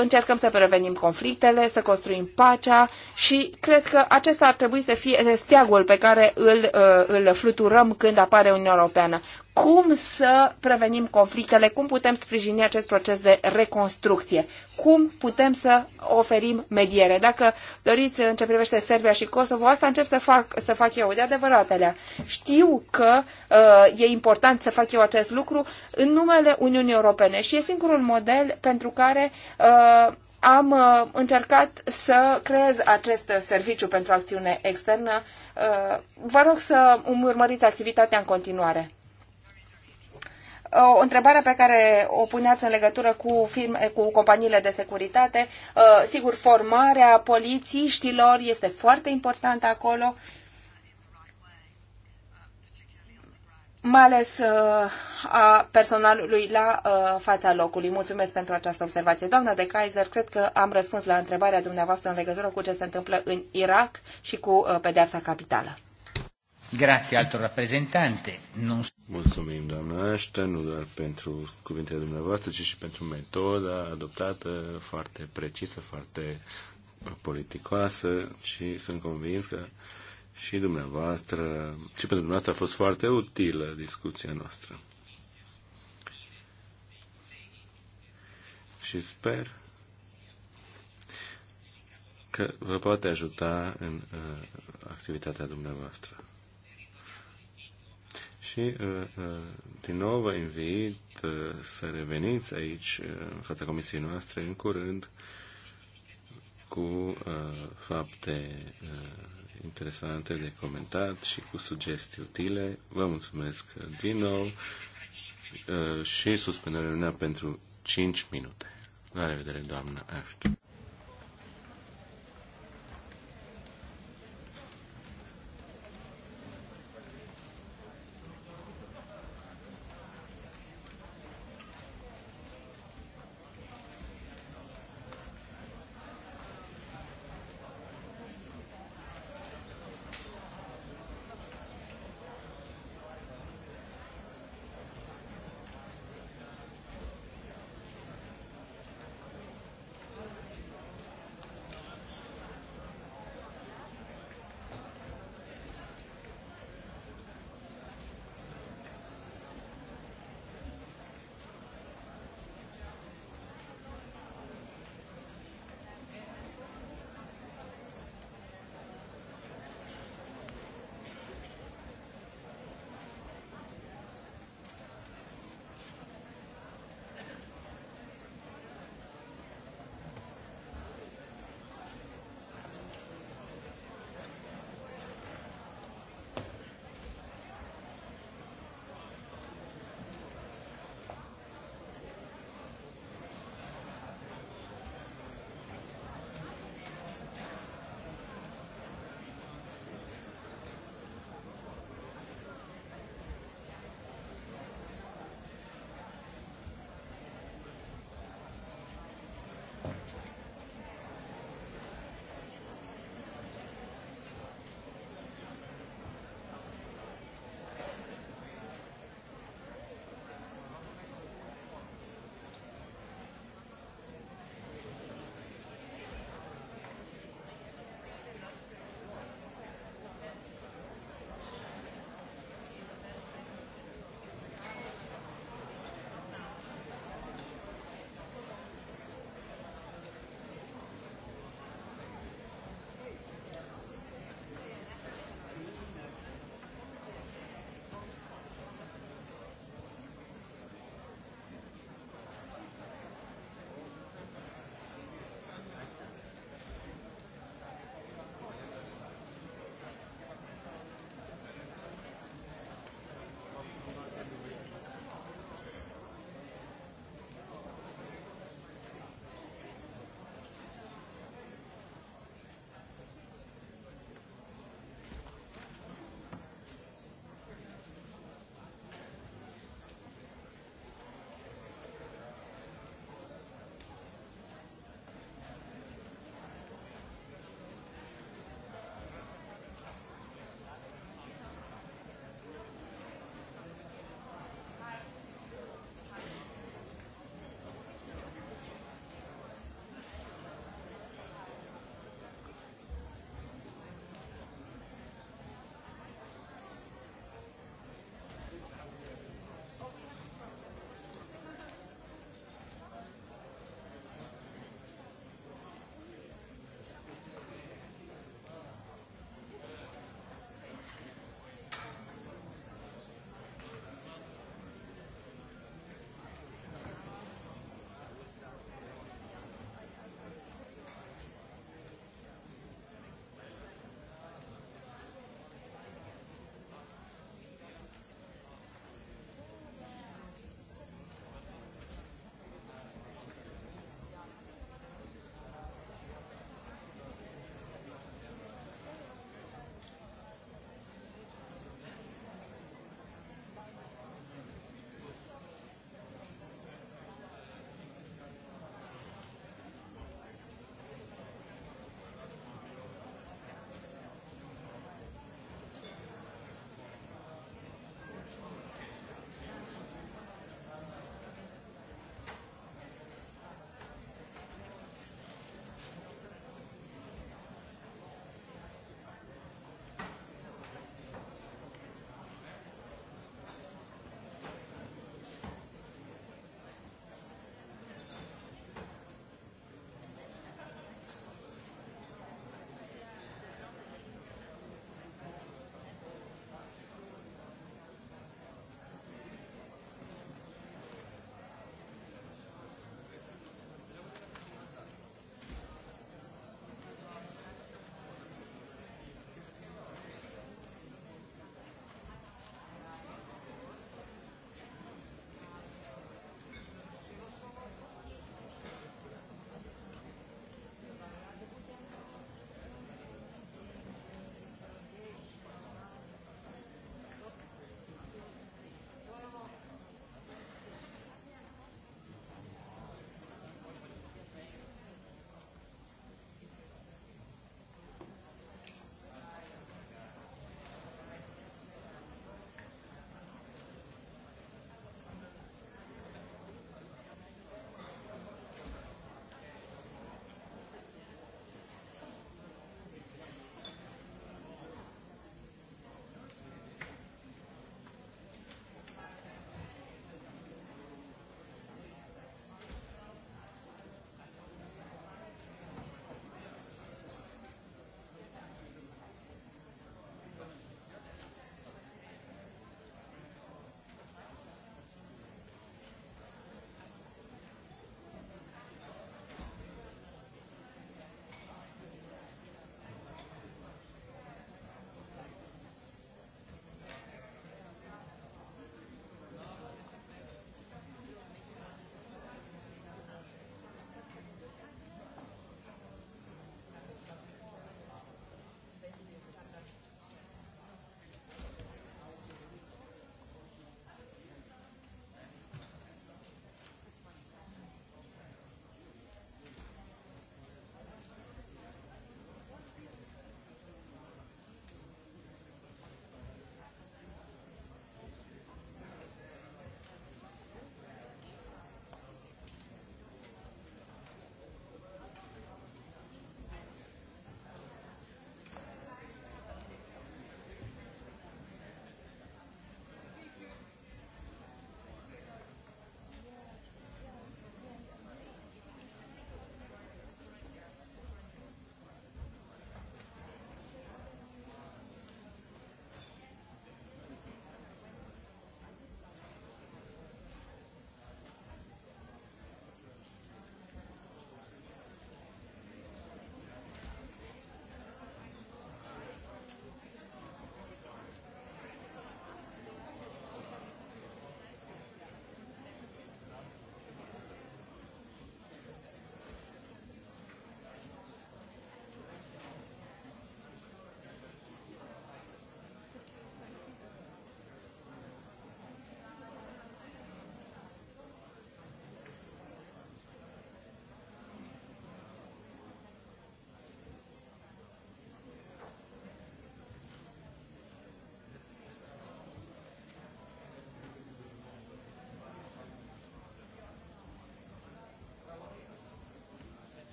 încercăm să prevenim conflictele, să construim pacea și cred că acesta ar trebui să fie steagul pe care îl, uh, îl fluturăm când apare Uniunea Europeană cum să prevenim conflictele, cum putem sprijini acest proces de reconstrucție, cum putem să oferim mediere. Dacă doriți în ce privește Serbia și Kosovo, asta încep să fac, să fac eu, de adevăratele. Știu că uh, e important să fac eu acest lucru în numele Uniunii Europene și e singurul model pentru care uh, am uh, încercat să creez acest serviciu pentru acțiune externă. Uh, vă rog să îmi urmăriți activitatea în continuare. O întrebare pe care o puneați în legătură cu, firme, cu companiile de securitate, uh, sigur, formarea polițiștilor este foarte importantă acolo, mai ales uh, a personalului la uh, fața locului. Mulțumesc pentru această observație. Doamna de Kaiser, cred că am răspuns la întrebarea dumneavoastră în legătură cu ce se întâmplă în Irak și cu pedeapsa capitală. Grazie, alto rappresentante. Non... Mulțumim, doamna Ashton, nu doar pentru cuvintele dumneavoastră, ci și pentru metoda adoptată foarte precisă, foarte politicoasă și sunt convins că și dumneavoastră, și pentru dumneavoastră a fost foarte utilă discuția noastră. Și sper că vă poate ajuta în uh, activitatea dumneavoastră. Și, uh, uh, din nou, vă invit uh, să reveniți aici, în fața comisiei noastre, în curând, cu fapte interesante de comentat și cu sugestii utile. Vă mulțumesc din nou și suspendăm pentru 5 minute. La revedere, doamna Ashton.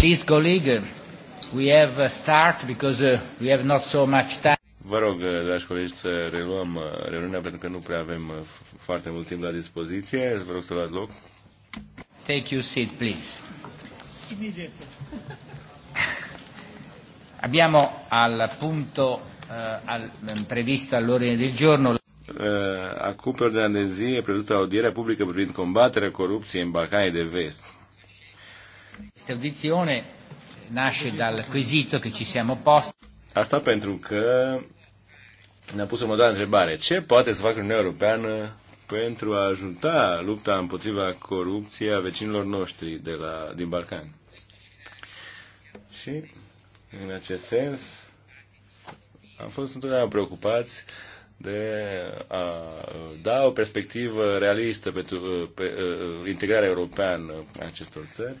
Please, colleague, we have uh, start because uh, we have not so much time. Vă rog, uh, dragi colegi, să reluăm reuniunea pentru că nu prea avem foarte mult timp la dispoziție. Vă rog să luați loc. Take your seat, please. *laughs* Abbiamo al punto uh, al, previsto all'ordine del giorno acum pe ordinea de zi e prevăzută audierea publică combattere combaterea corupției în Balcanii de Vest. Questa audizione nasce dal quesito che ci siamo posti. Asta pentru că ne-a pus o întrebare. Ce poate să facă Uniunea Europeană pentru a ajuta lupta împotriva corupției a vecinilor noștri de la, din Balcani? Și, în acest sens, am fost întotdeauna preocupați de a uh, da o perspectivă realistă pentru uh, pe, uh, integrarea europeană a acestor țări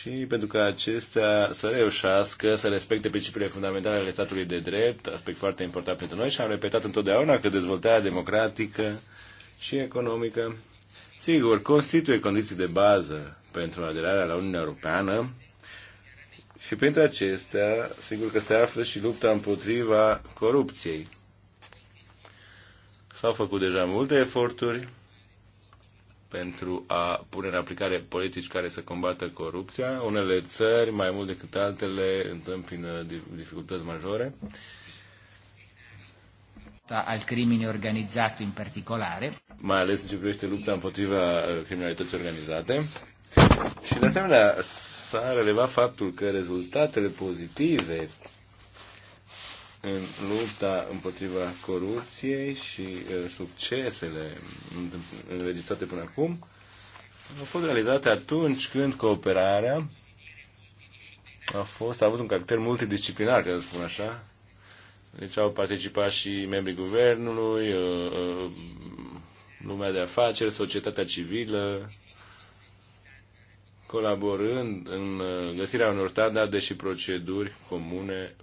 și pentru că acestea să reușească să respecte principiile fundamentale ale statului de drept, aspect foarte important pentru noi și am repetat întotdeauna că dezvoltarea democratică și economică, sigur, constituie condiții de bază pentru aderarea la Uniunea Europeană și printre acestea, sigur că se află și lupta împotriva corupției. S-au făcut deja multe eforturi pentru a pune în aplicare politici care să combată corupția. Unele țări, mai mult decât altele, întâmpină dificultăți majore. Al crimine organizat în particolare. Mai ales în ce privește lupta împotriva uh, criminalității organizate. Și de asemenea s-a relevat faptul că rezultatele pozitive în lupta împotriva corupției și succesele înregistrate până acum au fost realizate atunci când cooperarea a fost a avut un caracter multidisciplinar, ca să spun așa. Deci au participat și membrii guvernului, lumea de afaceri, societatea civilă, colaborând în găsirea unor standarde și proceduri comune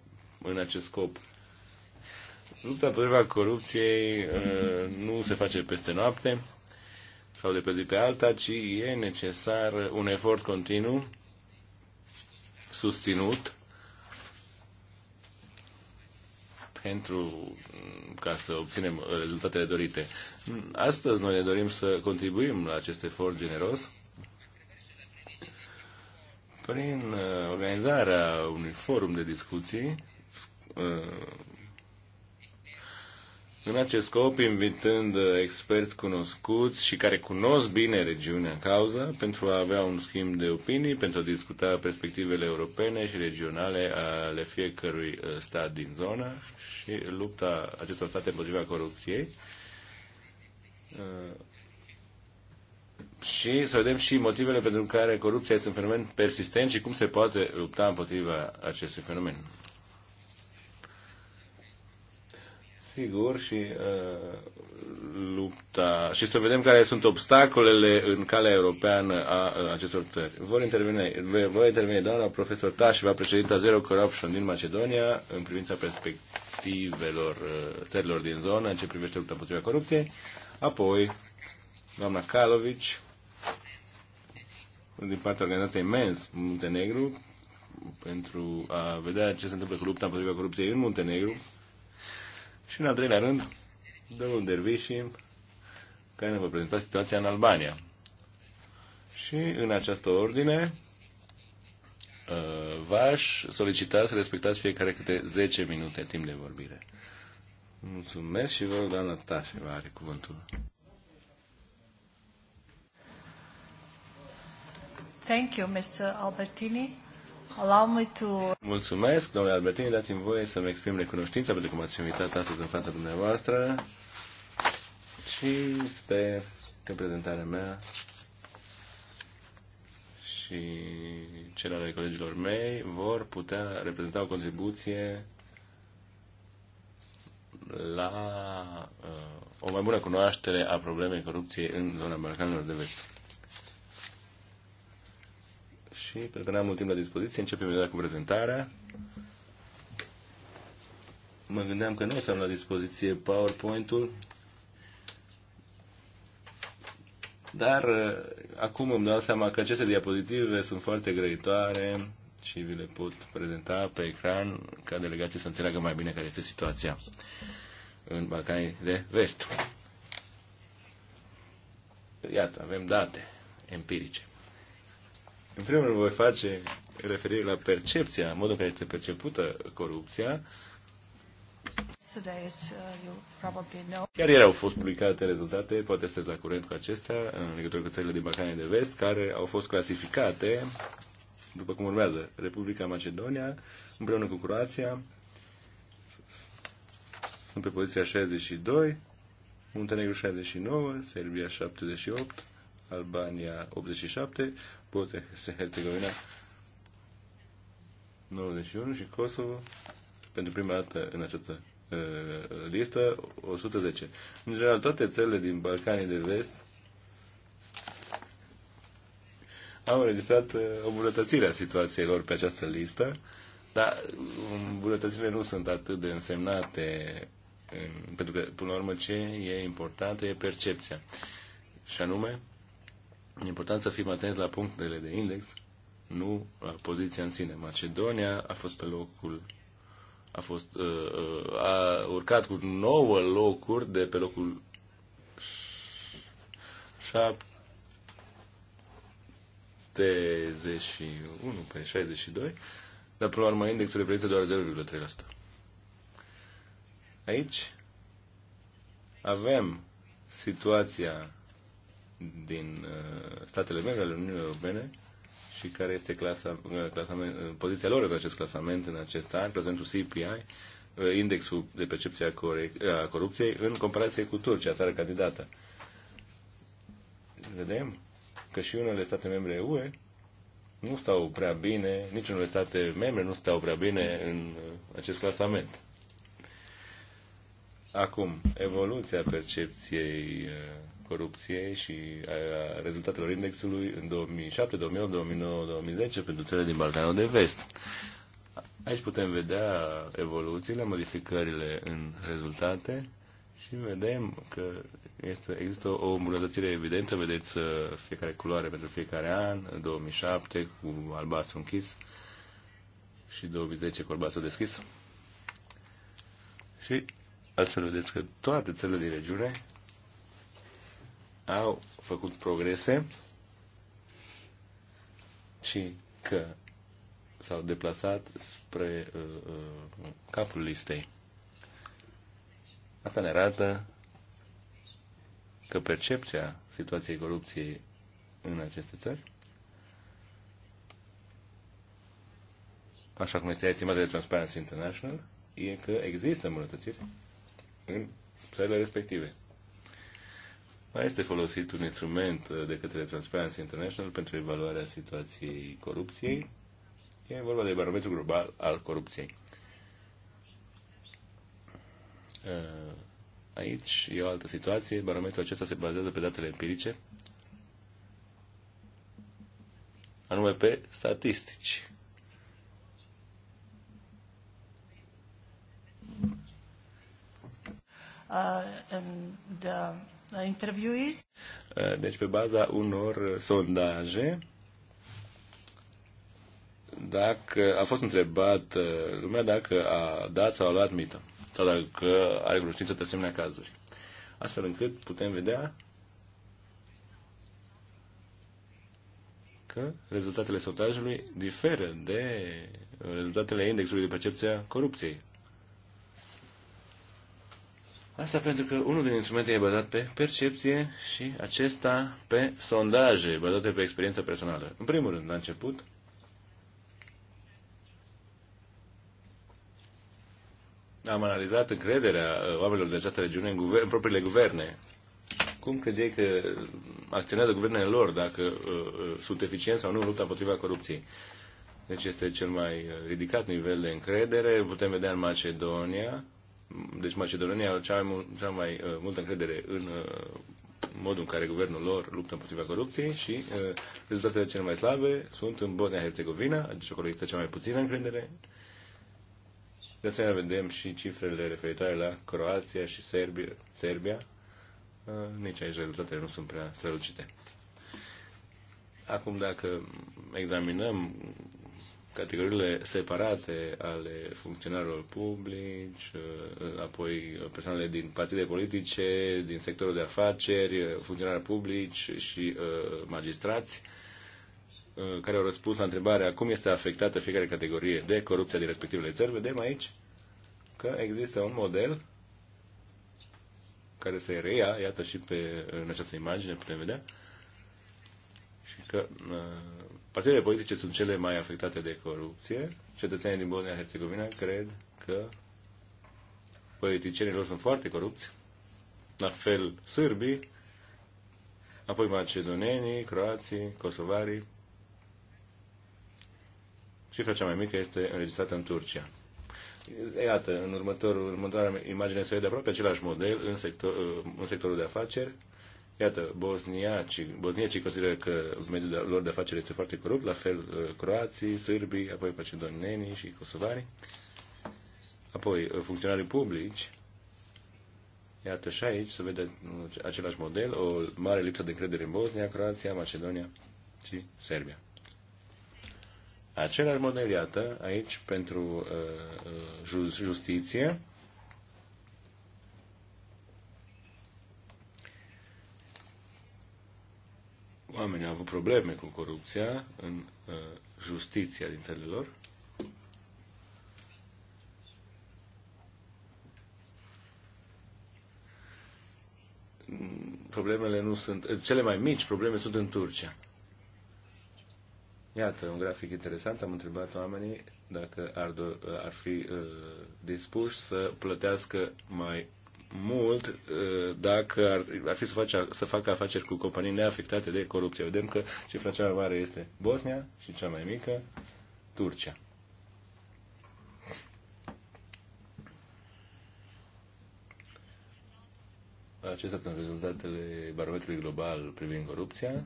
în acest scop. Lupta împotriva corupției uh, nu se face peste noapte sau de pe zi pe alta, ci e necesar un efort continuu, susținut, pentru mm, ca să obținem rezultatele dorite. Astăzi noi ne dorim să contribuim la acest efort generos prin uh, organizarea unui forum de discuții uh, în acest scop, invitând uh, experți cunoscuți și care cunosc bine regiunea în cauză, pentru a avea un schimb de opinii, pentru a discuta perspectivele europene și regionale ale fiecărui uh, stat din zona și lupta acestor state împotriva corupției. Uh, și să vedem și motivele pentru care corupția este un fenomen persistent și cum se poate lupta împotriva acestui fenomen. sigur, și uh, lupta și să vedem care sunt obstacolele în calea europeană a uh, acestor țări. Vor interveni, voi interveni doamna profesor va președinta Zero Corruption din Macedonia, în privința perspectivelor uh, țărilor din zonă în ce privește lupta împotriva corupției. Apoi, doamna Kalovic, din partea organizației MENS Muntenegru, pentru a vedea ce se întâmplă cu lupta împotriva corupției în Muntenegru, și în al treilea rând, domnul Derviși, care ne va prezenta situația în Albania. Și în această ordine uh, v-aș solicita să respectați fiecare câte 10 minute timp de vorbire. Mulțumesc și vă rog, doamna vă are cuvântul. Thank you, Mr. Albertini. Mulțumesc, domnule Albertini, dați-mi voie să-mi exprim recunoștința pentru că m-ați invitat astăzi în fața dumneavoastră și sper că prezentarea mea și cele ale colegilor mei vor putea reprezenta o contribuție la uh, o mai bună cunoaștere a problemei corupției în zona Balcanilor de Vest. Și pentru că n-am mult timp la dispoziție, începem imediat cu prezentarea. Mă gândeam că nu o să am la dispoziție PowerPoint-ul, dar uh, acum îmi dau seama că aceste diapozitive sunt foarte grăitoare și vi le pot prezenta pe ecran ca delegații să înțeleagă mai bine care este situația în Balcanii de Vest. Iată, avem date empirice. În primul rând voi face referire la percepția, modul în care este percepută corupția. Uh, Chiar ieri au fost publicate rezultate, poate sunteți la curent cu acestea, în legătură cu țările din Balcanii de Vest, care au fost clasificate, după cum urmează, Republica Macedonia, împreună cu Croația, sunt pe poziția 62, Muntenegru 69, Serbia 78, Albania 87, *laughs* și Herzegovina, 91 și Kosovo, pentru prima dată în această uh, listă, 110. În general, toate țările din Balcanii de Vest au înregistrat uh, îmbunătățirea situației lor pe această listă, dar îmbunătățirile nu sunt atât de însemnate, în, um, pentru că, până la urmă, ce e important e percepția. Și anume, E important să fim atenți la punctele de index, nu la poziția în sine. Macedonia a fost pe locul a fost uh, uh a urcat cu 9 locuri de pe locul 71 pe 62, dar până la urmă indexul reprezintă doar 0,3%. Aici avem situația din uh, statele membre ale Uniunii Europene și care este clasa, uh, clasament, uh, poziția lor în acest clasament în acest an, prezentul CPI, indexul de percepție a corupției, în comparație cu Turcia, țară candidată. Vedem că și unele state membre UE nu stau prea bine, nici unele state membre nu stau prea bine în acest clasament. Acum, evoluția percepției corupției și a uh, rezultatelor indexului în 2007, 2008, 2009, 2010 pentru țările din Balcanul de Vest. Aici putem vedea evoluțiile, modificările în rezultate și vedem că este, există o îmbunătățire evidentă. Vedeți uh, fiecare culoare pentru fiecare an, 2007 cu albastru închis și 2010 cu albastru deschis. Și astfel vedeți că toate țările din regiune au făcut progrese și că s-au deplasat spre uh, uh, capul listei. Asta ne arată că percepția situației corupției în aceste țări, așa cum este estimată de Transparency International, e că există îmbunătățiri în țările respective mai este folosit un instrument uh, de către Transparency International pentru evaluarea situației corupției. E vorba de barometru global al corupției. Uh, aici e o altă situație. Barometrul acesta se bazează pe datele empirice, anume pe statistici. Uh, and, uh... Deci pe baza unor sondaje, dacă a fost întrebat lumea dacă a dat sau a luat mită sau dacă are cunoștință de asemenea cazuri. Astfel încât putem vedea că rezultatele sondajului diferă de rezultatele indexului de percepție a corupției. Asta pentru că unul din instrumente e bazat pe percepție și acesta pe sondaje, bazate pe experiență personală. În primul rând, la început, am analizat încrederea uh, oamenilor de această regiune în, guver- în propriile guverne. Cum credeai că acționează guvernele lor, dacă uh, uh sunt eficienți sau nu în lupta împotriva corupției? Deci este cel mai uh, ridicat nivel de încredere. Putem vedea în Macedonia, deci Macedonia are cea mai, cea mai uh, multă încredere în uh, modul în care guvernul lor luptă împotriva corupției și uh, rezultatele cele mai slabe sunt în Bosnia-Herzegovina, deci acolo există cea mai puțină încredere. De asemenea, vedem și cifrele referitoare la Croația și Serbia. Serbia. Uh, nici aici rezultatele nu sunt prea strălucite. Acum, dacă examinăm categoriile separate ale funcționarilor publici, uh, apoi persoanele din partide politice, din sectorul de afaceri, uh, funcționari publici și uh, magistrați, care au răspuns la întrebarea cum este afectată fiecare categorie de corupția din respectivele țări, vedem aici că există un model care se reia, iată și pe, în această imagine putem vedea, și că Partidele politice sunt cele mai afectate de corupție. Cetățenii din Bosnia-Herzegovina cred că politicienilor sunt foarte corupți, la fel sârbii, apoi macedonenii, croații, kosovarii. Cifra cea mai mică este înregistrată în Turcia. Iată, în următorul, următoarea imagine se vede aproape același model în, sector, în sectorul de afaceri, Iată, bosniacii, bosniacii consideră că mediul lor de afaceri este foarte corupt, la fel uh, croații, sârbii, apoi pacedonenii și kosovarii. Apoi, uh, funcționarii publici, iată și aici se vede uh, același model, o mare lipsă de încredere în Bosnia, Croația, Macedonia și Serbia. Același model, iată, aici pentru uh, justiție, oamenii au avut probleme cu corupția în uh, justiția din țările lor. Problemele nu sunt, uh, cele mai mici probleme sunt în Turcia. Iată, un grafic interesant. Am întrebat oamenii dacă ar, do- ar fi uh, dispuși să plătească mai mult uh, dacă ar, ar fi să, face, să facă afaceri cu companii neafectate de corupție. Vedem că cifra cea mai mare este Bosnia și cea mai mică Turcia. Acestea sunt rezultatele barometrului global privind corupția,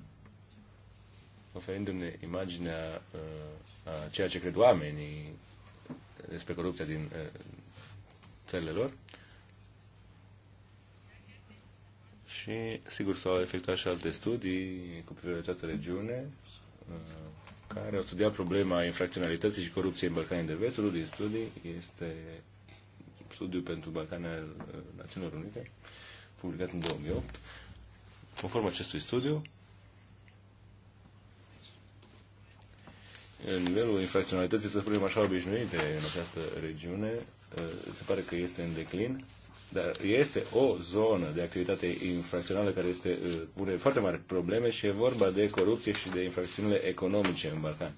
oferindu-ne imaginea uh, a ceea ce cred oamenii despre corupția din uh, țările lor. și, sigur, s-au efectuat și alte studii cu privire la această regiune uh, care au studiat problema infracționalității și corupției în Balcanii de Vest. Unul din studii este studiu pentru Balcanii Națiunilor Unite, publicat în 2008. Conform acestui studiu, nivelul infracționalității, să spunem așa, obișnuite în această regiune, uh, se pare că este în declin dar este o zonă de activitate infracțională care este, uh, pune foarte mari probleme și e vorba de corupție și de infracțiunile economice în Balcani.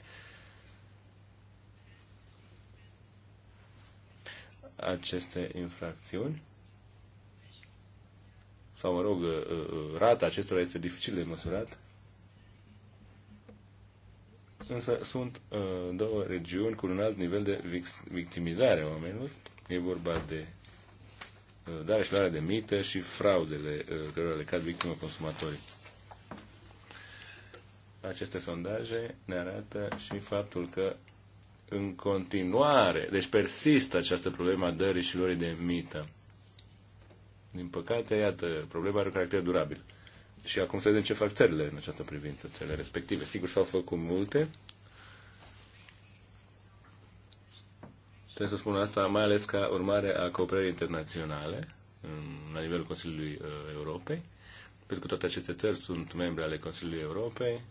Aceste infracțiuni sau, mă rog, uh, uh, rata acestora este dificil de măsurat, însă sunt uh, două regiuni cu un alt nivel de victimizare a oamenilor. E vorba de Uh, dare și luarea de mită și fraudele uh, cărora le cad victime consumatorii. Aceste sondaje ne arată și faptul că în continuare, deci persistă această problemă a dării și luării de mită. Din păcate, iată, problema are un caracter durabil. Și acum să vedem ce fac țările în această privință, țările respective. Sigur, s-au făcut multe, putem să spunem asta, mai ales ca urmare a cooperării internaționale la nivelul Consiliului uh, Europei, pentru că toate aceste țări sunt membre ale Consiliului Europei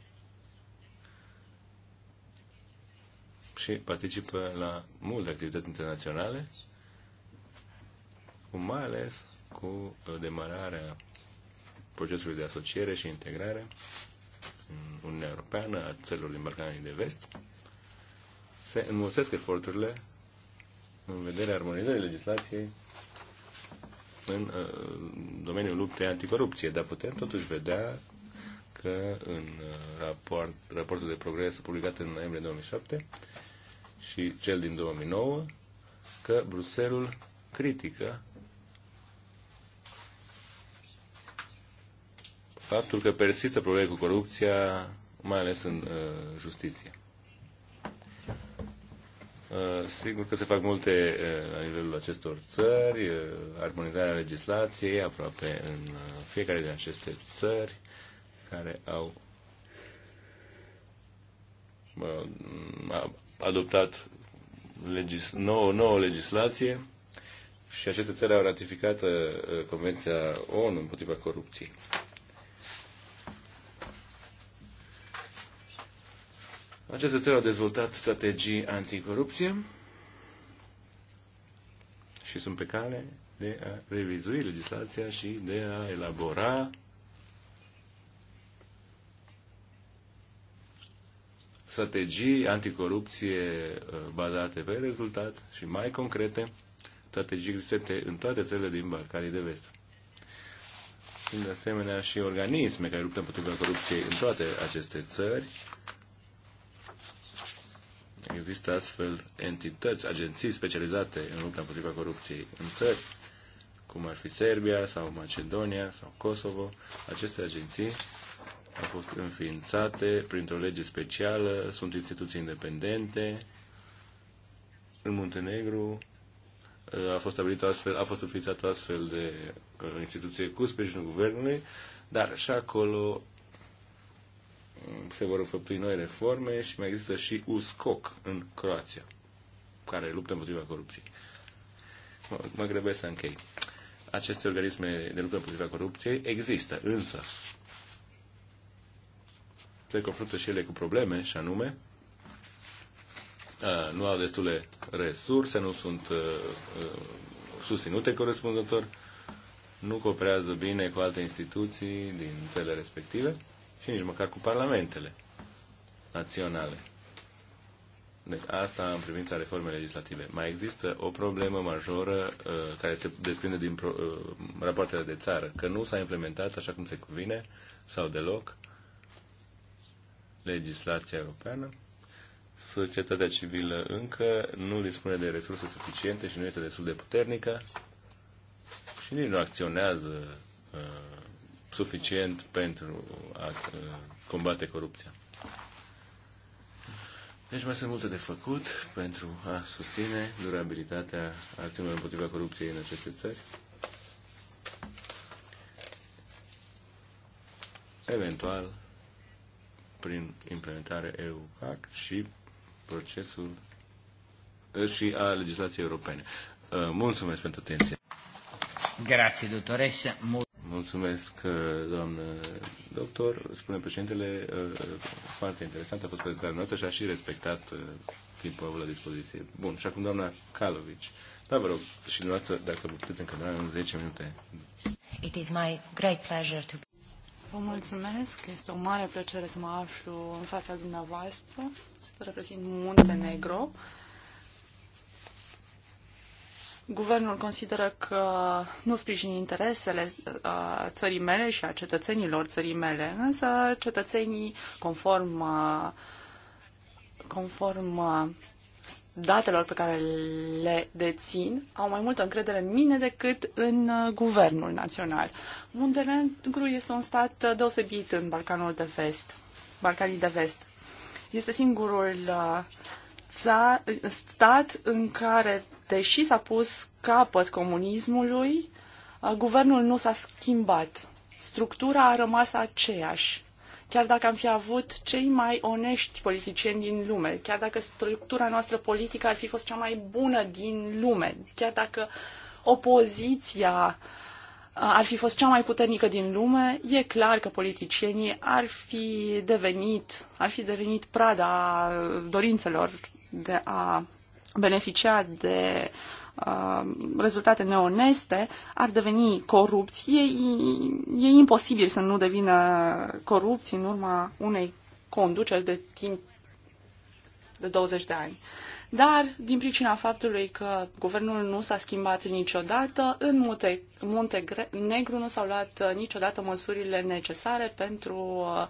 și participă la multe activități internaționale, cu mai ales cu uh, demararea procesului de asociere și integrare în Uniunea Europeană a țărilor din Balcanii de Vest. Se înmulțesc eforturile în vederea armonizării legislației în uh, domeniul luptei anticorupție, dar putem totuși vedea că în uh, raport, raportul de progres publicat în noiembrie 2007 și cel din 2009 că Bruselul critică faptul că persistă probleme cu corupția, mai ales în uh, justiție. Uh, sigur că se fac multe uh, la nivelul acestor țări, uh, armonizarea legislației aproape în fiecare din aceste țări care au adoptat legis, nouă, nouă legislație și aceste țări au ratificat Convenția ONU împotriva corupției. Această țară au dezvoltat strategii anticorupție și sunt pe cale de a revizui legislația și de a elabora strategii anticorupție uh, bazate pe rezultat și mai concrete, strategii existente în toate țările din Balcanii de Vest. Sunt de asemenea și organisme care luptă împotriva corupției în toate aceste țări, Există astfel entități, agenții specializate în lupta împotriva corupției în țări, cum ar fi Serbia sau Macedonia sau Kosovo. Aceste agenții au fost înființate printr-o lege specială, sunt instituții independente. În Muntenegru uh, a fost stabilit astfel, a fost înființată astfel de uh, instituție cu sprijinul guvernului, dar și acolo se vor înfăpri noi reforme și mai există și USCOC în Croația, care luptă împotriva corupției. Mă, mă să închei. Aceste organisme de luptă împotriva corupției există, însă se confruntă și ele cu probleme, și anume nu au destule resurse, nu sunt susținute corespunzător, nu cooperează bine cu alte instituții din cele respective și nici măcar cu parlamentele naționale. Deci asta în privința reformei legislative. Mai există o problemă majoră uh, care se desprinde din pro, uh, rapoartele de țară, că nu s-a implementat așa cum se cuvine sau deloc legislația europeană. Societatea civilă încă nu dispune de resurse suficiente și nu este destul de puternică și nici nu acționează uh, suficient pentru a uh, combate corupția. Deci mai sunt multe de făcut pentru a susține durabilitatea acțiunilor împotriva corupției în aceste țări. Eventual, prin implementare EU-PAC și procesul uh, și a legislației europene. Uh, mulțumesc pentru atenție. Grazie, doctoressa. Mulțumesc, uh, doamnă doctor. Spune președintele, uh, foarte interesant a fost prezentarea noastră și a și respectat uh, timpul avut la dispoziție. Bun, și acum doamna Calovici. Da, vă rog, și dumneavoastră, dacă vă puteți încadra în 10 minute. It is my great pleasure to Vă mulțumesc, este o mare plăcere să mă aflu în fața dumneavoastră. Reprezint Muntenegro. Negro Guvernul consideră că nu sprijin interesele uh, țării mele și a cetățenilor țării mele, însă cetățenii, conform, uh, conform uh, datelor pe care le dețin, au mai multă încredere în mine decât în guvernul național. Muntenegru este un stat deosebit în Balcanul de Vest, Balcanii de Vest. Este singurul stat în care deși s-a pus capăt comunismului, uh, guvernul nu s-a schimbat. Structura a rămas aceeași. Chiar dacă am fi avut cei mai onești politicieni din lume, chiar dacă structura noastră politică ar fi fost cea mai bună din lume, chiar dacă opoziția uh, ar fi fost cea mai puternică din lume, e clar că politicienii ar fi devenit, ar fi devenit prada uh, dorințelor de a beneficia de uh, rezultate neoneste, ar deveni corupți. E, e imposibil să nu devină corupți în urma unei conduceri de timp de 20 de ani. Dar, din pricina faptului că guvernul nu s-a schimbat niciodată, în Munte, Negru nu s-au luat uh, niciodată măsurile necesare pentru uh,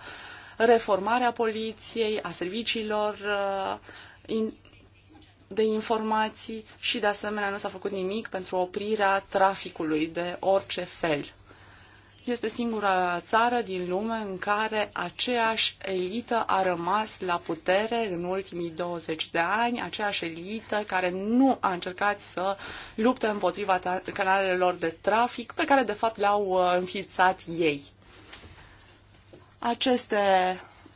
reformarea poliției, a serviciilor uh, de informații și, de asemenea, nu s-a făcut nimic pentru oprirea traficului de orice fel. Este singura țară din lume în care aceeași elită a rămas la putere în ultimii 20 de ani, aceeași elită care nu a încercat să lupte împotriva canalelor de trafic pe care, de fapt, le-au uh, înființat ei. Aceste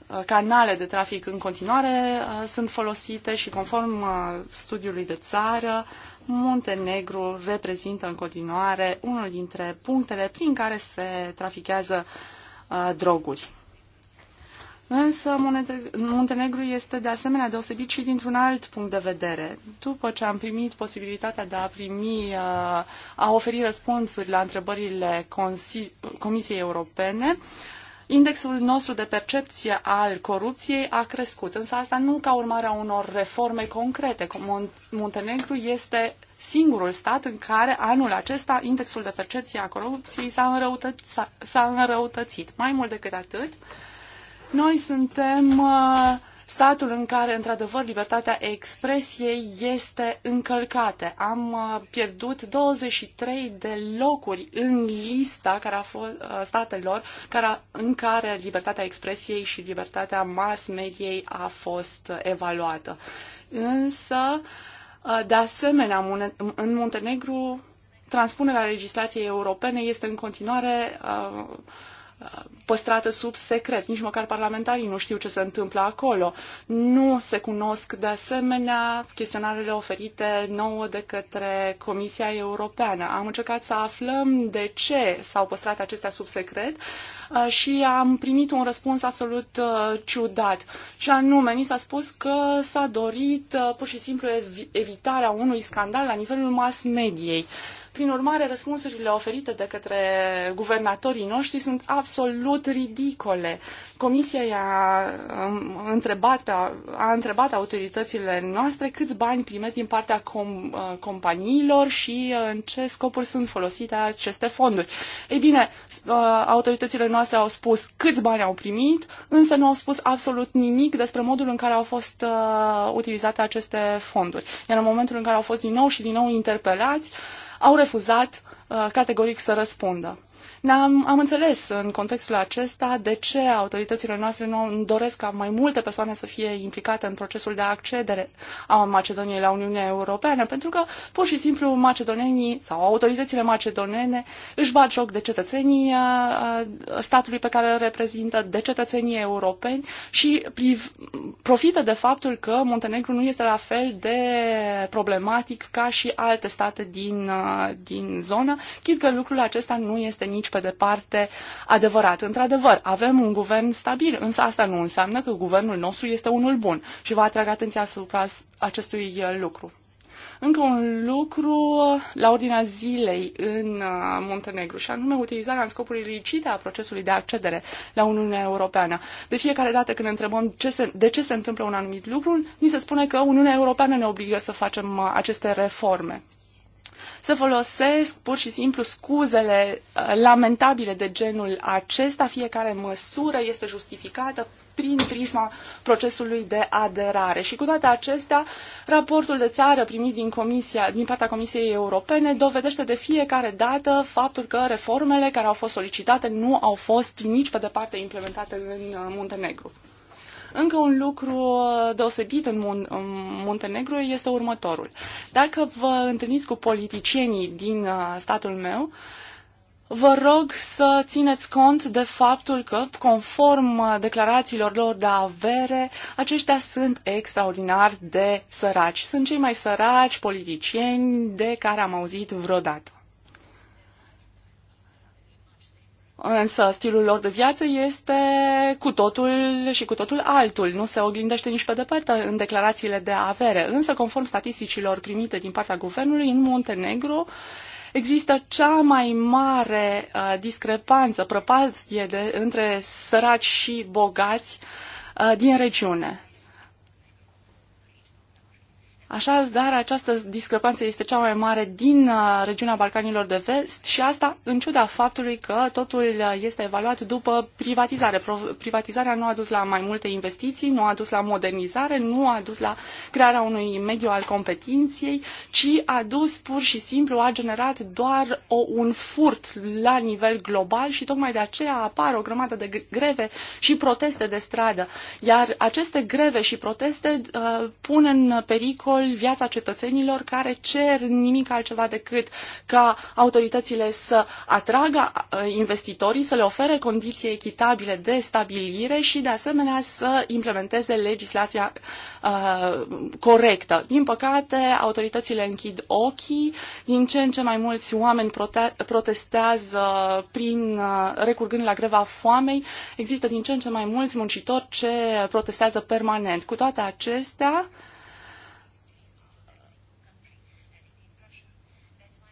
Uh, canale de trafic în continuare uh, sunt folosite și conform uh, studiului de țară, Muntenegru reprezintă în continuare unul dintre punctele prin care se trafichează droguri. Însă Muntenegru este de asemenea deosebit și dintr-un alt punct de vedere. După ce am primit posibilitatea de a primi, a oferi răspunsuri la întrebările Comisiei Europene, Indexul nostru de percepție al corupției a crescut, însă asta nu ca urmare a unor reforme concrete. Muntenegru este singurul stat în care anul acesta indexul de percepție a corupției s-a înrăutățit, s-a înrăutățit. Mai mult decât atât, noi suntem uh, statul în care, într-adevăr, libertatea expresiei este încălcată. Am uh, pierdut 23 de locuri în lista care a fost, uh, statelor care, a, în care libertatea expresiei și libertatea mass mediei a fost uh, evaluată. Însă, de asemenea, în Muntenegru, transpunerea legislației europene este în continuare uh, păstrată sub secret. Nici măcar parlamentarii nu știu ce se întâmplă acolo. Nu se cunosc de asemenea chestionarele oferite nouă de către Comisia Europeană. Am încercat să aflăm de ce s-au păstrat acestea sub secret. Uh, și am primit un răspuns absolut uh, ciudat. Și anume, ni s-a spus că s-a dorit uh, pur și simplu evitarea unui scandal la nivelul mass mediei. Prin urmare, răspunsurile oferite de către guvernatorii noștri sunt absolut ridicole. Uh, Comisia i-a um, întrebat, pe, a întrebat autoritățile noastre câți bani primesc din partea com, uh, companiilor și uh, în ce scopuri sunt folosite aceste fonduri. Ei bine, uh, autoritățile noastre au spus câți bani au primit, însă nu au spus absolut nimic despre modul în care au fost utilizate aceste fonduri. Iar în momentul în care au fost din nou și din nou interpelați, au refuzat categoric să răspundă. Am, am înțeles în contextul acesta de ce autoritățile noastre nu doresc ca mai multe persoane să fie implicate în procesul de accedere a Macedoniei la Uniunea Europeană, pentru că pur și simplu macedonenii sau autoritățile macedonene își bat joc de cetățenii uh, uh, statului pe care îl reprezintă, de cetățenii europeni și priv, profită de faptul că Montenegru nu este la fel de problematic ca și alte state din, uh, din zonă, chid că lucrul acesta nu este nici pe departe adevărat. Într-adevăr, avem un guvern stabil, însă asta nu înseamnă că guvernul nostru este unul bun și vă atrag atenția asupra acestui uh, lucru. Încă un lucru uh, la ordinea zilei în uh, Montenegru și anume utilizarea în scopuri ilicite a procesului de accedere la Uniunea Europeană. De fiecare dată când întrebăm ce se, de ce se întâmplă un anumit lucru, ni se spune că Uniunea Europeană ne obligă să facem aceste reforme să folosesc pur și simplu scuzele uh, lamentabile de genul acesta. Fiecare măsură este justificată prin prisma procesului de aderare. Și cu toate acestea, raportul de țară primit din, comisia, din partea Comisiei Europene dovedește de fiecare dată faptul că reformele care au fost solicitate nu au fost nici pe departe implementate în uh, Muntenegru. Încă un lucru deosebit în, Mun- în Muntenegru este următorul. Dacă vă întâlniți cu politicienii din uh, statul meu, Vă rog să țineți cont de faptul că, conform uh, declarațiilor lor de avere, aceștia sunt extraordinar de săraci. Sunt cei mai săraci politicieni de care am auzit vreodată. Însă stilul lor de viață este cu totul și cu totul altul. Nu se oglindește nici pe departe în declarațiile de avere. Însă, conform statisticilor primite din partea guvernului, în Montenegro există cea mai mare uh, discrepanță, prăpastie de, între săraci și bogați uh, din regiune. Așadar, această discrepanță este cea mai mare din uh, regiunea Balcanilor de Vest și asta în ciuda faptului că totul uh, este evaluat după privatizare. Privatizarea nu a dus la mai multe investiții, nu a dus la modernizare, nu a dus la crearea unui mediu al competiției, ci a dus pur și simplu, a generat doar o, un furt la nivel global și tocmai de aceea apar o grămadă de greve și proteste de stradă. Iar aceste greve și proteste uh, pun în pericol pericol viața cetățenilor care cer nimic altceva decât ca autoritățile să atragă investitorii, să le ofere condiții echitabile de stabilire și de asemenea să implementeze legislația uh, corectă. Din păcate, autoritățile închid ochii, din ce în ce mai mulți oameni prote- protestează prin uh, recurgând la greva foamei. Există din ce în ce mai mulți muncitori ce protestează permanent. Cu toate acestea,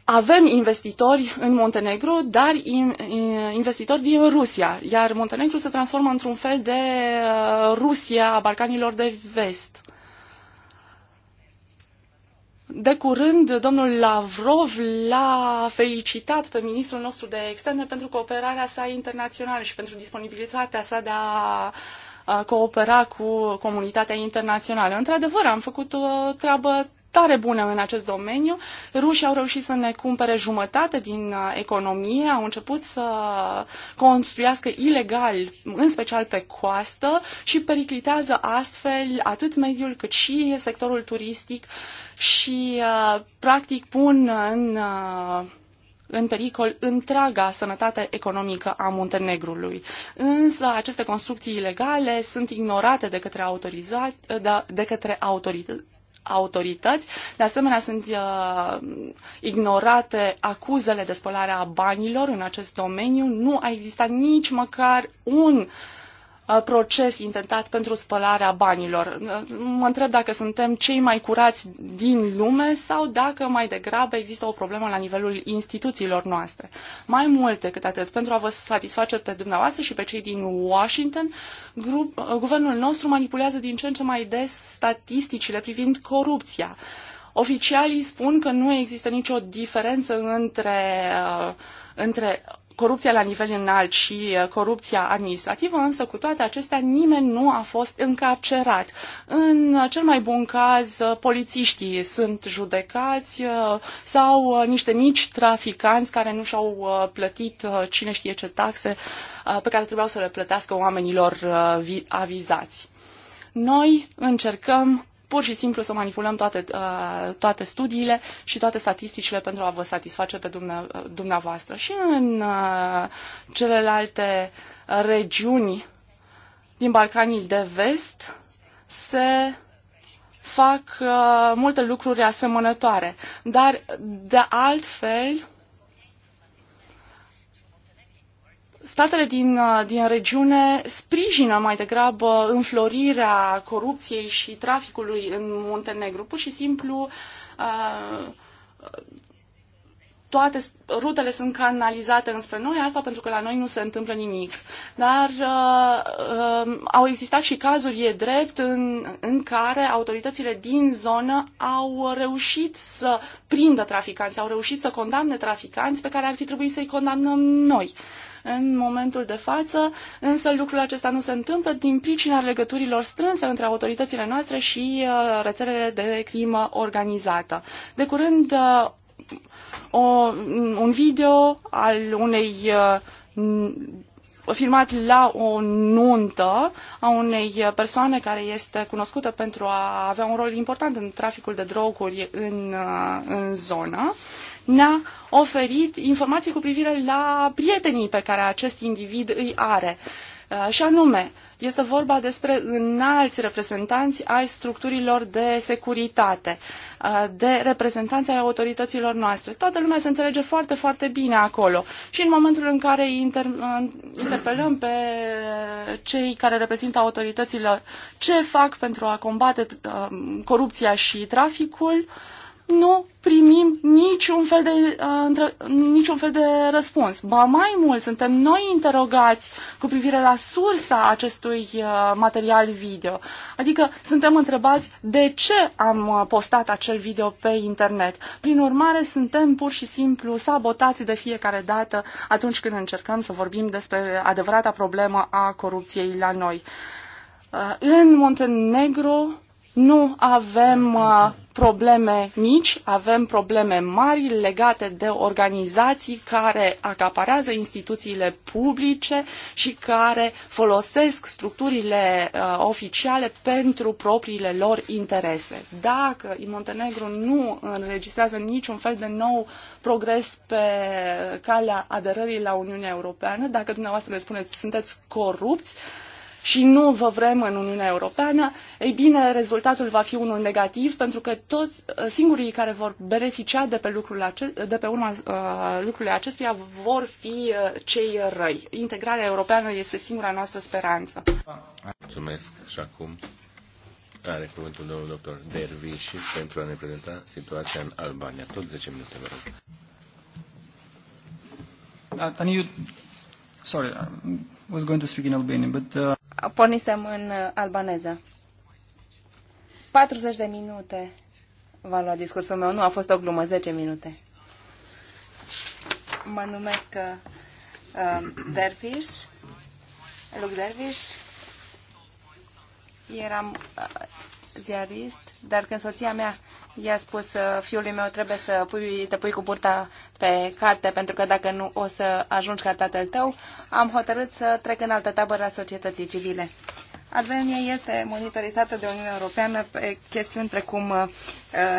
avem investitori în Montenegro, dar investitori din Rusia, iar Montenegro se transformă într-un fel de uh, Rusia a Balcanilor de Vest. De curând, domnul Lavrov l-a felicitat pe ministrul nostru de externe pentru cooperarea sa internațională și pentru disponibilitatea sa de a coopera cu comunitatea internațională. Într-adevăr, am făcut o treabă tare bune în acest domeniu. Rușii au reușit să ne cumpere jumătate din uh, economie, au început să construiască ilegal, în special pe coastă, și periclitează astfel atât mediul cât și sectorul turistic și, uh, practic, pun în uh, în pericol întreaga sănătate economică a Muntenegrului. Însă aceste construcții ilegale sunt ignorate de către, de, de către autorități autorități. De asemenea, sunt uh, ignorate acuzele de spălare a banilor în acest domeniu. Nu a existat nici măcar un uh, Uh, proces intentat pentru spălarea banilor. Uh, mă întreb dacă suntem cei mai curați din lume sau dacă mai degrabă există o problemă la nivelul instituțiilor noastre. Mai mult decât atât, pentru a vă satisface pe dumneavoastră și pe cei din Washington, grup, uh, guvernul nostru manipulează din ce în ce mai des statisticile privind corupția. Oficialii spun că nu există nicio diferență între, între corupția la nivel înalt și uh, corupția administrativă, însă cu toate acestea nimeni nu a fost încarcerat. În uh, cel mai bun caz, uh, polițiștii sunt judecați sau niște mici traficanți care nu și-au plătit cine știe ce taxe pe care trebuiau să le plătească oamenilor avizați. Noi încercăm pur și simplu să manipulăm toate, uh, toate studiile și toate statisticile pentru a vă satisface pe uh, dumneavoastră. Și în uh, celelalte regiuni din Balcanii de vest se fac multe lucruri asemănătoare, dar de altfel statele din, uh, din regiune sprijină mai degrabă înflorirea corupției și traficului în Muntenegru. Pur și simplu uh, toate rutele sunt canalizate înspre noi, asta pentru că la noi nu se întâmplă nimic. Dar uh, au existat și cazuri, e drept, în, în care autoritățile din zonă au reușit să prindă traficanți, au reușit să condamne traficanți pe care ar fi trebuit să-i condamnăm noi în momentul de față, însă lucrul acesta nu se întâmplă din pricina legăturilor strânse între autoritățile noastre și uh, rețelele de crimă organizată. De curând, uh, o, un video al unei uh, filmat la o nuntă a unei persoane care este cunoscută pentru a avea un rol important în traficul de droguri în, în zonă ne-a oferit informații cu privire la prietenii pe care acest individ îi are. Uh, și anume, este vorba despre înalți reprezentanți ai structurilor de securitate, uh, de reprezentanți ai autorităților noastre. Toată lumea se înțelege foarte, foarte bine acolo. Și în momentul în care inter interpelăm pe cei care reprezintă autoritățile ce fac pentru a combate uh, corupția și traficul, nu primim niciun fel de, uh, niciun fel de răspuns. Ba mai mult, suntem noi interogați cu privire la sursa acestui uh, material video. Adică suntem întrebați de ce am uh, postat acel video pe internet. Prin urmare, suntem pur și simplu sabotați de fiecare dată atunci când încercăm să vorbim despre adevărata problemă a corupției la noi. Uh, în Montenegro, nu avem uh, probleme mici, avem probleme mari legate de organizații care acaparează instituțiile publice și care folosesc structurile uh, oficiale pentru propriile lor interese. Dacă Montenegru nu înregistrează niciun fel de nou progres pe calea aderării la Uniunea Europeană, dacă dumneavoastră le spuneți sunteți corupți, uh, și nu vă vrem în Uniunea Europeană, ei bine, rezultatul va fi unul negativ, pentru că toți uh, singurii care vor beneficia de pe, lucrul acest, de pe urma uh, lucrurile acestuia vor fi uh, cei răi. Integrarea europeană este singura noastră speranță. Mulțumesc și acum are cuvântul domnul doctor Derviș pentru a ne prezenta situația în Albania. Tot 10 minute, vă rog. Uh, sorry, um, was going to speak in Albanian, but... Uh... Pornisem în uh, albaneză. 40 de minute va lua discursul meu. Nu, a fost o glumă, 10 minute. Mă numesc uh, um, Derviș, Luc Derviș. Eram uh, ziarist, dar când soția mea i-a spus uh, fiului meu trebuie să pui, te pui cu burta pe carte pentru că dacă nu o să ajungi ca tatăl tău, am hotărât să trec în altă tabără a societății civile. Albania este monitorizată de Uniunea Europeană pe chestiuni precum uh,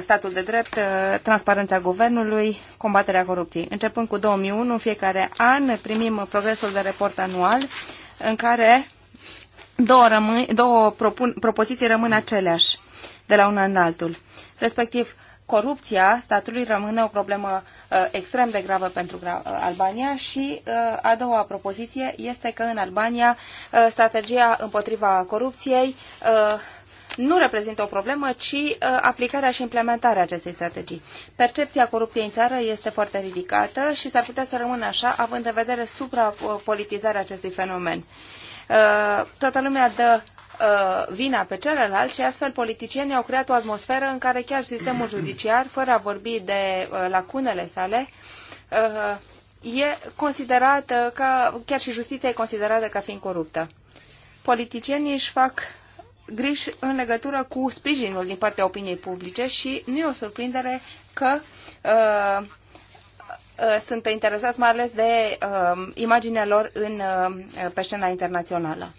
statul de drept, uh, transparența guvernului, combaterea corupției. Începând cu 2001, în fiecare an primim progresul de report anual în care două, rămâi, două propun, propoziții rămân aceleași de la una în altul. Respectiv, corupția statului rămâne o problemă uh, extrem de gravă pentru gra uh, Albania și uh, a doua propoziție este că în Albania uh, strategia împotriva corupției uh, nu reprezintă o problemă, ci uh, aplicarea și implementarea acestei strategii. Percepția corupției în țară este foarte ridicată și s-ar putea să rămână așa, având în vedere suprapolitizarea acestui fenomen. Uh, Uh, toată lumea dă uh, vina pe celălalt și astfel politicienii au creat o atmosferă în care chiar sistemul judiciar, fără a vorbi de uh, lacunele sale, e considerată ca, chiar și justiția e considerată ca fiind coruptă. Politicienii își fac griji în legătură cu sprijinul din partea opiniei publice și nu e o surprindere că uh, Uh, sunt interesați mai ales de uh, imaginea lor în, uh, pe scena internațională.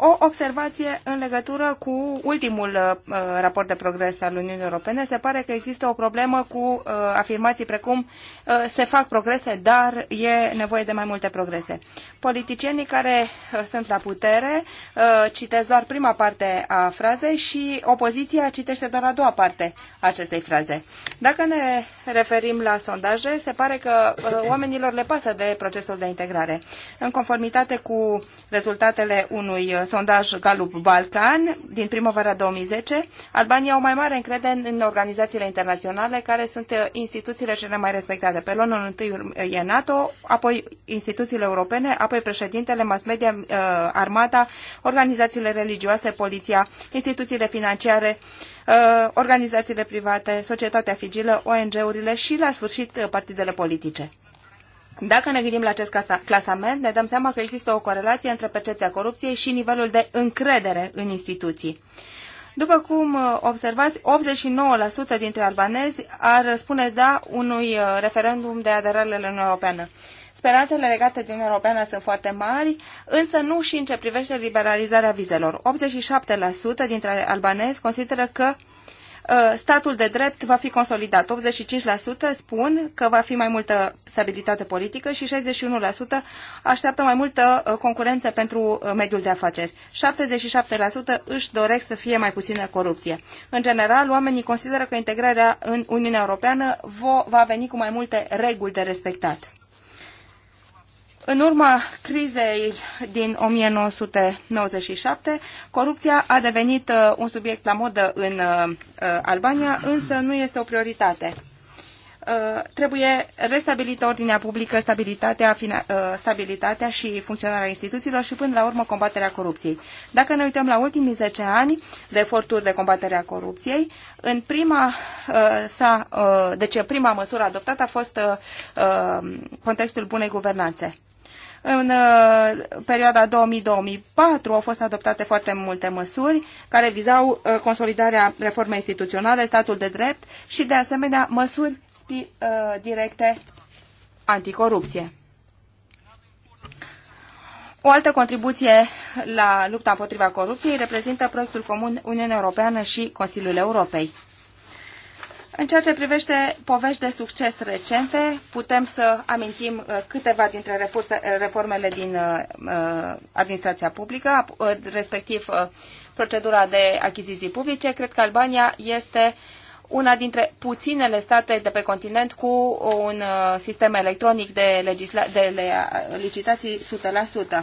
O observație în legătură cu ultimul uh, raport de progres al Uniunii Europene. Se pare că există o problemă cu uh, afirmații precum uh, se fac progrese, dar e nevoie de mai multe progrese. Politicienii care uh, sunt la putere uh, citesc doar prima parte a frazei și opoziția citește doar a doua parte a acestei fraze. Dacă ne referim la sondaje, se pare că uh, oamenilor le pasă de procesul de integrare. În conformitate cu rezultatele unui uh, sondaj Galup Balkan din primăvara 2010, Albania au mai mare încredere în organizațiile internaționale care sunt uh, instituțiile cele mai respectate. Pe lonul întâi uh, e NATO, apoi instituțiile europene, apoi președintele, mass media, uh, armata, organizațiile religioase, poliția, instituțiile financiare, organizațiile private, societatea figilă, ONG-urile și, la sfârșit, partidele politice. Dacă ne gândim la acest clasament, ne dăm seama că există o corelație între percepția corupției și nivelul de încredere în instituții. După cum uh, observați, 89% dintre albanezi ar spune da unui uh, referendum de aderare la Uniunea Europeană. Speranțele legate din Europeană sunt foarte mari, însă nu și în ce privește liberalizarea vizelor. 87% dintre albanezi consideră că Uh, statul de drept va fi consolidat. 85% spun că va fi mai multă stabilitate politică și 61% așteaptă mai multă uh, concurență pentru uh, mediul de afaceri. 77% își doresc să fie mai puțină corupție. În general, oamenii consideră că integrarea în Uniunea Europeană va veni cu mai multe reguli de respectat. În urma crizei din 1997, corupția a devenit uh, un subiect la modă în uh, uh, Albania, însă nu este o prioritate trebuie restabilită ordinea publică, stabilitatea, stabilitatea și funcționarea instituțiilor și până la urmă combaterea corupției. Dacă ne uităm la ultimii 10 ani de eforturi de combatere a corupției, în prima sa, deci prima măsură adoptată a fost contextul bunei guvernanțe. În uh, perioada 2000-2004 au fost adoptate foarte multe măsuri care vizau uh, consolidarea reformei instituționale, statul de drept și, de asemenea, măsuri uh, directe anticorupție. O altă contribuție la lupta împotriva corupției reprezintă proiectul comun Uniunea Europeană și Consiliul Europei. În ceea ce privește povești de succes recente, putem să amintim uh, câteva dintre uh, reformele din uh, administrația publică, respectiv procedura de achiziții publice. Cred că Albania este una dintre puținele state de pe continent cu un sistem electronic de, legisla- de licitații 100%.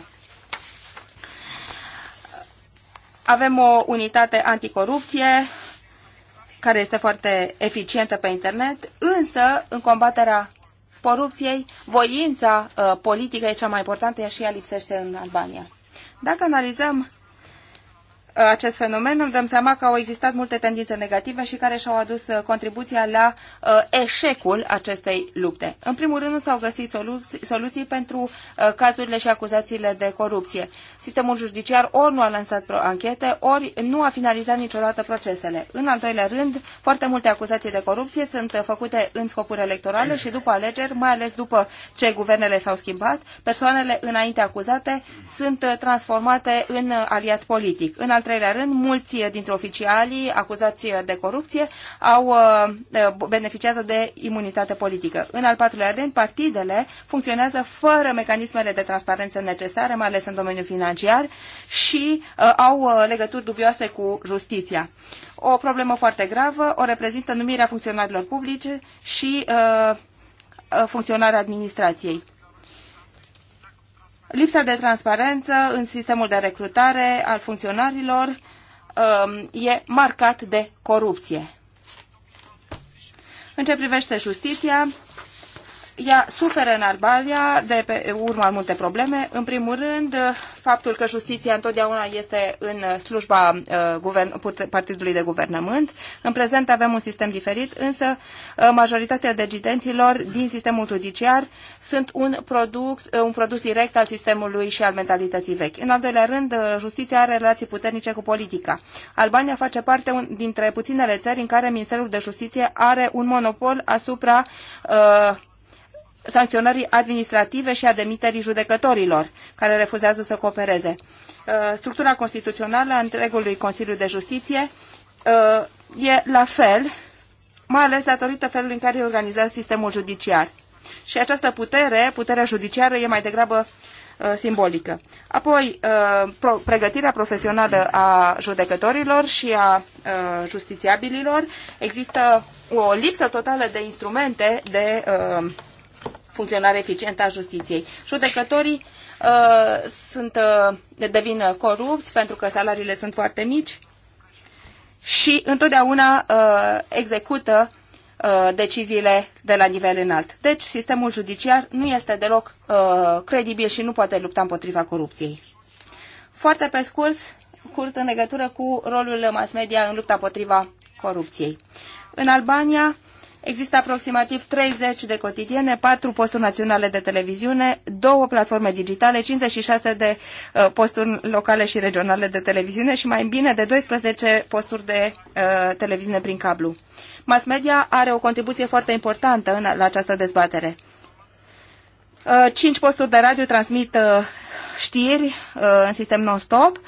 Avem o unitate anticorupție, care este foarte eficientă pe internet, însă în combaterea corupției, voința uh, politică e cea mai importantă, ea și ea lipsește în Albania. Dacă analizăm Uh, acest fenomen, îmi dăm seama că au existat multe tendințe negative și care și-au adus uh, contribuția la uh, eșecul acestei lupte. În primul rând, nu s-au găsit soluții, soluții pentru cazurile și acuzațiile de corupție. Sistemul judiciar ori nu a lansat anchete, ori nu a finalizat niciodată procesele. În al doilea rând, foarte multe acuzații de corupție sunt făcute în scopuri electorale și după alegeri, mai ales după ce guvernele s-au schimbat, persoanele înainte acuzate sunt transformate în aliați politic. În al treilea rând, mulți dintre oficialii acuzați de corupție au uh, uh, beneficiat de imunitate politică. În al patrulea rând, partidele funcționează fără mecanismele de transparență necesare, mai ales în domeniul financiar, și uh, au legături dubioase cu justiția. O problemă foarte gravă o reprezintă numirea funcționarilor publici și funcționarea administrației lipsa de transparență în sistemul de recrutare al funcționarilor um, e marcat de corupție. În ce privește justiția, ea suferă în Albania de pe urma multe probleme. În primul rând, faptul că justiția întotdeauna este în slujba uh, partidului de guvernământ. În prezent avem un sistem diferit, însă uh, majoritatea decidenților din sistemul judiciar sunt un, produs, uh, un produs direct al sistemului și al mentalității vechi. În al doilea rând, justiția are relații puternice cu politica. Albania face parte dintre puținele țări în care Ministerul de Justiție are un monopol asupra uh, sancționării administrative și a demiterii judecătorilor care refuzează să coopereze. Uh, structura constituțională a întregului Consiliu de Justiție uh, e la fel, mai ales datorită felului în care e organizat sistemul judiciar. Și această putere, puterea judiciară, e mai degrabă uh, simbolică. Apoi, pregătirea profesională a judecătorilor și a justițiabililor. Există o lipsă totală de instrumente de funcționare eficientă a justiției. Judecătorii uh, sunt, uh, devin corupți pentru că salariile sunt foarte mici și întotdeauna uh, execută uh, deciziile de la nivel înalt. Deci, sistemul judiciar nu este deloc uh, credibil și nu poate lupta împotriva corupției. Foarte pe scurs, curt în legătură cu rolul mass media în lupta împotriva corupției. În Albania, Există aproximativ 30 de cotidiene, 4 posturi naționale de televiziune, 2 platforme digitale, 56 de uh, posturi locale și regionale de televiziune și mai bine de 12 posturi de uh, televiziune prin cablu. Mass media are o contribuție foarte importantă în, la această dezbatere. 5 uh, posturi de radio transmit știri în sistem non-stop.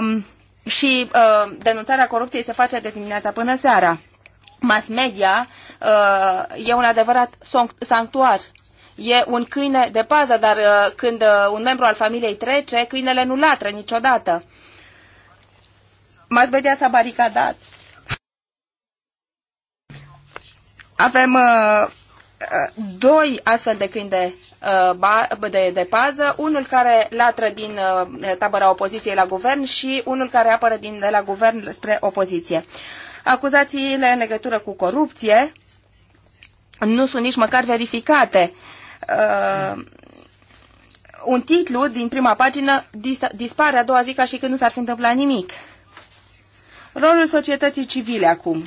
Um, și denunțarea corupției se face de dimineața până seara mass media uh, e un adevărat sanctuar. E un câine de pază, dar uh, când uh, un membru al familiei trece, câinele nu latră niciodată. Mass media s-a baricadat. Avem doi astfel de câini de, de, de pază, unul care latră din tabăra opoziției la guvern și unul care apără din, de la guvern spre opoziție. Uh, acuzațiile în legătură cu corupție nu sunt nici măcar verificate. Uh, un titlu din prima pagină dis dispare a doua zi ca și când nu s-ar fi întâmplat nimic. Rolul societății civile acum.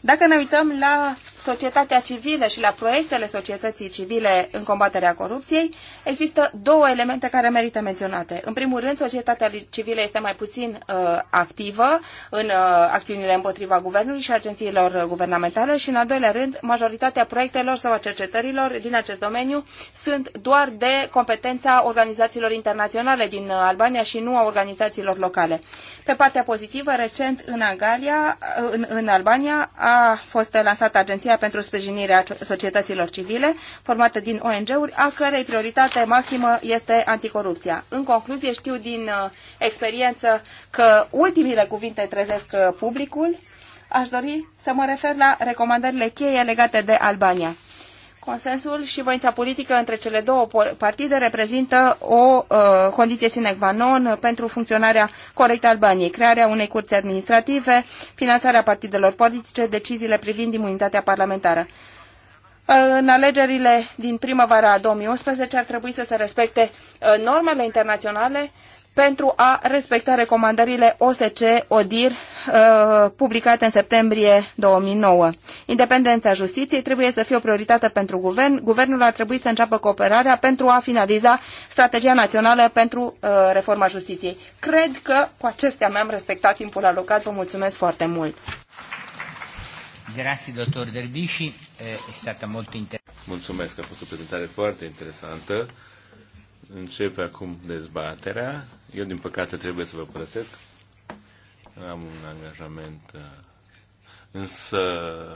Dacă ne uităm la societatea civilă și la proiectele societății civile în combaterea corupției, există două elemente care merită menționate. În primul rând, societatea civilă este mai puțin uh, activă în uh, acțiunile împotriva guvernului și agențiilor guvernamentale și, în al doilea rând, majoritatea proiectelor sau a cercetărilor din acest domeniu sunt doar de competența organizațiilor internaționale din uh, Albania și nu a organizațiilor locale. Pe partea pozitivă, recent în, Angalia, uh, în, în Albania a fost lansată Agenția pentru sprijinirea societăților civile, formată din ONG-uri, a cărei prioritate maximă este anticorupția. În concluzie, știu din uh, experiență că ultimile cuvinte trezesc uh, publicul. Aș dori să mă refer la recomandările cheie legate de Albania. Consensul și voința politică între cele două partide reprezintă o uh, condiție sine qua non pentru funcționarea corectă a Albaniei, crearea unei curți administrative, finanțarea partidelor politice, deciziile privind imunitatea parlamentară. Uh, în alegerile din primăvara 2011 ar trebui să se respecte uh, normele internaționale pentru a respecta recomandările OSCE-ODIR uh, publicate în septembrie 2009. Independența justiției trebuie să fie o prioritate pentru guvern. Guvernul ar trebui să înceapă cooperarea pentru a finaliza strategia națională pentru uh, reforma justiției. Cred că cu acestea mi-am respectat timpul alocat. Vă mulțumesc foarte mult! Grazie dottor Derbici, eh, stata molto interessante. Mulțumesc, a fost o prezentare foarte interesantă începe acum dezbaterea. Eu, din păcate, trebuie să vă părăsesc. Am un angajament. Uh, însă,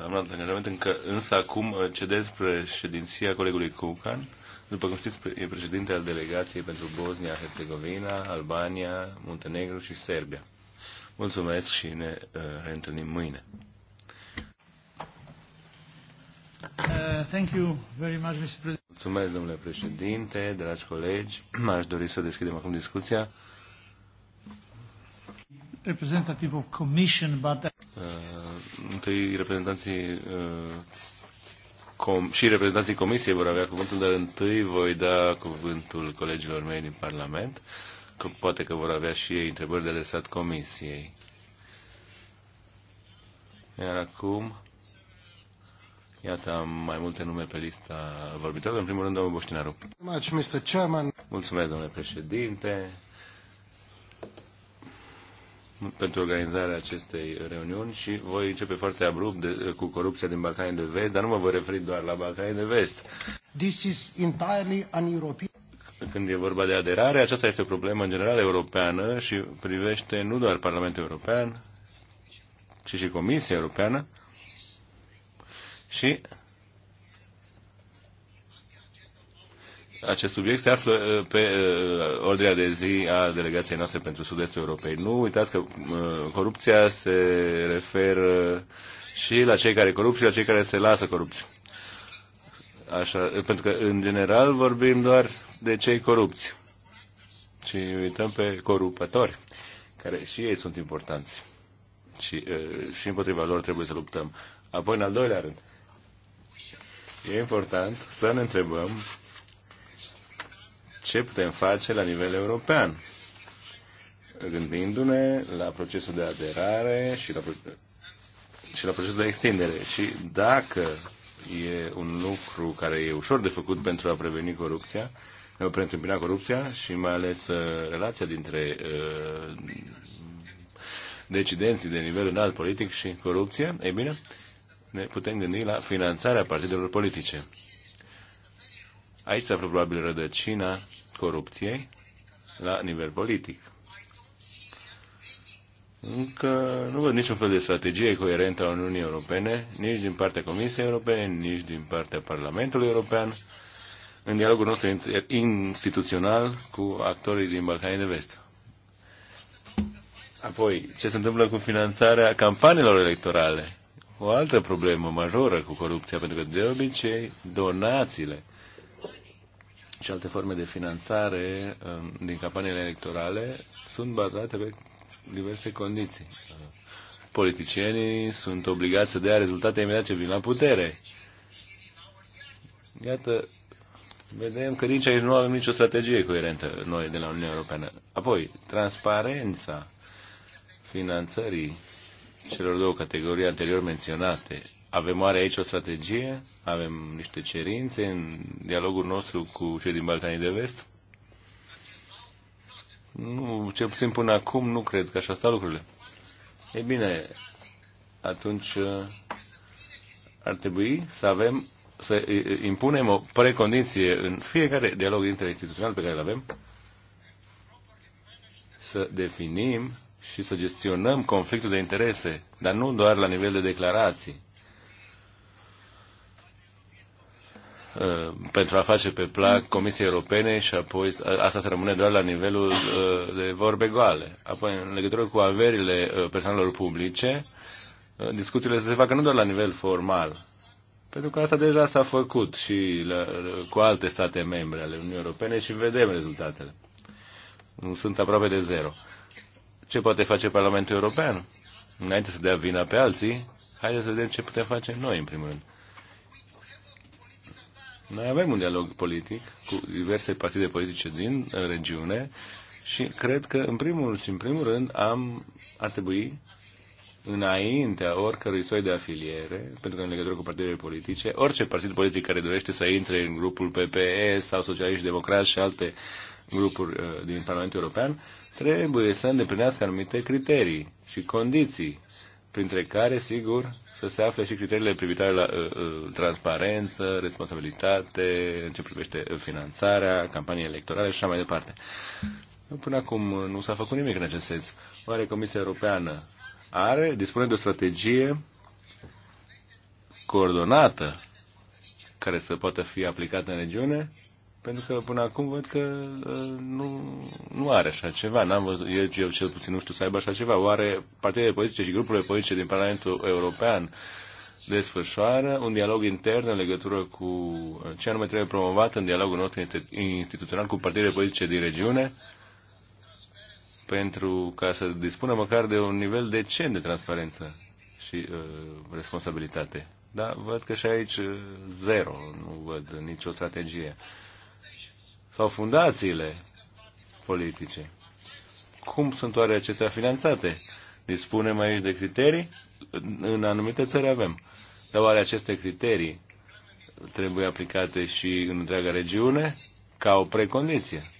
am luat angajament încă, însă acum uh, cedez președinția colegului Cucan. După cum știți, e președinte al delegației pentru Bosnia, Herzegovina, Albania, Muntenegru și Serbia. Mulțumesc și ne uh, reîntâlnim mâine. Uh, Mulțumesc, domnule președinte, dragi colegi. *clears throat* Aș dori să deschidem acum discuția. Representative of Commission, but... Uh, întâi reprezentanții uh, com- și reprezentanții Comisiei vor avea cuvântul, dar întâi voi da cuvântul colegilor mei din Parlament, că poate că vor avea și ei întrebări de adresat Comisiei. Iar acum Iată, am mai multe nume pe lista vorbitorilor. În primul rând, domnul Boștinaru. Mulțumesc, domnule președinte, pentru organizarea acestei reuniuni și voi începe foarte abrupt de, cu corupția din Balcanii de Vest, dar nu mă voi referi doar la Balcanii de Vest. This is entirely an European când e vorba de aderare, aceasta este o problemă în general europeană și privește nu doar Parlamentul European, ci și Comisia Europeană și acest subiect se află uh, pe uh, ordinea de zi a delegației noastre pentru sud-estul Europei. Nu uitați că uh, corupția se referă și la cei care corupți și la cei care se lasă corupți. Așa, pentru că, în general, vorbim doar de cei corupți. Și uităm pe corupători, care și ei sunt importanți. Și, și împotriva lor trebuie să luptăm. Apoi, în al doilea rând, e important să ne întrebăm ce putem face la nivel european, gândindu-ne la procesul de aderare și la, și la procesul de extindere. Și dacă e un lucru care e ușor de făcut pentru a preveni corupția, eh, pentru a întâmpina corupția și mai ales eh, relația dintre eh, decidenții de nivel înalt politic și corupție, e bine, ne putem gândi la finanțarea partidelor politice. Aici se află probabil rădăcina corupției la nivel politic. Încă nu văd niciun fel de strategie coerentă a Uniunii Europene, nici din partea Comisiei Europene, nici din partea Parlamentului European, în dialogul nostru instituțional cu actorii din Balcanii de Vest. Apoi, ce se întâmplă cu finanțarea campaniilor electorale? o altă problemă majoră cu corupția, pentru că de obicei donațiile și alte forme de finanțare um, din campaniile electorale sunt bazate pe diverse condiții. Politicienii sunt obligați să dea rezultate imediat ce vin la putere. Iată, vedem că nici aici nu avem nicio strategie coerentă noi de la Uniunea Europeană. Apoi, transparența finanțării celor două categorii anterior menționate. Avem oare aici o strategie? Avem niște cerințe în dialogul nostru cu cei din Balcanii de Vest? Nu, cel puțin până acum nu cred că așa stau lucrurile. E bine, atunci uh, ar trebui să avem, să uh, uh, impunem o precondiție în fiecare dialog interinstituțional pe care îl avem, să definim și să gestionăm conflictul de interese, dar nu doar la nivel de declarații. Uh, pentru a face pe plac Comisiei Europene și apoi uh, asta se rămâne doar la nivelul uh, de vorbe goale. Apoi, în legătură cu averile persoanelor publice, discuțiile se facă nu doar la nivel formal, pentru că asta deja s-a făcut și la, cu alte state membre ale Uniunii Europene și vedem rezultatele. Nu sunt aproape de zero ce poate face Parlamentul European. Înainte să dea vina pe alții, haideți să vedem ce putem face noi, în primul rând. Noi avem un dialog politic cu diverse partide politice din uh, regiune și cred că, în primul și în primul rând, am, ar trebui, înaintea oricărui soi de afiliere, pentru că în legătură cu partidele politice, orice partid politic care dorește să intre în grupul PPS sau Socialiști Democrați și alte grupuri uh, din Parlamentul European, trebuie să îndeplinească anumite criterii și condiții, printre care, sigur, să se afle și criteriile privitoare la uh, uh, transparență, responsabilitate, în ce privește uh, finanțarea, campanii electorale și așa mai departe. Până acum uh, nu s-a făcut nimic în acest sens. Oare Comisia Europeană are, dispune de o strategie coordonată care să poată fi aplicată în regiune? Pentru că până acum văd că uh, nu, nu are așa ceva. N-am văzut, eu, eu cel puțin nu știu să aibă așa ceva. Oare partidele politice și grupurile politice din Parlamentul European desfășoară un dialog intern în legătură cu ce anume trebuie promovat în dialogul nostru instituțional cu partidele politice din regiune pentru ca să dispună măcar de un nivel decent de transparență și uh, responsabilitate. Dar văd că și aici uh, zero, nu văd nicio strategie. Uh, sau fundațiile politice. Cum sunt oare acestea finanțate? Dispunem aici de criterii? În anumite țări avem. Dar oare aceste criterii trebuie aplicate și în întreaga regiune ca o precondiție?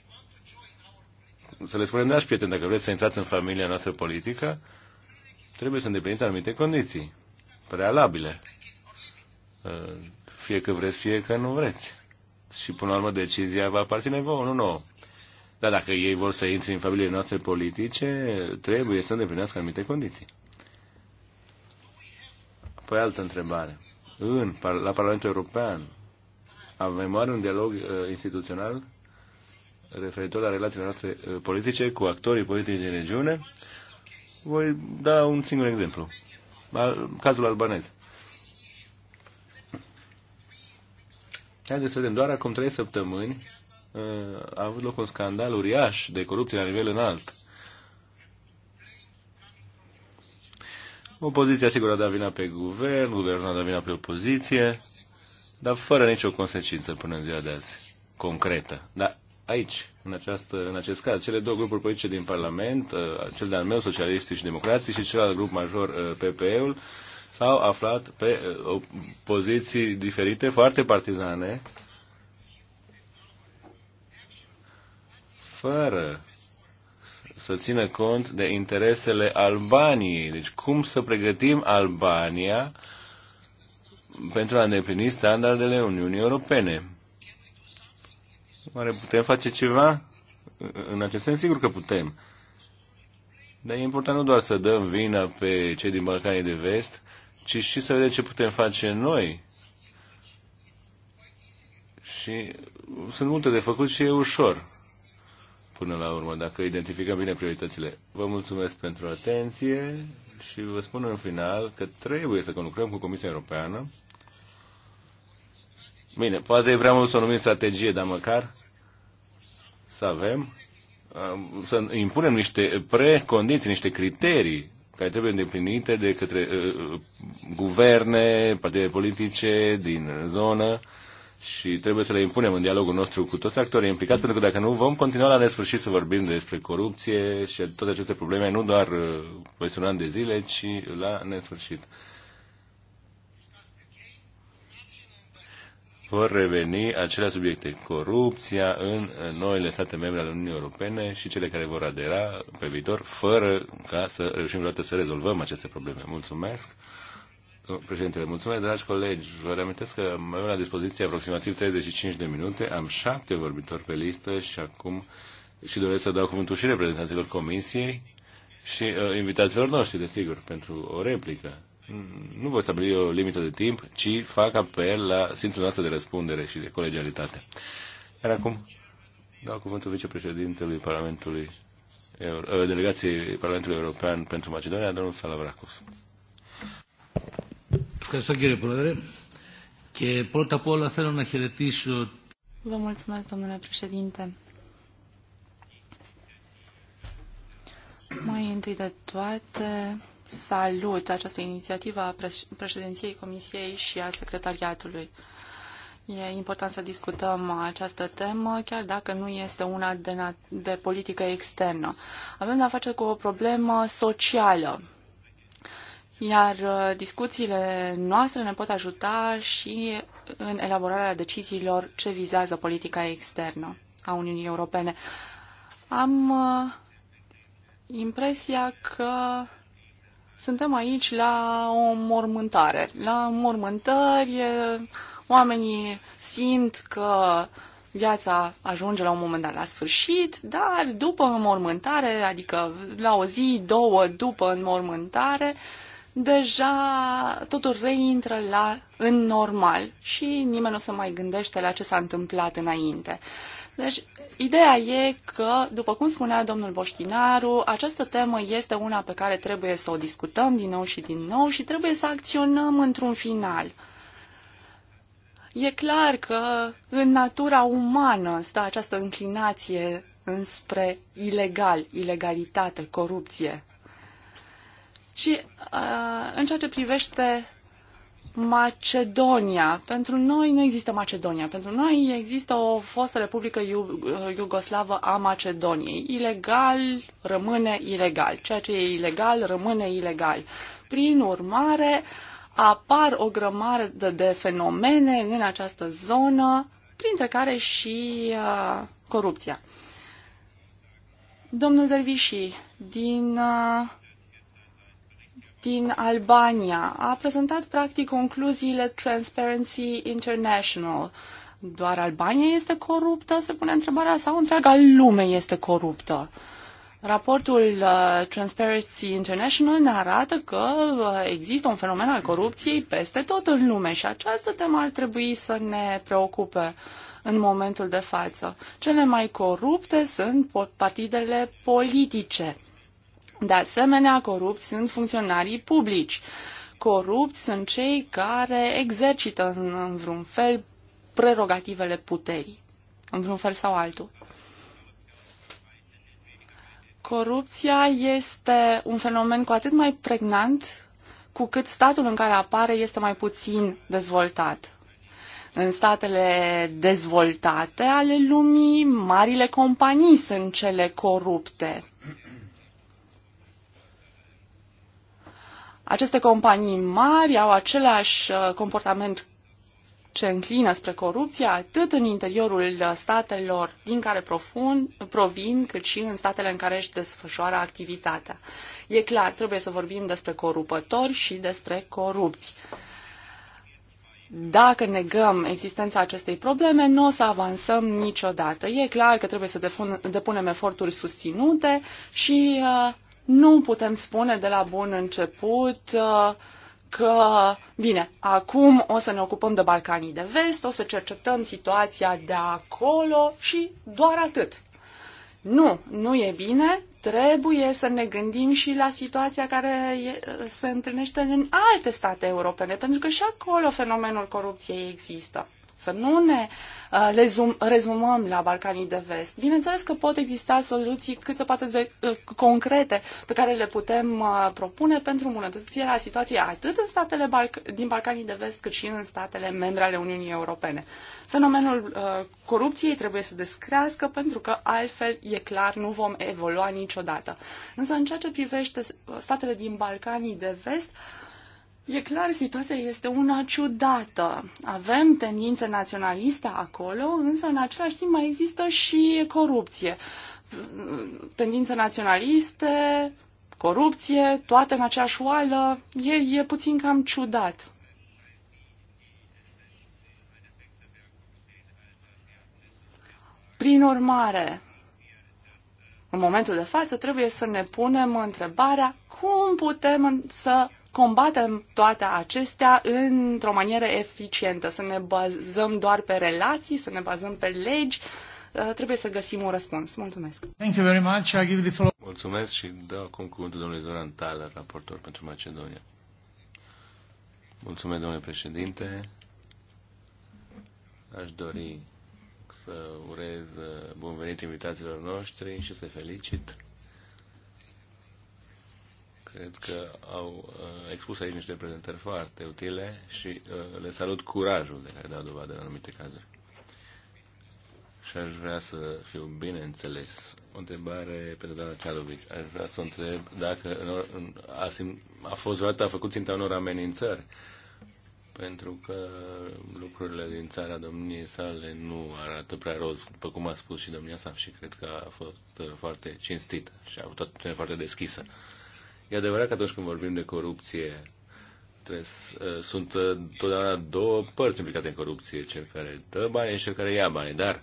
Să le spunem, dragi prieteni, dacă vreți să intrați în familia noastră politică, trebuie să îndepliniți anumite condiții prealabile. Fie că vreți, fie că nu vreți și până la urmă decizia va aparține vouă, nu nouă. Dar dacă ei vor să intre în familiile noastre politice, trebuie să îndeplinească anumite condiții. Apoi altă întrebare. În, la Parlamentul European avem oare un dialog uh, instituțional referitor la relațiile noastre uh, politice cu actorii politici din regiune? Voi da un singur exemplu. Al, cazul albanez. Haideți să vedem, doar acum trei săptămâni uh, a avut loc un scandal uriaș de corupție la nivel înalt. Opoziția sigur a dat vina pe guvern, guvernul a dat vina pe opoziție, dar fără nicio consecință până în ziua de azi, concretă. Dar aici, în, această, în acest caz, cele două grupuri politice din Parlament, uh, cel de-al meu, socialiștii și democrații, și cel al grup major, uh, PPE-ul, s-au aflat pe uh, poziții diferite, foarte partizane, fără să țină cont de interesele Albaniei. Deci cum să pregătim Albania pentru a îndeplini standardele Uniunii Europene? Oare putem face ceva? În acest sens, sigur că putem. Dar e important nu doar să dăm vina pe cei din Balcanii de Vest, ci și să vedem ce putem face noi. Și sunt multe de făcut și e ușor până la urmă, dacă identificăm bine prioritățile. Vă mulțumesc pentru atenție și vă spun în final că trebuie să lucrăm cu Comisia Europeană. Bine, poate e prea mult să o numim strategie, dar măcar să avem, să impunem niște precondiții, niște criterii care trebuie îndeplinite de către uh, uh, guverne, partide politice din zonă și trebuie să le impunem în dialogul nostru cu toți actorii implicați, pentru că dacă nu vom continua la nesfârșit să vorbim despre corupție și toate aceste probleme, nu doar uh, peste un an de zile, ci la nesfârșit. vor reveni acele subiecte, corupția în noile state membre ale Uniunii Europene și cele care vor adera pe viitor, fără ca să reușim vreodată să rezolvăm aceste probleme. Mulțumesc! Președintele, mulțumesc, dragi colegi. Vă reamintesc că mai avem la dispoziție aproximativ 35 de minute. Am șapte vorbitori pe listă și acum și doresc să dau cuvântul și reprezentanților comisiei și uh, invitațiilor noștri, desigur, pentru o replică nu voi stabili o limită de timp, ci fac apel la simțul nostru de răspundere și de colegialitate. Iar acum dau cuvântul vicepreședintelui Parlamentului Euro, ă, Delegației Parlamentului European pentru Macedonia, domnul Salavracus. Vă mulțumesc, domnule președinte. Mai întâi de toate, salut această inițiativă a președinției Comisiei și a Secretariatului. E important să discutăm această temă, chiar dacă nu este una de, de politică externă. Avem de-a face cu o problemă socială. Iar uh, discuțiile noastre ne pot ajuta și în elaborarea deciziilor ce vizează politica externă a Uniunii Europene. Am uh, impresia că suntem aici la o mormântare. La mormântări oamenii simt că viața ajunge la un moment dat la sfârșit, dar după mormântare, adică la o zi, două după mormântare, deja totul reintră la, în normal și nimeni nu se mai gândește la ce s-a întâmplat înainte. Deci, ideea e că, după cum spunea domnul Boștinaru, această temă este una pe care trebuie să o discutăm din nou și din nou și trebuie să acționăm într-un final. E clar că în natura umană stă această înclinație înspre ilegal, ilegalitate, corupție. Și uh, în ceea ce privește Macedonia. Pentru noi nu există Macedonia. Pentru noi există o fostă republică uh, iugoslavă a Macedoniei. Ilegal rămâne ilegal. Ceea ce e ilegal rămâne ilegal. Prin urmare, apar o grămadă de fenomene în această zonă, printre care și uh, corupția. Domnul Dervișii, din uh, din Albania a prezentat practic concluziile Transparency International. Doar Albania este coruptă? Se pune întrebarea sau întreaga lume este coruptă? Raportul uh, Transparency International ne arată că uh, există un fenomen al corupției peste tot în lume și această temă ar trebui să ne preocupe în momentul de față. Cele mai corupte sunt partidele politice. De asemenea, corupți sunt funcționarii publici. Corupți sunt cei care exercită în, în vreun fel prerogativele puterii, în vreun fel sau altul. Corupția este un fenomen cu atât mai pregnant cu cât statul în care apare este mai puțin dezvoltat. În statele dezvoltate ale lumii, marile companii sunt cele corupte. Aceste companii mari au același uh, comportament ce înclină spre corupție atât în interiorul uh, statelor din care profund, provin, cât și în statele în care își desfășoară activitatea. E clar, trebuie să vorbim despre corupători și despre corupți. Dacă negăm existența acestei probleme, nu o să avansăm niciodată. E clar că trebuie să depunem eforturi susținute și uh, nu putem spune de la bun început uh, că, bine, acum o să ne ocupăm de Balcanii de Vest, o să cercetăm situația de acolo și doar atât. Nu, nu e bine, trebuie să ne gândim și la situația care se întâlnește în alte state europene, pentru că și acolo fenomenul corupției există să nu ne rezum, uh, rezumăm la Balcanii de Vest. Bineînțeles că pot exista soluții cât se poate de uh, concrete pe care le putem uh, propune pentru îmbunătățirea situației atât în statele Balc- din Balcanii de Vest cât și în statele membre ale Uniunii Europene. Fenomenul uh, corupției trebuie să descrească pentru că altfel e clar nu vom evolua niciodată. Însă în ceea ce privește statele din Balcanii de Vest, uh, E clar, situația este una ciudată. Avem tendințe naționaliste acolo, însă în același timp mai există și corupție. Tendințe naționaliste, corupție, toate în aceeași oală, e, e puțin cam ciudat. Prin urmare, în momentul de față trebuie să ne punem întrebarea cum putem să combatem toate acestea într-o manieră eficientă, să ne bazăm doar pe relații, să ne bazăm pe legi, uh, trebuie să găsim un răspuns. Mulțumesc. Thank you very much. I give the floor. Mulțumesc și dau acum cuvântul domnului Zoran Thaler, raportor pentru Macedonia. Mulțumesc, domnule președinte. Aș dori să urez uh, bun venit invitațiilor noștri și să felicit Cred că au uh, expus aici niște prezentări foarte utile și uh, le salut curajul de care dau dovadă în anumite cazuri. Și aș vrea să fiu bine înțeles. O întrebare pentru doamna Cialovic. Aș vrea să întreb dacă a, a fost vreodată, a făcut ținta unor amenințări pentru că lucrurile din țara domniei sale nu arată prea roz, după cum a spus și domnia sa, și cred că a fost uh, foarte cinstită și a avut o foarte deschisă. E adevărat că atunci când vorbim de corupție, trebuie, ă, sunt ă, totdeauna două părți implicate în corupție, cel care dă bani și cel care ia bani, dar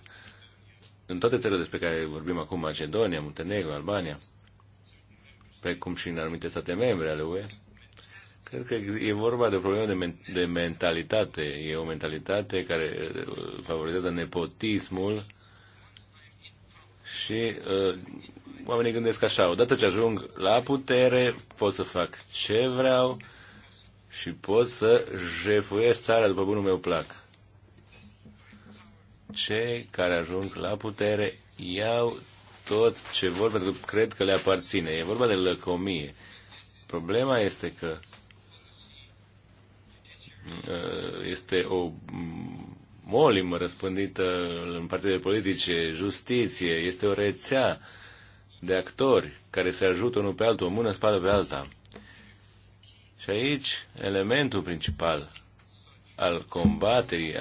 în toate țările despre care vorbim acum, Macedonia, Muntenegru, Albania, precum și în anumite state membre ale UE, Cred că e vorba de o problemă de, men- de mentalitate. E o mentalitate care ă, favorizează nepotismul și uh, oamenii gândesc așa, odată ce ajung la putere, pot să fac ce vreau și pot să jefuiesc țara după bunul meu plac. Cei care ajung la putere iau tot ce vor pentru că cred că le aparține. E vorba de lăcomie. Problema este că uh, este o molimă răspândită în partide politice, justiție, este o rețea de actori care se ajută unul pe altul, o mână spală pe alta. Și aici elementul principal al combaterii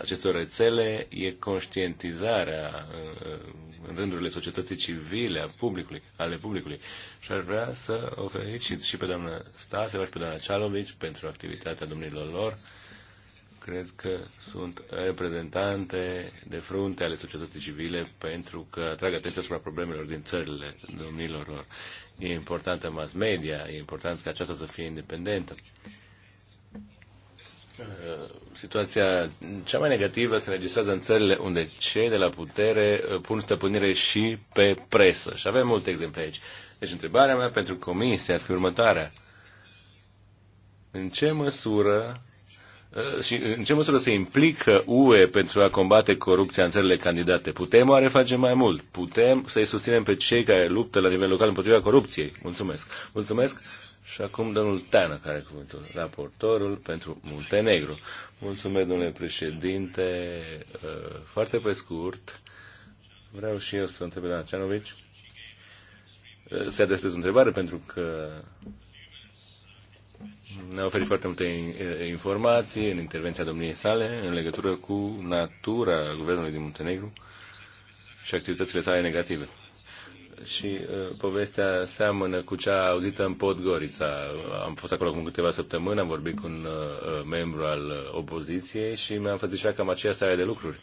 acestor rețele e conștientizarea uh, uh, în rândurile societății civile, a publicului, ale publicului. Și ar vrea să o felicit și pe doamna Staseva și pe doamna Cialovici pentru activitatea domnilor lor cred că sunt reprezentante de frunte ale societății civile pentru că atrag atenția asupra problemelor din țările domnilor lor. E importantă mass media, e important ca aceasta să fie independentă. Uh, situația cea mai negativă se înregistrează în țările unde cei de la putere uh, pun stăpânire și pe presă. Și avem multe exemple aici. Deci întrebarea mea pentru comisie ar fi următoarea. În ce măsură Uh, și în ce măsură se implică UE pentru a combate corupția în țările candidate? Putem oare face mai mult? Putem să-i susținem pe cei care luptă la nivel local împotriva corupției? Mulțumesc! Mulțumesc! Și acum domnul Teană, care cuvântul, raportorul pentru Muntenegru. Mulțumesc, domnule președinte. Uh, foarte pe scurt, vreau și eu să întreb la Cianovici. Uh, se adresez o întrebare pentru că ne-a oferit foarte multe informații în intervenția domniei sale în legătură cu natura guvernului din Muntenegru și activitățile sale negative. Și uh, povestea seamănă cu cea auzită în Podgorița. Am fost acolo acum câteva săptămâni, am vorbit cu un uh, membru al opoziției și mi-am și cam aceeași stare de lucruri.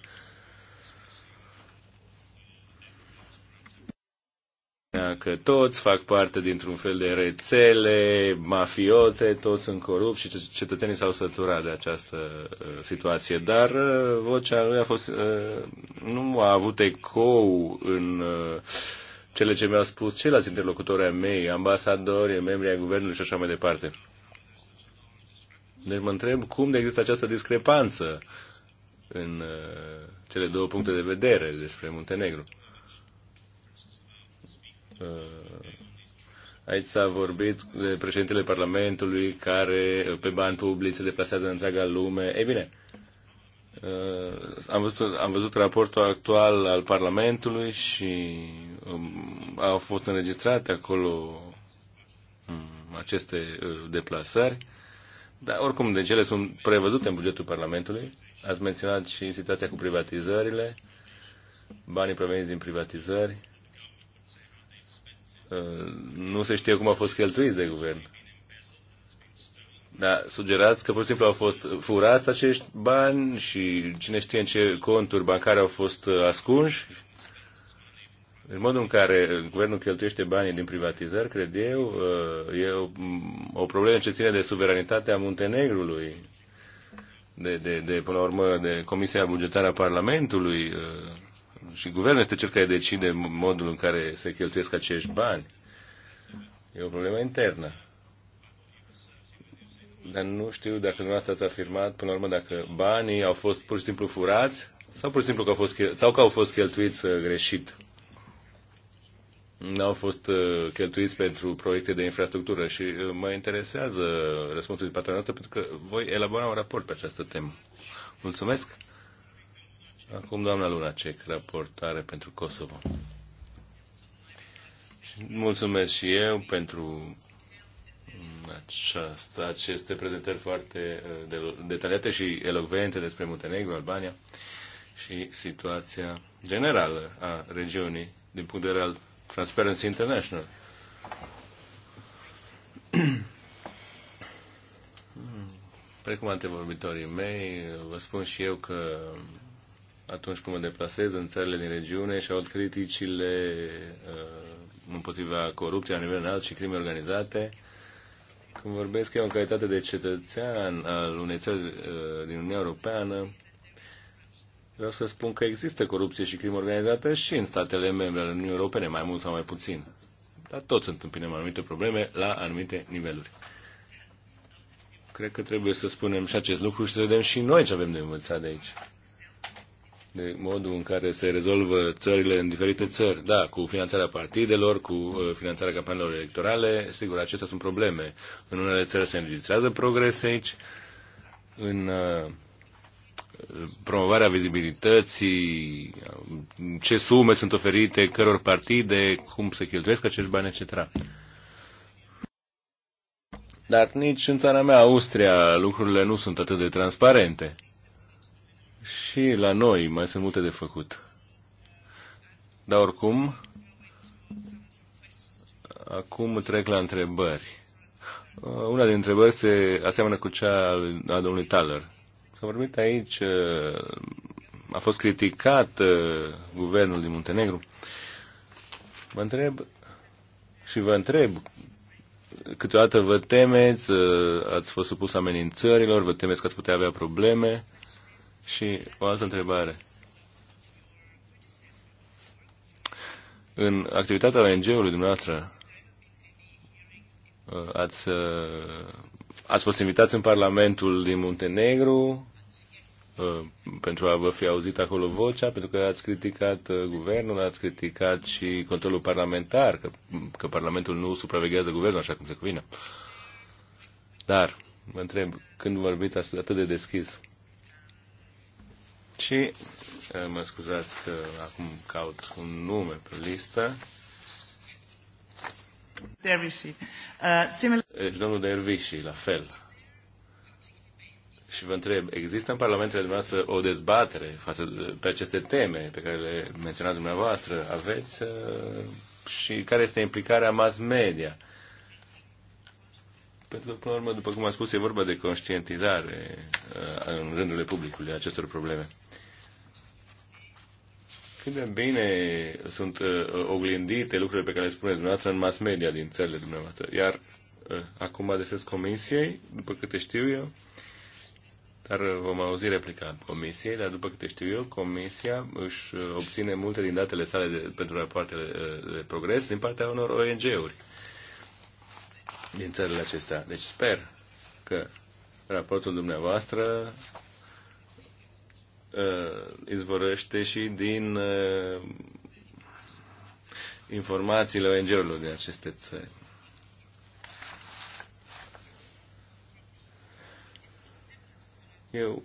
că toți fac parte dintr-un fel de rețele mafiote, toți sunt corupți și cetățenii s-au săturat de această uh, situație. Dar uh, vocea lui a fost, uh, nu a avut ecou în uh, cele ce mi-au spus ceilalți interlocutori ai mei, ambasadori, membri ai guvernului și așa mai departe. Deci mă întreb cum de există această discrepanță în uh, cele două puncte de vedere despre Muntenegru. Uh, aici s-a vorbit de președintele Parlamentului care pe bani publici se deplasează în întreaga lume. Ei bine, uh, am văzut, am văzut raportul actual al Parlamentului și um, au fost înregistrate acolo um, aceste uh, deplasări. Dar oricum, deci ele sunt prevăzute în bugetul Parlamentului. Ați menționat și situația cu privatizările, banii proveniți din privatizări Uh, nu se știe cum a fost cheltuit de guvern. Da, sugerați că pur și simplu au fost furați acești bani și cine știe în ce conturi bancare au fost uh, ascunși. În modul în care guvernul cheltuiește banii din privatizări, cred eu, uh, e o, o problemă ce ține de suveranitatea Muntenegrului, de, de, de, până la urmă, de Comisia Bugetară a Parlamentului și guvernul este cel care decide modul în care se cheltuiesc acești bani. E o problemă internă. Dar nu știu dacă dumneavoastră ați afirmat, până la urmă, dacă banii au fost pur și simplu furați sau pur și simplu că au fost, sau că au fost cheltuiți uh, greșit. Nu au fost uh, cheltuiți pentru proiecte de infrastructură și uh, mă interesează răspunsul din partea noastră pentru că voi elabora un raport pe această temă. Mulțumesc! Acum doamna ce raportare pentru Kosovo. Și mulțumesc și eu pentru mm, aceasta, aceste prezentări foarte uh, detaliate și elocvente despre Muntenegru, Albania și situația generală a regiunii din punct de vedere al Transparency International. Precum antevorbitorii mei, vă spun și eu că atunci când mă deplasez în țările din regiune și aud criticile uh, împotriva corupției la nivel înalt și crime organizate. Când vorbesc eu în calitate de cetățean al unei țări uh, din Uniunea Europeană, vreau să spun că există corupție și crimă organizată și în statele membre ale Uniunii Europene, mai mult sau mai puțin. Dar toți întâmpinăm anumite probleme la anumite niveluri. Cred că trebuie să spunem și acest lucru și să vedem și noi ce avem de învățat de aici de modul în care se rezolvă țările în diferite țări. Da, cu finanțarea partidelor, cu uh, finanțarea campaniilor electorale, sigur, acestea sunt probleme. În unele țări se înregistrează progrese aici, în uh, promovarea vizibilității, ce sume sunt oferite, căror partide, cum se cheltuiesc acești bani, etc. Dar nici în țara mea, Austria, lucrurile nu sunt atât de transparente și la noi mai sunt multe de făcut. Dar oricum, acum trec la întrebări. Uh, una dintre întrebări se aseamănă cu cea a domnului Taller. S-a vorbit aici, uh, a fost criticat uh, guvernul din Muntenegru. Mă întreb și vă întreb, câteodată vă temeți, ați fost supus amenințărilor, vă temeți că ați putea avea probleme și o altă întrebare. În activitatea ONG-ului dumneavoastră, uh, ați, uh, ați fost invitați în Parlamentul din Muntenegru uh, pentru a vă fi auzit acolo vocea, pentru că ați criticat guvernul, ați criticat și controlul parlamentar, că, că Parlamentul nu supraveghează guvernul așa cum se cuvine. Dar, mă întreb, când vorbiți atât de deschis, și eh, mă scuzați că acum caut un nume pe listă. Dervishi. Eh, deci domnul Dervishi, la fel. Și vă întreb, există în parlamentele dumneavoastră o dezbatere față pe aceste teme pe care le menționați dumneavoastră? Aveți eh, și care este implicarea mass media? Pentru că, până la urmă, după cum am spus, e vorba de conștientizare uh, în rândurile publicului acestor probleme. Cât de bine sunt uh, oglindite lucrurile pe care le spuneți dumneavoastră în mass media din țările dumneavoastră. Iar uh, acum adresez comisiei, după câte știu eu, dar vom auzi replica comisiei, dar după câte știu eu, comisia își obține multe din datele sale de, pentru rapoartele de progres din partea unor ONG-uri din țările acestea. Deci sper că raportul dumneavoastră uh, izvorăște și din uh, informațiile ONG-urilor din aceste țări. Eu,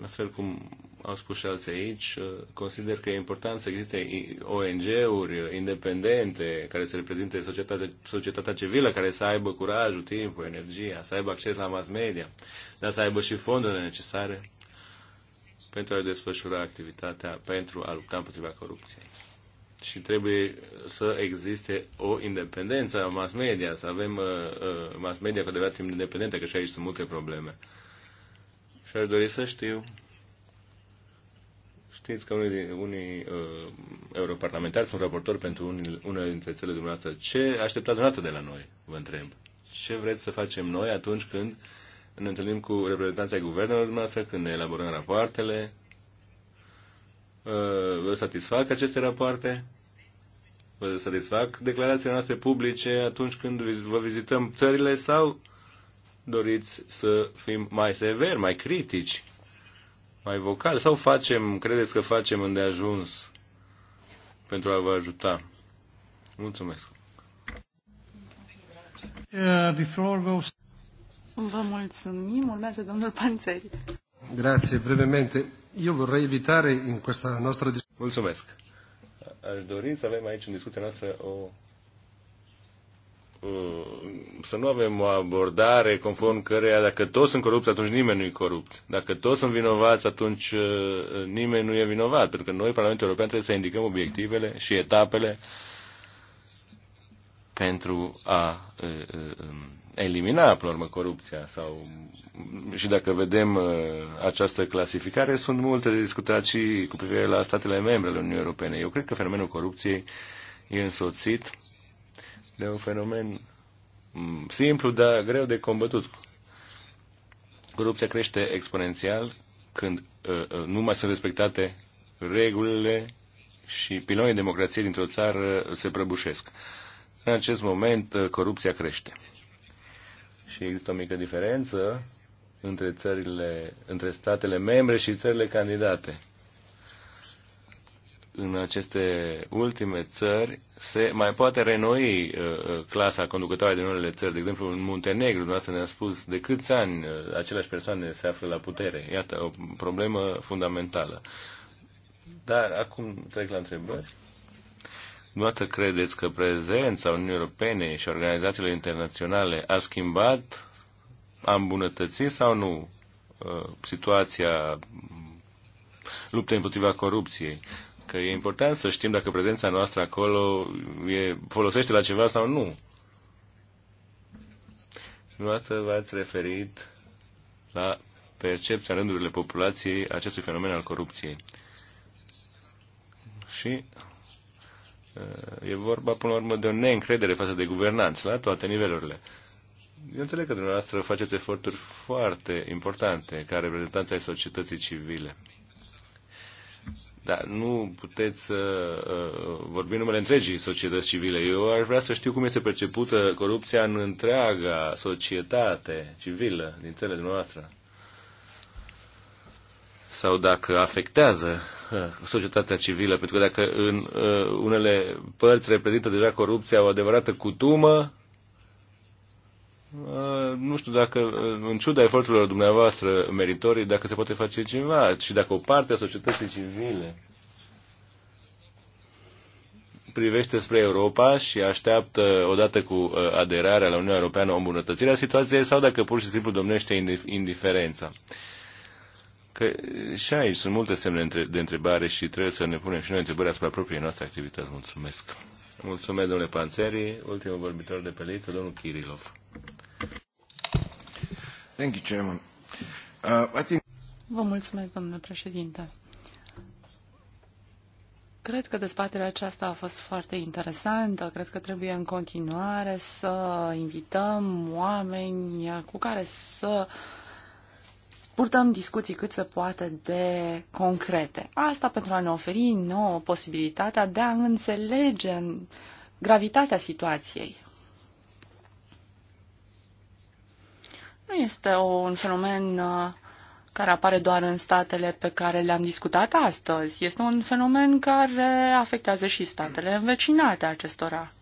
la fel cum au spus și alții aici, uh, consider că e important să existe ONG-uri uh, independente care să reprezinte societatea, societatea civilă, care să aibă curajul, timpul, energia, să aibă acces la mass media, dar să aibă și fondurile necesare pentru a desfășura activitatea, pentru a lupta împotriva corupției. Și trebuie să existe o independență a mass media, să avem uh, uh mass media cu adevărat independentă, că și aici sunt multe probleme. Și aș dori să știu Știți că unii, unii uh, europarlamentari sunt raportori pentru unii, unele dintre țările dumneavoastră. Ce așteptați dumneavoastră de la noi, vă întreb? Ce vreți să facem noi atunci când ne întâlnim cu reprezentanții guvernelor dumneavoastră, când ne elaborăm rapoartele? Uh, vă satisfac aceste rapoarte? Vă satisfac declarațiile noastre publice atunci când vă vizităm țările sau doriți să fim mai severi, mai critici mai vocal sau facem, credeți că facem îndeajuns pentru a vă ajuta? Mulțumesc! Uh, vă mulțumim. Urmează domnul Panțeri. Grazie, brevemente. Eu vă evitare în această noastră discuție. Mulțumesc. Aș dori să avem aici în discuția noastră o Uh, să nu avem o abordare conform căreia dacă toți sunt corupți, atunci nimeni nu e corupt. Dacă toți sunt vinovați, atunci uh, nimeni nu e vinovat. Pentru că noi, Parlamentul European, trebuie să indicăm obiectivele și etapele pentru a uh, um, elimina, până la urmă, corupția. Sau... Mm, și dacă vedem această clasificare, sunt multe de discutat și cu privire la statele membre ale Uniunii Europene. Eu cred că fenomenul corupției e însoțit de un fenomen mm, simplu, dar greu de combătut. Corupția crește exponențial când uh, uh, nu mai sunt respectate regulile și pilonii democrației dintr-o țară se prăbușesc. În acest moment, uh, corupția crește. Și există o mică diferență între, țările, între statele membre și țările candidate în aceste ultime țări se mai poate renoi uh, uh, clasa conducătoare din unele țări. De exemplu, în Muntenegru, dumneavoastră ne-a spus de câți ani uh, aceleași persoane se află la putere. Iată, o problemă fundamentală. Dar acum trec la întrebări. Dumneavoastră credeți că prezența Uniunii Europene și organizațiile internaționale a schimbat, a îmbunătățit sau nu uh, situația luptei împotriva corupției? că e important să știm dacă prezența noastră acolo e, folosește la ceva sau nu. Dumneavoastră v-ați referit la percepția rândurile populației acestui fenomen al corupției. Și e vorba, până la urmă, de o neîncredere față de guvernanți la toate nivelurile. Eu înțeleg că dumneavoastră faceți eforturi foarte importante ca reprezentanța ai societății civile. Dar nu puteți să uh, vorbi numele întregii societăți civile. Eu aș vrea să știu cum este percepută corupția în întreaga societate civilă din țările noastre. Sau dacă afectează uh, societatea civilă, pentru că dacă în uh, unele părți reprezintă deja corupția o adevărată cutumă, Uh, nu știu dacă, uh, în ciuda eforturilor dumneavoastră meritorii, dacă se poate face ceva și dacă o parte a societății civile privește spre Europa și așteaptă, odată cu uh, aderarea la Uniunea Europeană, o îmbunătățire a situației sau dacă pur și simplu domnește indiferența. Că și aici sunt multe semne de întrebare și trebuie să ne punem și noi întrebări asupra propriei noastre activități. Mulțumesc! Mulțumesc, domnule Panțeri. Ultimul vorbitor de pe listă, domnul Kirilov. Thank you, Chairman. Uh, I think... Vă mulțumesc, domnule președinte. Cred că dezbaterea aceasta a fost foarte interesantă. Cred că trebuie în continuare să invităm oameni cu care să purtăm discuții cât se poate de concrete. Asta pentru a ne oferi nouă posibilitatea de a înțelege gravitatea situației. nu este o, un fenomen uh, care apare doar în statele pe care le-am discutat astăzi. Este un fenomen care afectează și statele învecinate acestora.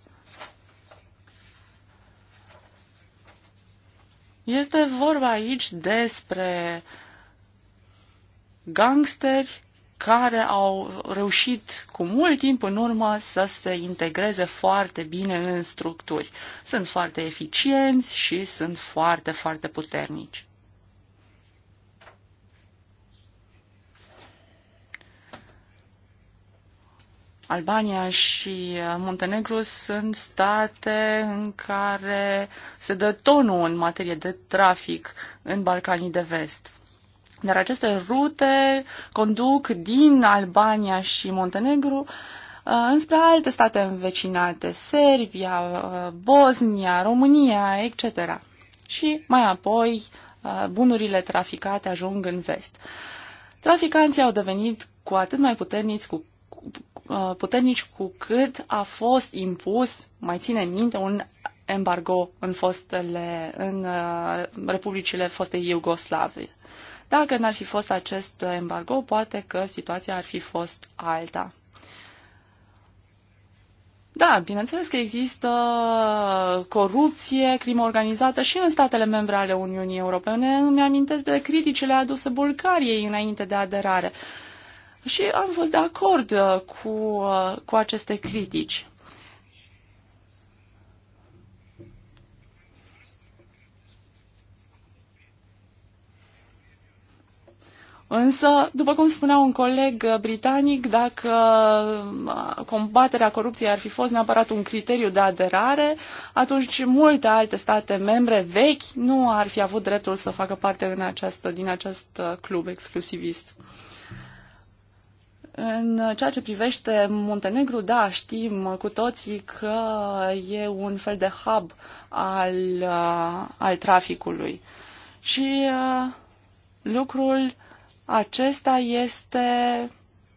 Este vorba aici despre gangsteri care au reușit cu mult timp în urmă să se integreze foarte bine în structuri. Sunt foarte eficienți și sunt foarte, foarte puternici. Albania și uh, Muntenegru sunt state în care se dă tonul în materie de trafic în Balcanii de Vest. Dar aceste rute conduc din Albania și Montenegru uh, înspre alte state învecinate, Serbia, uh, Bosnia, România, etc. Și mai apoi uh, bunurile traficate ajung în vest. Traficanții au devenit cu atât mai puternici cu, cu, puternici cu cât a fost impus, mai ține minte, un embargo în fostele, în republicile fostei Iugoslavie. Dacă n-ar fi fost acest embargo, poate că situația ar fi fost alta. Da, bineînțeles că există corupție, crimă organizată și în statele membre ale Uniunii Europene. Îmi amintesc de criticile aduse Bulgariei înainte de aderare. Și am fost de acord uh, cu, uh, cu aceste critici. Însă, după cum spunea un coleg britanic, dacă uh, combaterea corupției ar fi fost neapărat un criteriu de aderare, atunci multe alte state membre vechi nu ar fi avut dreptul să facă parte în această, din acest uh, club exclusivist. În ceea ce privește Muntenegru, da, știm cu toții că e un fel de hub al, uh, al traficului. Și lucrul acesta este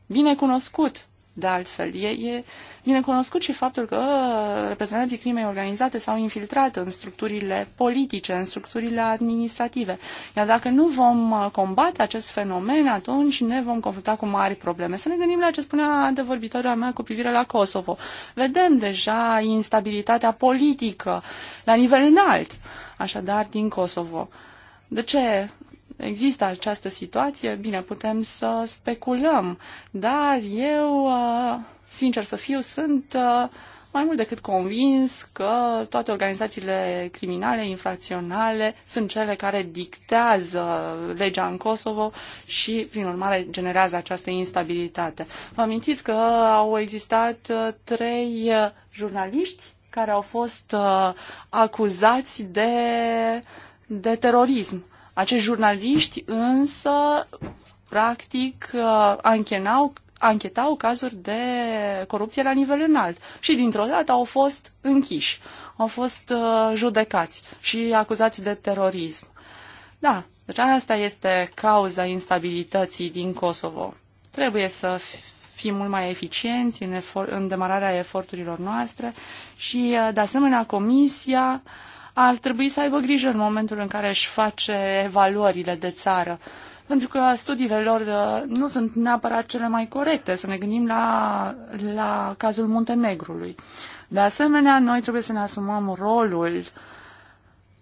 bine cunoscut de altfel. E, e bine cunoscut și faptul că uh, reprezentanții crimei organizate s-au infiltrat în structurile politice, în structurile administrative. Iar dacă nu vom uh, combate acest fenomen, atunci ne vom confrunta cu mari probleme. Să ne gândim la ce spunea devorbitoarea mea cu privire la Kosovo. Vedem deja instabilitatea politică la nivel înalt, așadar, din Kosovo. De ce există această situație, bine, putem să speculăm, dar eu, uh, sincer să fiu, sunt uh, mai mult decât convins că toate organizațiile criminale, infracționale, sunt cele care dictează legea în Kosovo și, prin urmare, generează această instabilitate. Vă amintiți că au existat uh, trei jurnaliști care au fost acuzați de, de terorism acești jurnaliști însă, practic, uh, anchenau, anchetau cazuri de corupție la nivel înalt și dintr-o dată au fost închiși, au fost uh, judecați și acuzați de terorism. Da, deci asta este cauza instabilității din Kosovo. Trebuie să fim mult mai eficienți în, efort, în demararea eforturilor noastre și, uh, de asemenea, Comisia uh, ar trebui să aibă grijă în momentul în care își face evaluările de țară. Pentru că studiile lor uh, nu sunt neapărat cele mai corecte, să ne gândim la, la cazul Muntenegrului. De asemenea, noi trebuie să ne asumăm rolul uh,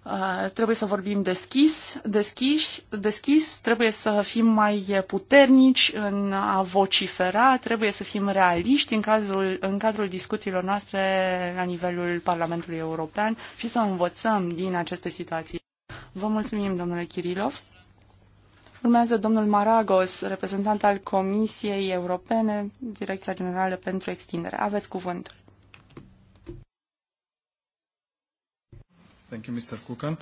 Uh, trebuie să vorbim deschis, deschis, deschis, trebuie să fim mai puternici în a vocifera, trebuie să fim realiști în, cazul, în cadrul discuțiilor noastre la nivelul Parlamentului European și să învățăm din aceste situații. Vă mulțumim, domnule Kirilov. Urmează domnul Maragos, reprezentant al Comisiei Europene, Direcția Generală pentru Extindere. Aveți cuvântul. Thank you, Mr. Cucan.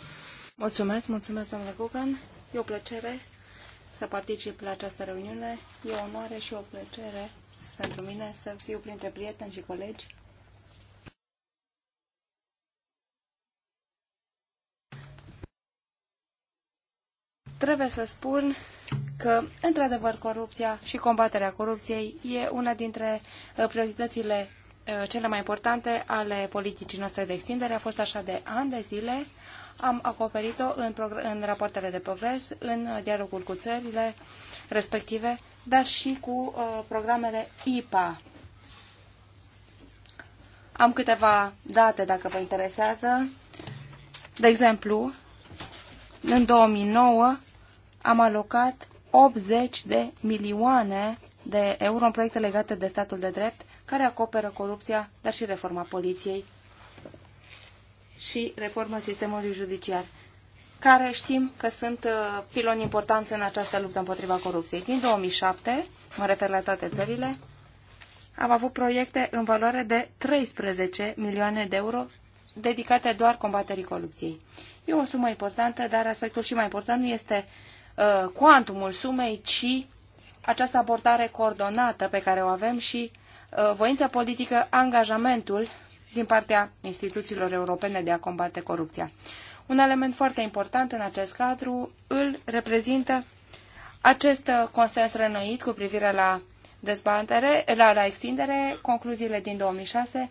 Mulțumesc, mulțumesc, domnule Cucan. E o plăcere să particip la această reuniune. E o onoare și o plăcere pentru mine să fiu printre prieteni și colegi. Trebuie să spun că, într-adevăr, corupția și combaterea corupției e una dintre uh, prioritățile Uh, cele mai importante ale politicii noastre de extindere. A fost așa de ani de zile. Am acoperit-o în, în rapoartele de progres, în uh, dialogul cu țările respective, dar și cu uh, programele IPA. Am câteva date, dacă vă interesează. De exemplu, în 2009 am alocat 80 de milioane de euro în proiecte legate de statul de drept care acoperă corupția, dar și reforma poliției și reforma sistemului judiciar, care știm că sunt uh, piloni importanți în această luptă împotriva corupției. Din 2007, mă refer la toate țările, am avut proiecte în valoare de 13 milioane de euro dedicate doar combaterii corupției. E o sumă importantă, dar aspectul și mai important nu este uh, cuantumul sumei, ci această abordare coordonată pe care o avem și Uh, voința politică, angajamentul din partea instituțiilor europene de a combate corupția. Un element foarte important în acest cadru îl reprezintă acest uh, consens renoit cu privire la dezbatere, la, la extindere, concluziile din 2006,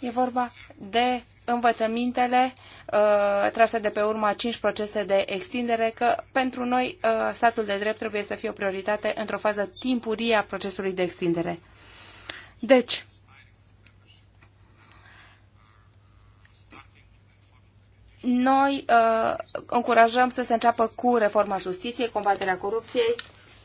e vorba de învățămintele uh, trase de pe urma cinci procese de extindere, că pentru noi uh, statul de drept trebuie să fie o prioritate într-o fază timpurie a procesului de extindere. Deci, noi uh, încurajăm să se înceapă cu reforma justiției, combaterea corupției,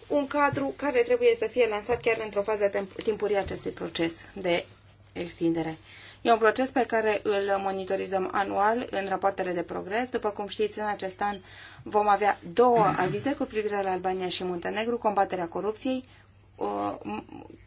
un cadru care trebuie să fie lansat chiar într-o fază timpurie acestui proces de extindere. E un proces pe care îl monitorizăm anual în rapoartele de progres. După cum știți, în acest an vom avea două avize cu privire la Albania și Muntenegru, combaterea corupției, Uh,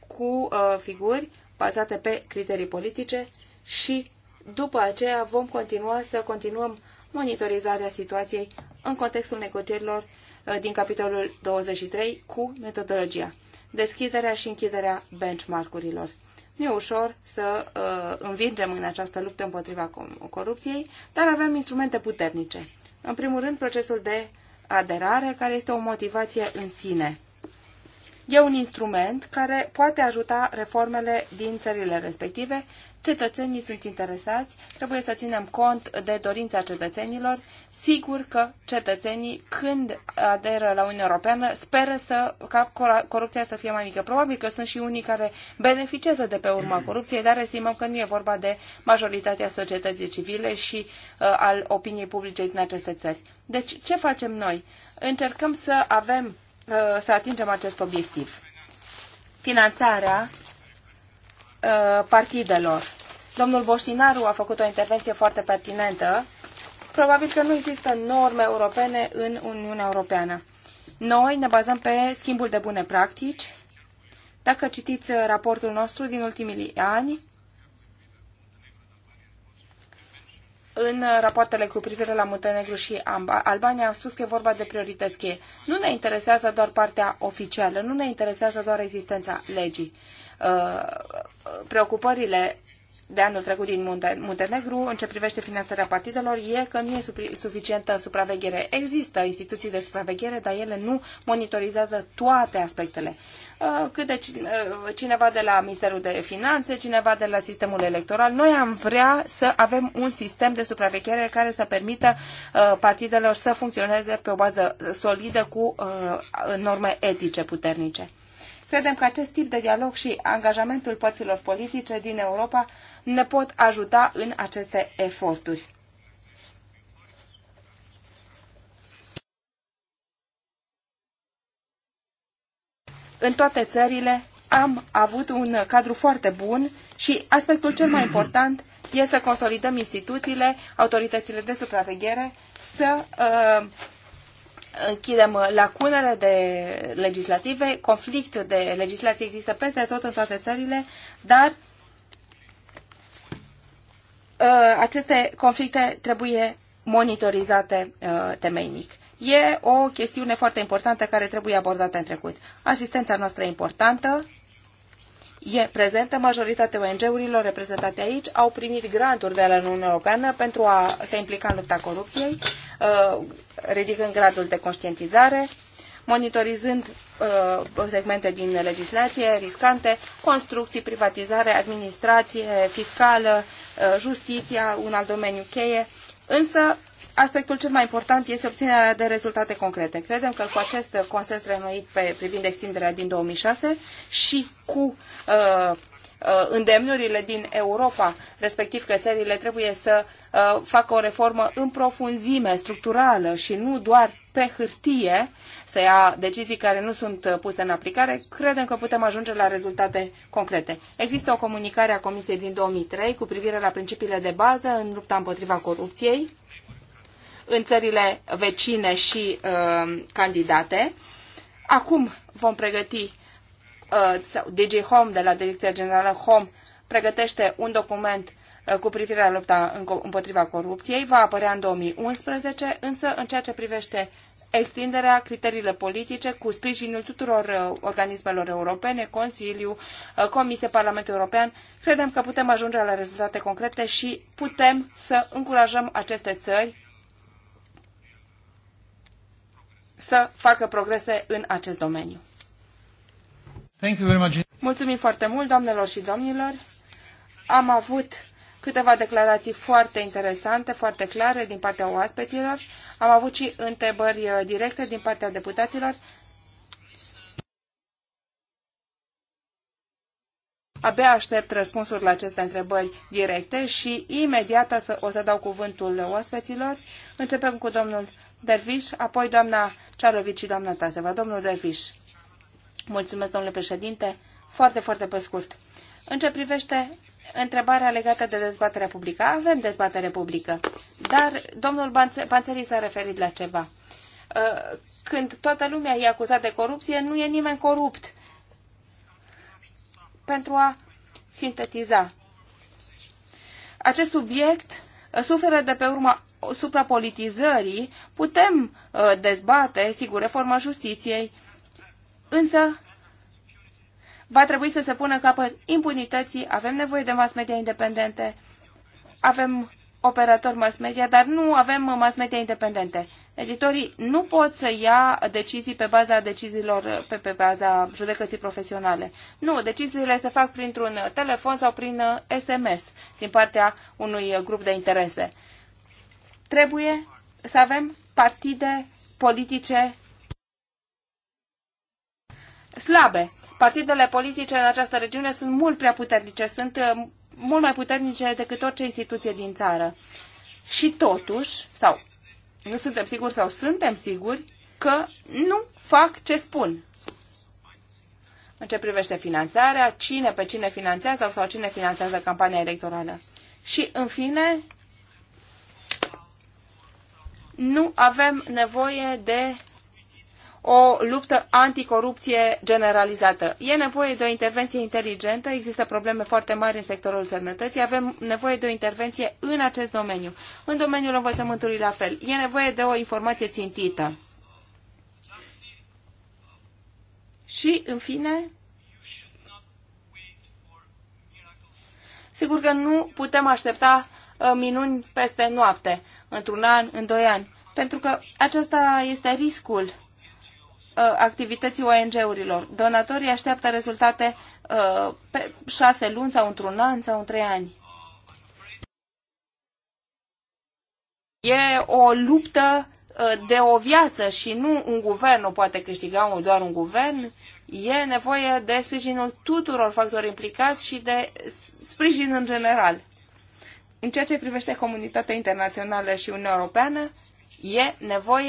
cu uh, figuri bazate pe criterii politice și după aceea vom continua să continuăm monitorizarea situației în contextul negocierilor uh, din capitolul 23 cu metodologia, deschiderea și închiderea benchmark-urilor. Nu e ușor să uh, învingem în această luptă împotriva corupției, dar avem instrumente puternice. În primul rând, procesul de aderare, care este o motivație în sine E un instrument care poate ajuta reformele din țările respective. Cetățenii sunt interesați, trebuie să ținem cont de dorința cetățenilor. Sigur că cetățenii, când aderă la Uniunea Europeană, speră să, ca corupția să fie mai mică. Probabil că sunt și unii care beneficiază de pe urma *clears throat* corupției, dar estimăm că nu e vorba de majoritatea societății civile și uh, al opiniei publice din aceste țări. Deci, ce facem noi? Încercăm să avem Uh, să atingem acest obiectiv. Finanțarea uh, partidelor. Domnul Boștinaru a făcut o intervenție foarte pertinentă. Probabil că nu există norme europene în Uniunea Europeană. Noi ne bazăm pe schimbul de bune practici. Dacă citiți uh, raportul nostru din ultimii ani, în rapoartele cu privire la Muntenegru și Albania am spus că e vorba de priorități cheie. Nu ne interesează doar partea oficială, nu ne interesează doar existența legii. Uh, preocupările de anul trecut din Muntenegru în ce privește finanțarea partidelor e că nu e suficientă supraveghere. Există instituții de supraveghere, dar ele nu monitorizează toate aspectele. Uh, cât de uh, cineva de la Ministerul de Finanțe, cineva de la sistemul electoral. Noi am vrea să avem un sistem de supraveghere care să permită uh, partidelor să funcționeze pe o bază solidă cu norme etice puternice. Credem că acest tip de dialog și angajamentul părților politice din Europa ne pot ajuta în aceste eforturi. În toate țările am avut un cadru foarte bun și aspectul cel mai important este să consolidăm instituțiile, autoritățile de supraveghere, să uh, închidem lacunele de legislative, conflict de legislație există peste tot în toate țările, dar uh, aceste conflicte trebuie monitorizate uh, temeinic. E o chestiune foarte importantă care trebuie abordată în trecut. Asistența noastră e importantă, e prezentă. Majoritatea ONG-urilor reprezentate aici au primit granturi de la Uniunea Europeană pentru a se implica în lupta corupției, uh, ridicând gradul de conștientizare, monitorizând uh, segmente din legislație riscante, construcții, privatizare, administrație fiscală, uh, justiția, un alt domeniu cheie, însă aspectul cel mai important este obținerea de rezultate concrete. Credem că cu acest consens renuit pe, privind extinderea din 2006 și cu uh, uh, îndemnurile din Europa, respectiv că țările trebuie să uh, facă o reformă în profunzime, structurală și nu doar pe hârtie, să ia decizii care nu sunt puse în aplicare, credem că putem ajunge la rezultate concrete. Există o comunicare a Comisiei din 2003 cu privire la principiile de bază în lupta împotriva corupției, în țările vecine și uh, candidate. Acum vom pregăti uh, DG Home de la Direcția Generală Home pregătește un document uh, cu privire la lupta împotriva corupției, va apărea în 2011, însă în ceea ce privește extinderea criteriile politice cu sprijinul tuturor uh, organismelor europene, Consiliu, uh, Comisie, Parlamentul European, credem că putem ajunge la rezultate concrete și putem să încurajăm aceste țări să facă progrese în acest domeniu. Thank you very much. Mulțumim foarte mult, doamnelor și domnilor. Am avut câteva declarații foarte interesante, foarte clare din partea oaspeților. Am avut și întrebări uh, directe din partea deputaților. Abia aștept răspunsuri la aceste întrebări directe și imediat o să dau cuvântul oaspeților. Începem cu domnul Derviș, apoi doamna Cearlovici și doamna Taseva. Domnul Derviș. Mulțumesc, domnule președinte. Foarte, foarte pe scurt. În ce privește întrebarea legată de dezbaterea publică, avem dezbatere publică, dar domnul Panțării s-a referit la ceva. Uh, când toată lumea e acuzată de corupție, nu e nimeni corupt. Pentru a sintetiza, acest subiect suferă de pe urma suprapolitizării, putem uh, dezbate, sigur, reforma justiției, însă va trebui să se pună capăt impunității, avem nevoie de mass media independente, avem operatori mass media, dar nu avem mass media independente. Editorii nu pot să ia decizii pe baza deciziilor, pe, pe baza judecății profesionale. Nu, deciziile se fac printr-un telefon sau prin SMS uh, din partea unui uh, grup de interese trebuie să avem partide politice slabe. Partidele politice în această regiune sunt mult prea puternice, sunt uh, mult mai puternice decât orice instituție din țară. Și totuși, sau nu suntem siguri sau suntem siguri că nu fac ce spun. În ce privește finanțarea, cine pe cine finanțează sau cine finanțează campania electorală. Și, în fine, nu avem nevoie de o luptă anticorupție generalizată. E nevoie de o intervenție inteligentă, există probleme foarte mari în sectorul sănătății, avem nevoie de o intervenție în acest domeniu. În domeniul învățământului la fel, e nevoie de o informație țintită. Și, în fine, sigur că nu putem aștepta uh, minuni peste noapte într-un an, în doi ani. Pentru că acesta este riscul uh, activității ONG-urilor. Donatorii așteaptă rezultate uh, pe șase luni sau într-un an sau în trei ani. E o luptă uh, de o viață și nu un guvern, nu poate câștiga doar un guvern, e nevoie de sprijinul tuturor factorilor implicați și de sprijin în general. În ceea ce privește comunitatea internațională și Uniunea Europeană, e nevoie